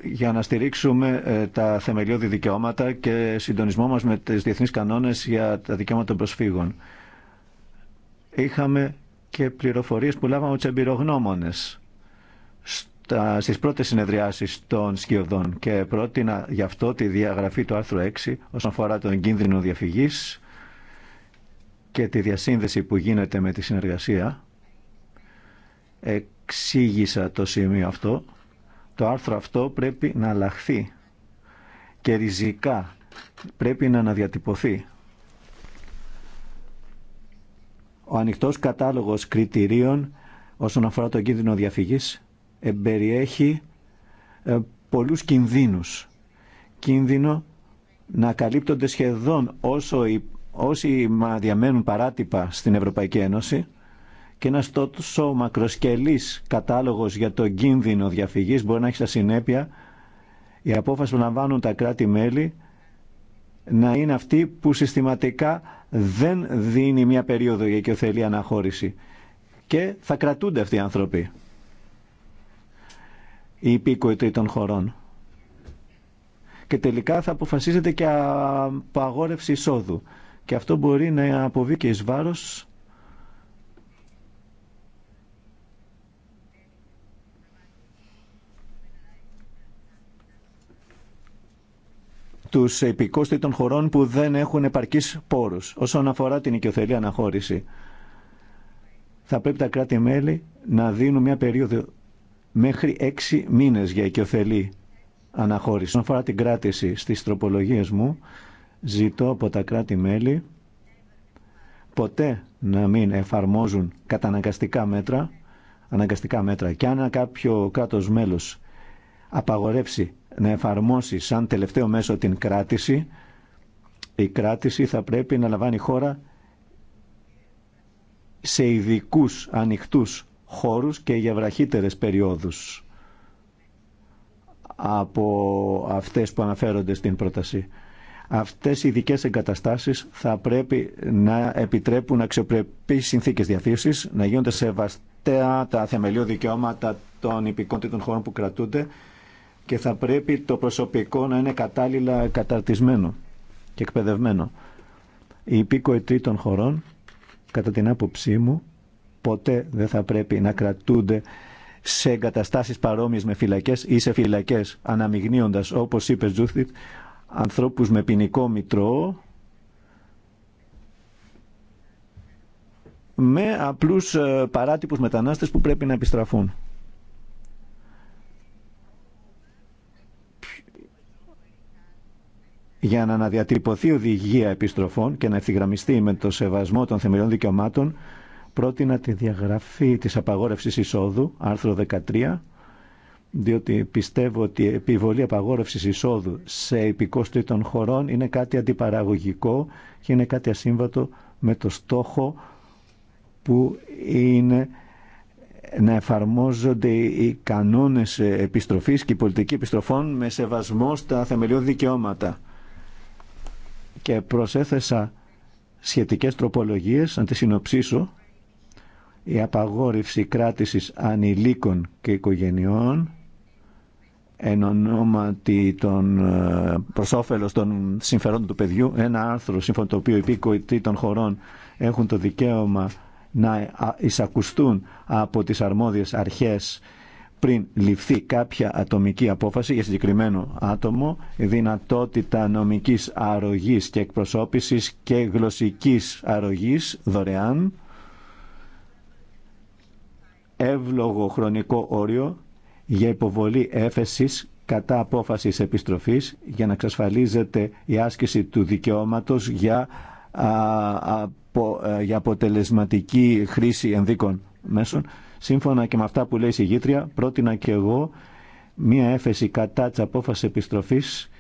για να στηρίξουμε ε, τα θεμελιώδη δικαιώματα και συντονισμό μας με τις διεθνείς κανόνες για τα δικαιώματα των προσφύγων. Είχαμε και πληροφορίες που λάβαμε από τους εμπειρογνώμονες στα, στις πρώτες συνεδριάσεις των σκιωδών και πρότεινα γι' αυτό τη διαγραφή του άρθρου 6 όσον αφορά τον κίνδυνο διαφυγής και τη διασύνδεση που γίνεται με τη συνεργασία. Εξήγησα το σημείο αυτό. Το άρθρο αυτό πρέπει να αλλάχθει και ριζικά πρέπει να αναδιατυπωθεί. Ο ανοιχτός κατάλογος κριτηρίων όσον αφορά τον κίνδυνο διαφυγής περιέχει ε, πολλούς κινδύνους. Κίνδυνο να καλύπτονται σχεδόν όσο οι, όσοι διαμένουν παράτυπα στην Ευρωπαϊκή Ένωση και ένας τόσο μακροσκελής κατάλογος για τον κίνδυνο διαφυγής μπορεί να έχει στα συνέπεια η απόφαση που λαμβάνουν τα κράτη-μέλη να είναι αυτή που συστηματικά δεν δίνει μια περίοδο για οικειοθελή αναχώρηση. Και θα κρατούνται αυτοί οι άνθρωποι οι υπήκοοι τρίτων χωρών. Και τελικά θα αποφασίζεται και απαγόρευση εισόδου. Και αυτό μπορεί να αποβεί και εις βάρος τους υπηκούς τρίτων χωρών που δεν έχουν επαρκείς πόρους όσον αφορά την οικειοθελή αναχώρηση. Θα πρέπει τα κράτη-μέλη να δίνουν μια περίοδο μέχρι έξι μήνες για οικειοθελή αναχώρηση. Όσον αφορά την κράτηση στις τροπολογίες μου, ζητώ από τα κράτη-μέλη ποτέ να μην εφαρμόζουν καταναγκαστικά μέτρα, αναγκαστικά μέτρα. Και αν κάποιο κράτος μέλος απαγορεύσει να εφαρμόσει σαν τελευταίο μέσο την κράτηση, η κράτηση θα πρέπει να λαμβάνει χώρα σε ειδικού ανοιχτούς χώρους και για βραχύτερες περιόδους από αυτές που αναφέρονται στην πρόταση. Αυτές οι ειδικέ εγκαταστάσεις θα πρέπει να επιτρέπουν αξιοπρεπείς συνθήκες διαθήσης, να γίνονται σεβαστέα τα θεμελιώδη δικαιώματα των υπηκότητων χωρών που κρατούνται και θα πρέπει το προσωπικό να είναι κατάλληλα καταρτισμένο και εκπαιδευμένο. Οι υπήκοοι τρίτων χωρών, κατά την άποψή μου, ποτέ δεν θα πρέπει να κρατούνται σε εγκαταστάσεις παρόμοιες με φυλακές ή σε φυλακές, αναμειγνύοντας, όπως είπε Τζούθιτ, ανθρώπους με ποινικό μητρό, με απλούς ε, παράτυπους μετανάστες που πρέπει να επιστραφούν. Για να αναδιατυπωθεί οδηγία επιστροφών και να ευθυγραμμιστεί με το σεβασμό των θεμελιών δικαιωμάτων, πρότεινα τη διαγραφή της απαγόρευσης εισόδου, άρθρο 13, διότι πιστεύω ότι η επιβολή απαγόρευσης εισόδου σε υπηκός των χωρών είναι κάτι αντιπαραγωγικό και είναι κάτι ασύμβατο με το στόχο που είναι να εφαρμόζονται οι κανόνες επιστροφής και η πολιτική επιστροφών με σεβασμό στα θεμελιώδη δικαιώματα. Και προσέθεσα σχετικές τροπολογίες, να τις συνοψίσω, η απαγόρευση κράτησης ανηλίκων και οικογενειών εν ονόματι των ε, προσόφελος των συμφερόντων του παιδιού ένα άρθρο σύμφωνα το οποίο οι των χωρών έχουν το δικαίωμα να εισακουστούν από τις αρμόδιες αρχές πριν ληφθεί κάποια ατομική απόφαση για συγκεκριμένο άτομο, δυνατότητα νομικής αρρωγής και εκπροσώπησης και γλωσσικής αρρωγής δωρεάν, εύλογο χρονικό όριο για υποβολή έφεσης κατά απόφασης επιστροφής για να εξασφαλίζεται η άσκηση του δικαιώματος για, ε, για αποτελεσματική χρήση ενδίκων μέσων. Σύμφωνα και με αυτά που λέει η συγγήτρια, πρότεινα και εγώ μία έφεση κατά της απόφασης επιστροφής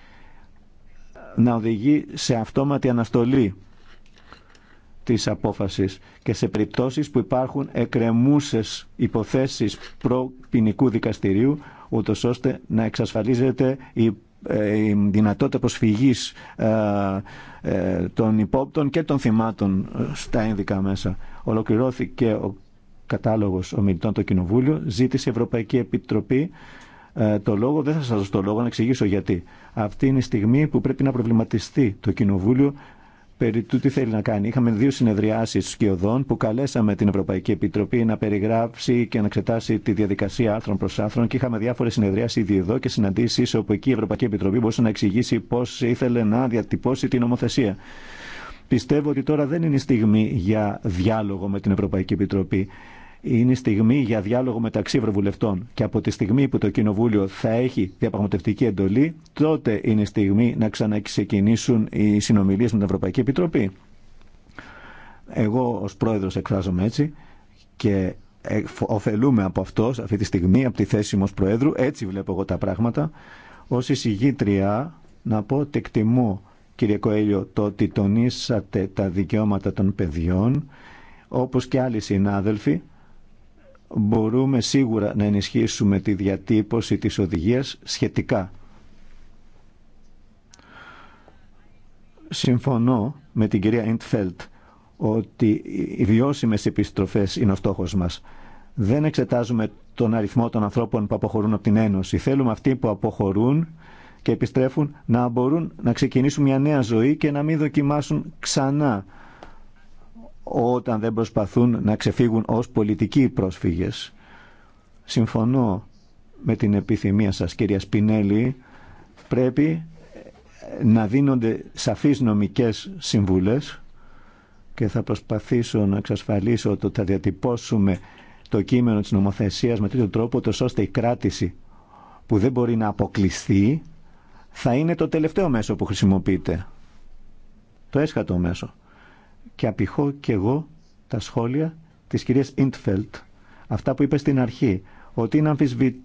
να οδηγεί σε αυτόματη αναστολή της απόφασης και σε περιπτώσεις που υπάρχουν εκρεμούσες υποθέσεις προ δικαστηρίου ούτως ώστε να εξασφαλίζεται ε, η, δυνατότητα προσφυγής ε, ε, των υπόπτων και των θυμάτων ε, στα ένδικα μέσα. Ολοκληρώθηκε ο κατάλογος ομιλητών το Κοινοβούλιο, ζήτησε η Ευρωπαϊκή Επιτροπή ε, το λόγο, δεν θα σας δώσω το λόγο να εξηγήσω γιατί. Αυτή είναι η στιγμή που πρέπει να προβληματιστεί το Κοινοβούλιο περί του τι θέλει να κάνει. Είχαμε δύο συνεδριάσεις σκιωδών που καλέσαμε την Ευρωπαϊκή Επιτροπή να περιγράψει και να εξετάσει τη διαδικασία άρθρων προς άρθρων και είχαμε διάφορες συνεδριάσεις ήδη εδώ και συναντήσεις όπου εκεί η Ευρωπαϊκή Επιτροπή μπορούσε να εξηγήσει πώς ήθελε να διατυπώσει την νομοθεσία. Πιστεύω ότι τώρα δεν είναι η στιγμή για διάλογο με την Ευρωπαϊκή Επιτροπή. Είναι η στιγμή για διάλογο μεταξύ ευρωβουλευτών. Και από τη στιγμή που το Κοινοβούλιο θα έχει διαπραγματευτική εντολή, τότε είναι η στιγμή να ξαναξεκινήσουν οι συνομιλίε με την Ευρωπαϊκή Επιτροπή. Εγώ ω πρόεδρο εκφράζομαι έτσι και ωφελούμε από αυτό αυτή τη στιγμή, από τη θέση μου ως Προέδρου. Έτσι βλέπω εγώ τα πράγματα. Ως εισηγήτρια να πω ότι εκτιμώ, κύριε Κοέλιο, το ότι τονίσατε τα δικαιώματα των παιδιών, όπως και άλλοι συνάδελφοι, μπορούμε σίγουρα να ενισχύσουμε τη διατύπωση της οδηγίας σχετικά. Συμφωνώ με την κυρία Ιντφέλτ ότι οι βιώσιμες επιστροφές είναι ο στόχο μας. Δεν εξετάζουμε τον αριθμό των ανθρώπων που αποχωρούν από την Ένωση. Θέλουμε αυτοί που αποχωρούν και επιστρέφουν να μπορούν να ξεκινήσουν μια νέα ζωή και να μην δοκιμάσουν ξανά όταν δεν προσπαθούν να ξεφύγουν ως πολιτικοί πρόσφυγες. Συμφωνώ με την επιθυμία σας κυρία Σπινέλη πρέπει ε, να δίνονται σαφείς νομικές συμβούλες και θα προσπαθήσω να εξασφαλίσω ότι θα διατυπώσουμε το κείμενο της νομοθεσίας με τέτοιο τρόπο ώστε η κράτηση που δεν μπορεί να αποκλειστεί θα είναι το τελευταίο μέσο που χρησιμοποιείται. Το έσχατο μέσο και απηχώ και εγώ τα σχόλια της κυρίας Ιντφελτ. Αυτά που είπε στην αρχή, ότι είναι αμφισβη...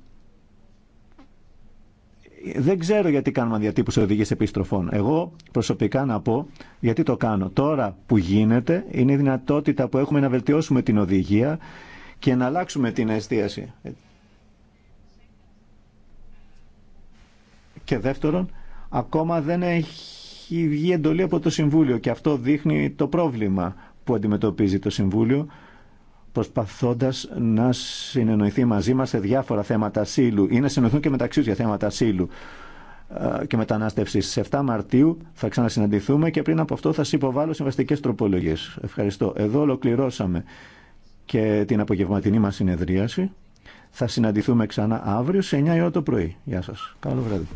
Δεν ξέρω γιατί κάνουμε διατύπωση οδηγίες επιστροφών. Εγώ προσωπικά να πω γιατί το κάνω. Τώρα που γίνεται είναι η δυνατότητα που έχουμε να βελτιώσουμε την οδηγία και να αλλάξουμε την εστίαση. Και δεύτερον, ακόμα δεν έχει έχει βγει εντολή από το Συμβούλιο και αυτό δείχνει το πρόβλημα που αντιμετωπίζει το Συμβούλιο προσπαθώντας να συνεννοηθεί μαζί μας σε διάφορα θέματα ασύλου ή να συνεννοηθούν και μεταξύ για θέματα ασύλου ε, και μετανάστευση. Σε 7 Μαρτίου θα ξανασυναντηθούμε και πριν από αυτό θα σα υποβάλω συμβαστικέ τροπολογίε. Ευχαριστώ. Εδώ ολοκληρώσαμε και την απογευματινή μα συνεδρίαση. Θα συναντηθούμε ξανά αύριο σε 9 η ώρα το πρωί. Γεια σα. Καλό βράδυ.